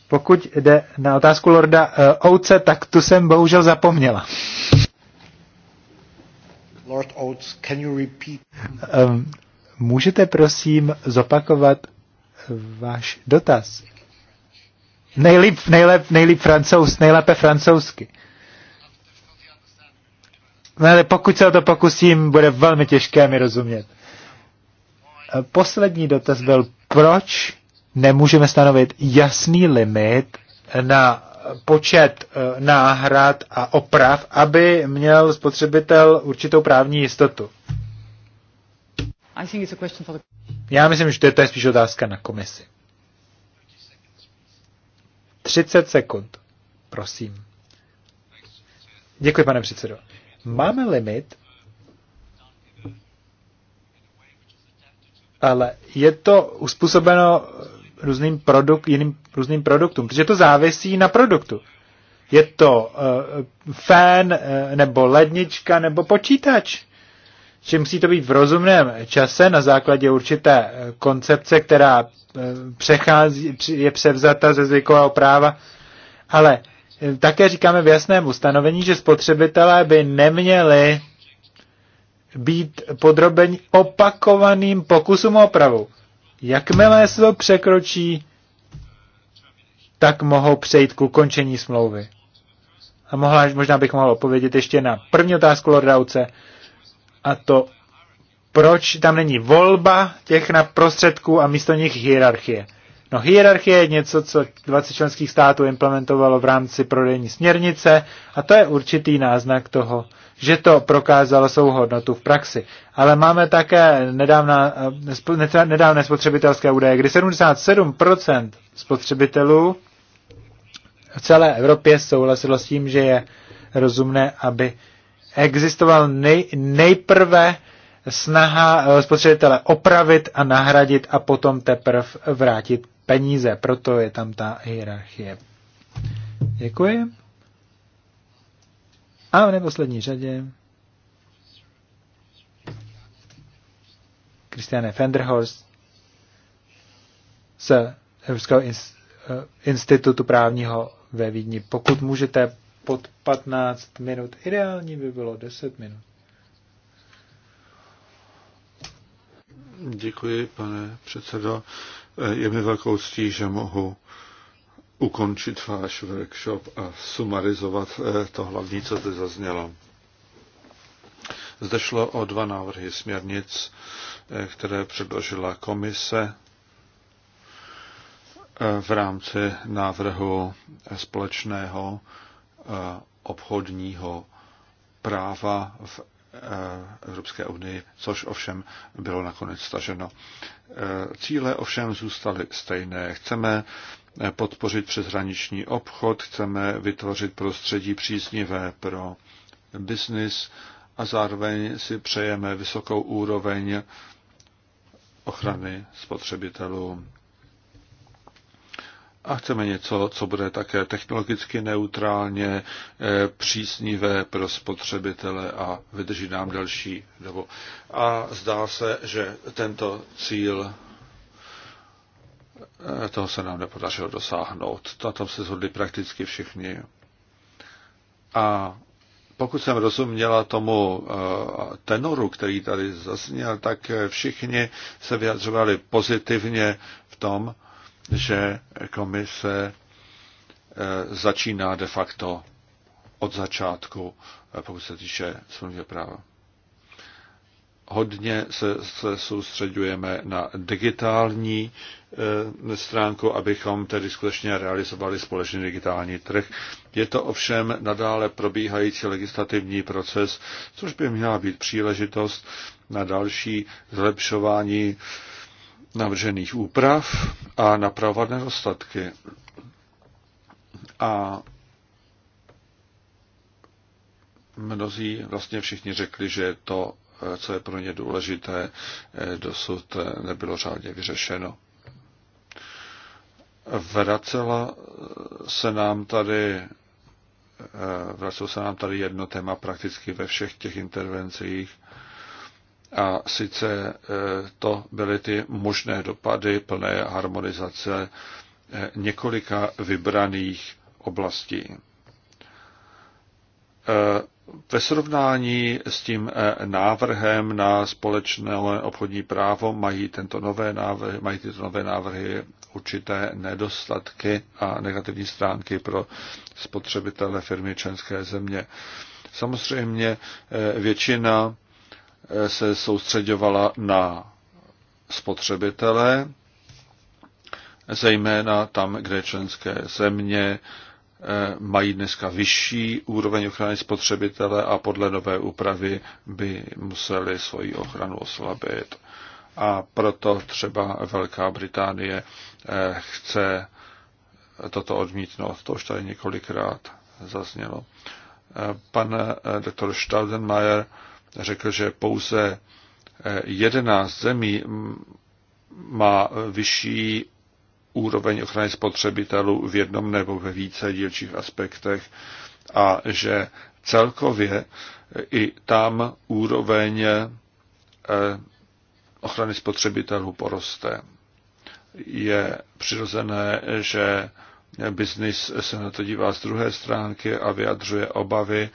pokud jde na otázku Lorda e, Ouce, tak tu jsem bohužel zapomněla. Lord Oates, can you repeat? E, můžete prosím zopakovat váš dotaz? Nejlíp, nejlíp, nejlíp francouz, nejlépe francouzsky. Uh, No ale pokud se o to pokusím, bude velmi těžké mi rozumět. Poslední dotaz byl, proč nemůžeme stanovit jasný limit na počet eh, náhrad a oprav, aby měl spotřebitel určitou právní jistotu. Já myslím, že to je spíš otázka na komisi. 30 sekund, prosím. Děkuji, pane předsedo. Máme limit, ale je to uspůsobeno různým, produk, jiným, různým produktům, protože to závisí na produktu. Je to uh, fén, uh, nebo lednička, nebo počítač. Že musí to být v rozumném čase na základě určité eh, koncepce, která přechází, je převzata ze zvykového práva. Ale uh, také říkáme v jasném ustanovení, že spotřebitelé by neměli být podrobeni opakovaným pokusům o opravu. Jakmile se to překročí, tak mohou přejít k ukončení smlouvy. A mohla, možná bych mohl odpovědět ještě na první otázku Lordauce, a to proč tam není volba těch na prostředků a místo nich hierarchie. No hierarchie je něco, co 20 členských států implementovalo v rámci prodejní směrnice a to je určitý náznak toho, že to prokázalo svou hodnotu v praxi. Ale máme také nedávna, eh, nedávné spotřebitelské údaje, kdy 77% spotřebitelů v celé Evropě souhlasilo s tím, že je rozumné, aby existoval nej, nejprve snaha eh, spotřebitele opravit a nahradit a potom teprve vrátit peníze, proto je tam ta hierarchie. Děkuji. A v neposlední řadě Christiane Fenderhorst z Evropského eh, institutu právního ve Vídni. Pokud můžete pod 15 minut, ideální by bylo 10 minut. Děkuji, pane předsedo. Je mi velkou ctí, že mohu ukončit váš workshop a sumarizovat eh, to hlavní, co zde zaznělo. Zde šlo o dva návrhy směrnic, eh, které předložila komise eh, v rámci návrhu společného obchodního práva v Eh, Evropské unii, což ovšem bylo nakonec staženo. Eh, cíle ovšem zůstaly stejné. Chceme podpořit přeshraniční obchod, chceme vytvořit prostředí příznivé pro biznis a zároveň si přejeme vysokou úroveň ochrany spotřebitelů a chceme něco, co bude také technologicky neutrálně eh, přísnivé pro spotřebitele a vydrží nám další dobu. A zdá se, že tento cíl eh, toho se nám nepodařilo dosáhnout. Na tom se shodli prakticky všichni. A pokud jsem rozuměla tomu eh, tenoru, který tady zazněl, tak všichni se vyjadřovali pozitivně v tom, že komise eh, začíná de facto od začátku, eh, pokud se týče smluvního práva. Hodně se, se soustředujeme na digitální e, stránku, abychom tedy skutečně realizovali společný digitální trh. Je to ovšem nadále probíhající legislativní proces, což by měla být příležitost na další zlepšování e, navržených úprav a napravovat nedostatky. A mnozí, vlastně všichni řekli, že to, co je pro ně důležité, dosud nebylo řádně vyřešeno. Vracela se nám tady vracelo se nám tady jedno téma prakticky ve všech těch intervencích a sice e, to byly ty možné dopady plné harmonizace e, několika vybraných oblastí. E, ve srovnání s tím návrhem na společné obchodní právo mají, tento nové návrhy, mají tyto nové návrhy určité nedostatky a negativní stránky pro spotřebitele firmy členské země. Samozřejmě většina se soustředovala na spotřebitele, zejména tam, kde členské země eh, mají dneska vyšší úroveň ochrany spotřebitele a podle nové úpravy by museli svoji ochranu oslabit. A proto třeba Velká Británie eh, chce toto odmítnout. To už tady několikrát zaznělo. Eh, pan doktor Staudenmayer řekl, že pouze 11 eh, zemí mm, má vyšší úroveň ochrany spotřebitelů v jednom nebo ve více dílčích aspektech a že celkově eh, i tam úroveň eh, ochrany spotřebitelů poroste. Je přirozené, že biznis se na to dívá z druhé stránky a vyjadřuje obavy,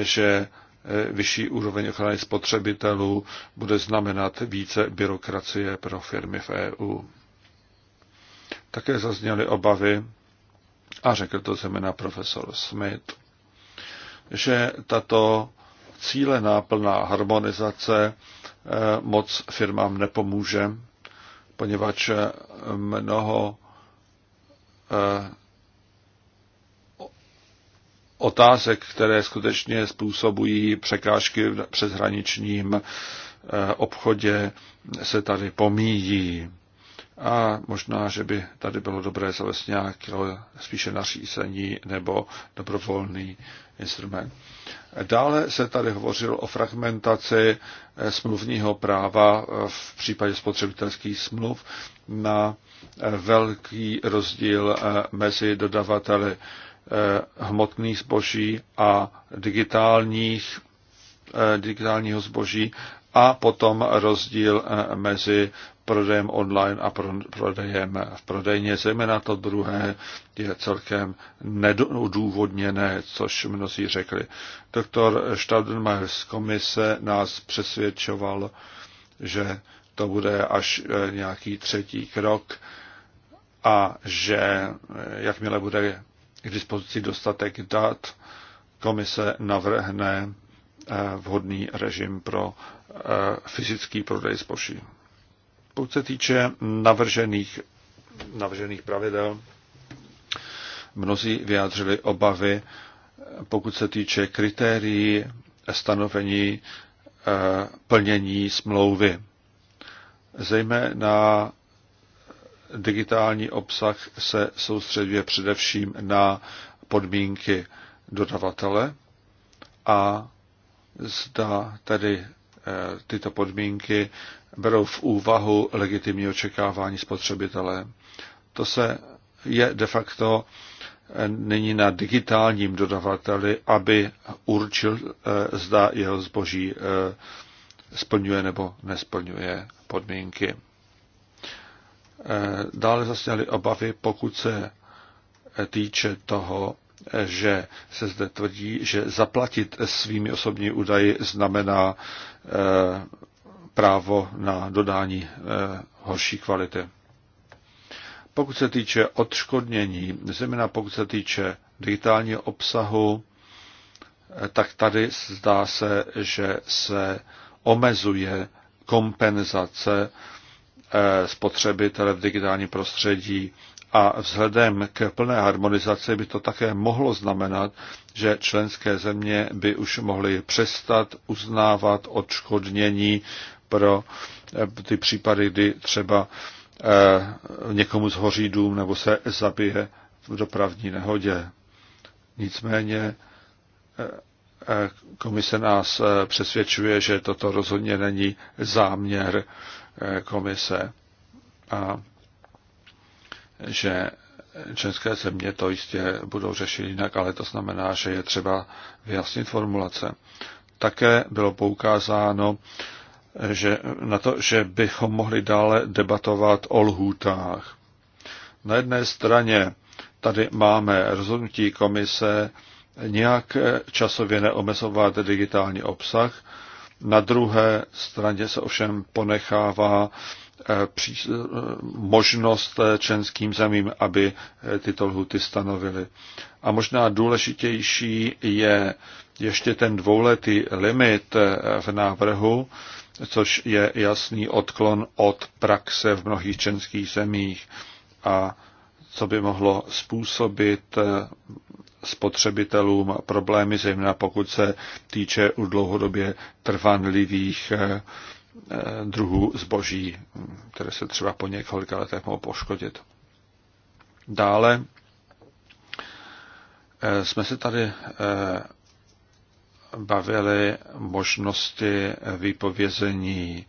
že Eh, vyšší úroveň ochrany spotřebitelů bude znamenat více byrokracie pro firmy v EU. Také zazněly obavy, a řekl to zejména profesor Smith, že tato cílená plná harmonizace eh, moc firmám nepomůže, poněvadž mnoho eh, otázek, které skutečně způsobují překážky v přeshraničním eh, obchodě, se tady pomíjí. A možná, že by tady bylo dobré zavést nějaké spíše nařízení nebo dobrovolný instrument. Dále se tady hovořilo o fragmentaci eh, smluvního práva eh, v případě spotřebitelských smluv na velký rozdíl mezi dodavateli Eh, hmotných zboží a digitálních, eh, digitálního zboží a potom rozdíl eh, mezi prodejem online a prodejem v prodejně. Zejména to druhé je celkem nedůvodněné, což mnozí řekli. Doktor Staudenmayer z komise nás přesvědčoval, že to bude až nějaký třetí krok a že jakmile bude k dispozici dostatek dat, komise navrhne eh, vhodný režim pro eh, fyzický prodej zboží. Pokud se týče navržených, navržených pravidel, mnozí vyjádřili obavy, pokud se týče kritérií stanovení eh, plnění smlouvy. Zejména digitální obsah se soustředuje především na podmínky dodavatele a zda tedy eh, tyto podmínky berou v úvahu legitimní očekávání spotřebitele. To se je de facto eh, nyní na digitálním dodavateli, aby určil, eh, zda jeho zboží splňuje nebo nesplňuje podmínky. Eh, dále zasněly obavy, pokud se eh, týče toho, eh, že se zde tvrdí, že zaplatit svými osobní údaji znamená právo na dodání horší kvality. Pokud se týče odškodnění, zejména pokud se týče digitálního obsahu, tak tady zdá se, že se omezuje kompenzace Eh, spotřebitele v digitálním prostředí a vzhledem k plné harmonizaci by to také mohlo znamenat, že členské země by už mohly přestat uznávat odškodnění pro eh, ty případy, kdy třeba eh, někomu zhoří dům nebo se zabije v dopravní nehodě. Nicméně komise nás přesvědčuje, že toto rozhodně není záměr Eh, komise a že české země to jistě budou řešit jinak, ale to znamená, že je třeba vyjasnit formulace. Také bylo poukázáno že, na to, že bychom mohli dále debatovat o lhůtách. Na jedné straně tady máme rozhodnutí komise nějak časově neomezovat digitální obsah, na druhé straně se ovšem ponechává eh, eh, možnost eh, členským zemím, aby tyto lhuty stanovily. A možná důležitější je ještě ten dvouletý limit v návrhu, což je jasný odklon od praxe v mnohých členských zemích a co by mohlo způsobit spotřebitelům problémy, zejména pokud se týče u dlouhodobě trvanlivých eh, eh, druhů zboží, které se třeba po několika letech mohou poškodit. Dále eh, jsme se tady bavili možnosti vypovězení,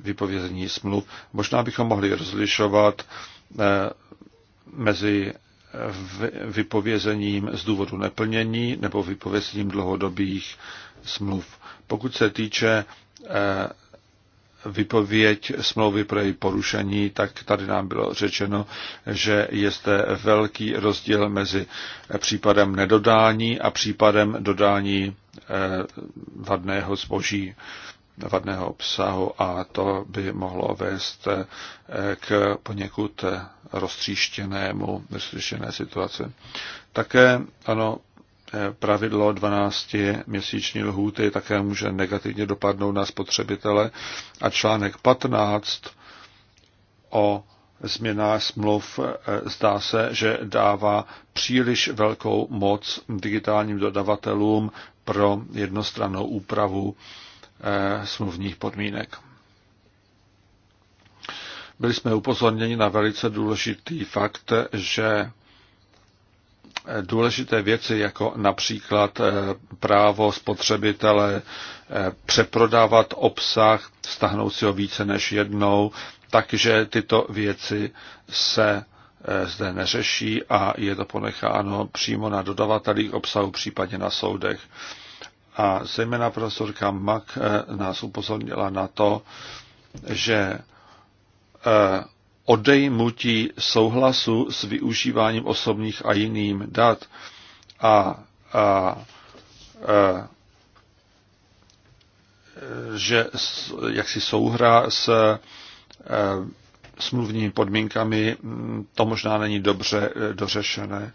vypovězení smluv. Možná bychom mohli rozlišovat mezi vypovězením z důvodu neplnění nebo vypovězením dlouhodobých smluv. Pokud se týče eh, vypověď smlouvy pro její porušení, tak tady nám bylo řečeno, že je zde velký rozdíl mezi případem nedodání a případem dodání eh, vadného zboží vadného obsahu a to by mohlo vést eh, k poněkud eh, roztříštěnému, roztříštěné situaci. Také ano, eh, pravidlo 12 měsíční lhůty také může negativně dopadnout na spotřebitele a článek 15 o změnách smluv zdá se, že dává příliš velkou moc digitálním dodavatelům pro jednostrannou úpravu Eh, smluvních podmínek. Byli jsme upozorněni na velice důležitý fakt, že eh, důležité věci, jako například eh, právo spotřebitele přeprodávat obsah, stahnout si ho více než jednou, takže tyto věci se zde neřeší a je to ponecháno přímo na dodavatelích obsahu, případně na soudech a zejména profesorka Mak eh, nás upozornila na to, že eh, odejmutí souhlasu s využíváním osobních a jiným dat a, a, a eh, že jaksi souhra s e, smluvními podmínkami, mm, to možná není dobře dořešené.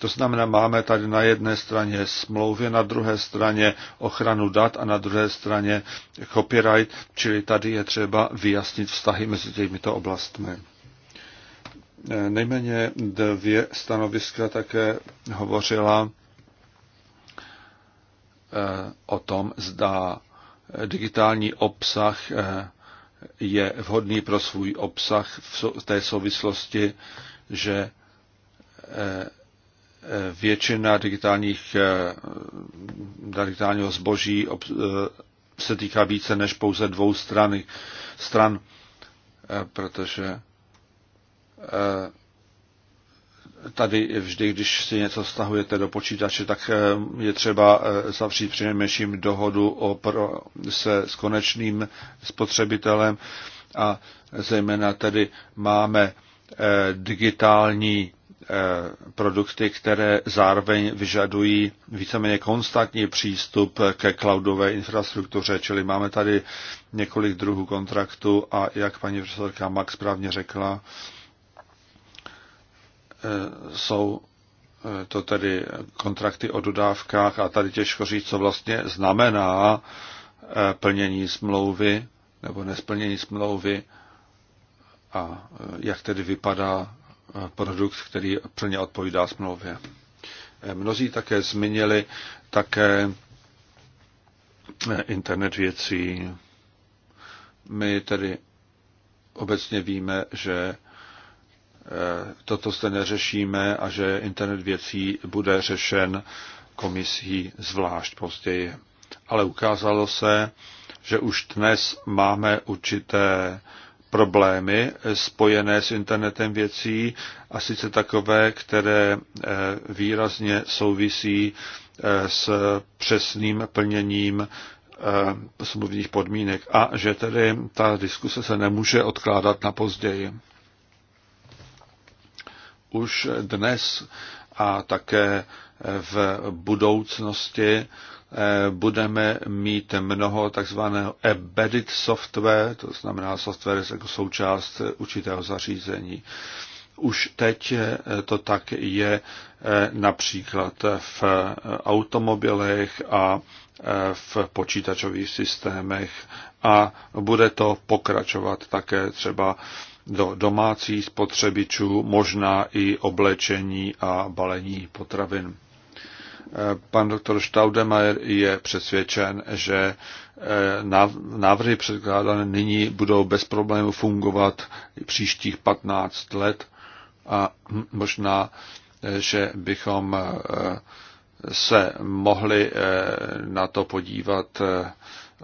To znamená, máme tady na jedné straně smlouvy, na druhé straně ochranu dat a na druhé straně copyright, čili tady je třeba vyjasnit vztahy mezi těmito oblastmi. E, nejméně dvě stanoviska také hovořila e, o tom, zda digitální obsah e, je vhodný pro svůj obsah v té souvislosti, že většina digitálních, eh, digitálního zboží eh, se týká více než pouze dvou strany, stran, eh, protože tady vždy, když si něco stahujete do počítače, tak je třeba zavřít přinejmenším dohodu o pro, se s konečným spotřebitelem a zejména tedy máme digitální Eh, produkty, které zároveň vyžadují víceméně konstantní přístup ke cloudové infrastruktuře, čili máme tady několik druhů kontraktu a jak paní profesorka Max správně řekla, eh, jsou eh, to tedy kontrakty o dodávkách a tady těžko říct, co vlastně znamená plnění smlouvy nebo nesplnění smlouvy a jak tedy vypadá produkt, který plně odpovídá smlouvě. Mnozí také zmínili také eh, internet věcí. My tedy obecně víme, že eh, toto zde neřešíme a že internet věcí bude řešen komisí zvlášť později. Ale ukázalo se, že už dnes máme určité problémy spojené s internetem věcí, a sice takové, které eh, výrazně souvisí eh, s přesným plněním eh, smluvních podmínek a že tedy ta diskuse se nemůže odkládat na později. Už dnes a také v budoucnosti Eh, budeme mít mnoho takzvaného embedded software, to znamená software jako součást určitého zařízení. Už teď eh, to tak je eh, například v automobilech a v počítačových systémech a bude to pokračovat také třeba do domácích spotřebičů, možná i oblečení a balení potravin. Pan doktor Staudemeyer je přesvědčen, že eh, návrhy předkládané nyní budou bez problémů fungovat příštích 15 let a možná, eh, že bychom eh, se mohli na to podívat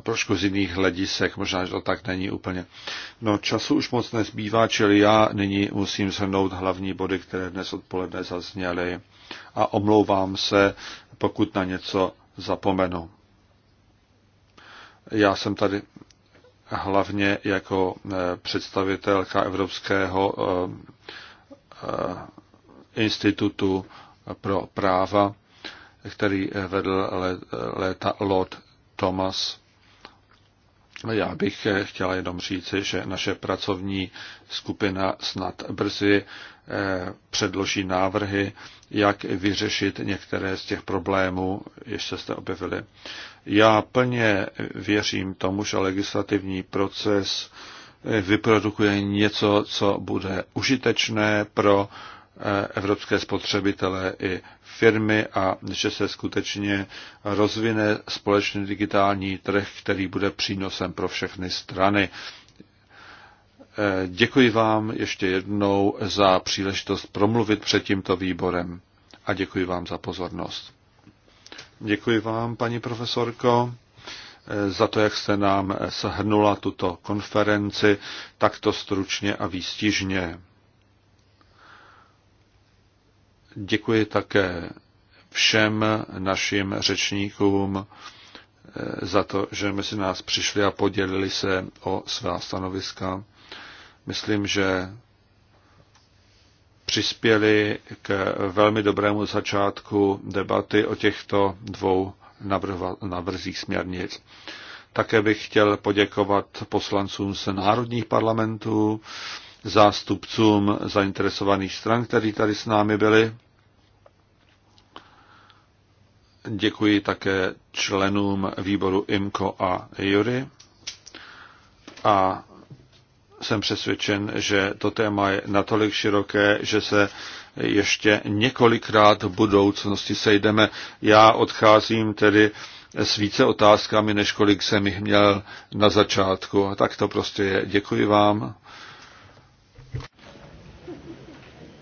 trošku z jiných hledisek, možná, že to tak není úplně. No času už moc nezbývá, čili já nyní musím shrnout hlavní body, které dnes odpoledne zazněly a omlouvám se, pokud na něco zapomenu. Já jsem tady hlavně jako eh, představitelka Evropského eh, eh, institutu pro práva, který vedl léta Lord Thomas. Já bych chtěla jenom říci, že naše pracovní skupina snad brzy předloží návrhy jak vyřešit některé z těch problémů, ještě jste objevili. Já plně věřím tomu, že legislativní proces eh, vyprodukuje něco, co bude užitečné pro eh, evropské spotřebitele i firmy a že se skutečně rozvine společný digitální trh, který bude přínosem pro všechny strany. Děkuji vám ještě jednou za příležitost promluvit před tímto výborem a děkuji vám za pozornost. Děkuji vám, paní profesorko, za to, jak jste nám shrnula tuto konferenci takto stručně a výstižně. Děkuji také všem našim řečníkům eh, za to, že mezi nás přišli a podělili se o svá stanoviska myslím, že přispěli k velmi dobrému začátku debaty o těchto dvou navrzích směrnic. Také bych chtěl poděkovat poslancům z národních parlamentů, zástupcům zainteresovaných stran, kteří tady s námi byli. Děkuji také členům výboru IMCO a JURY. A jsem přesvědčen, že to téma je natolik široké, že se ještě několikrát v budoucnosti sejdeme. Já odcházím tedy s více otázkami, než kolik jsem jich měl na začátku. Tak to prostě je. Děkuji vám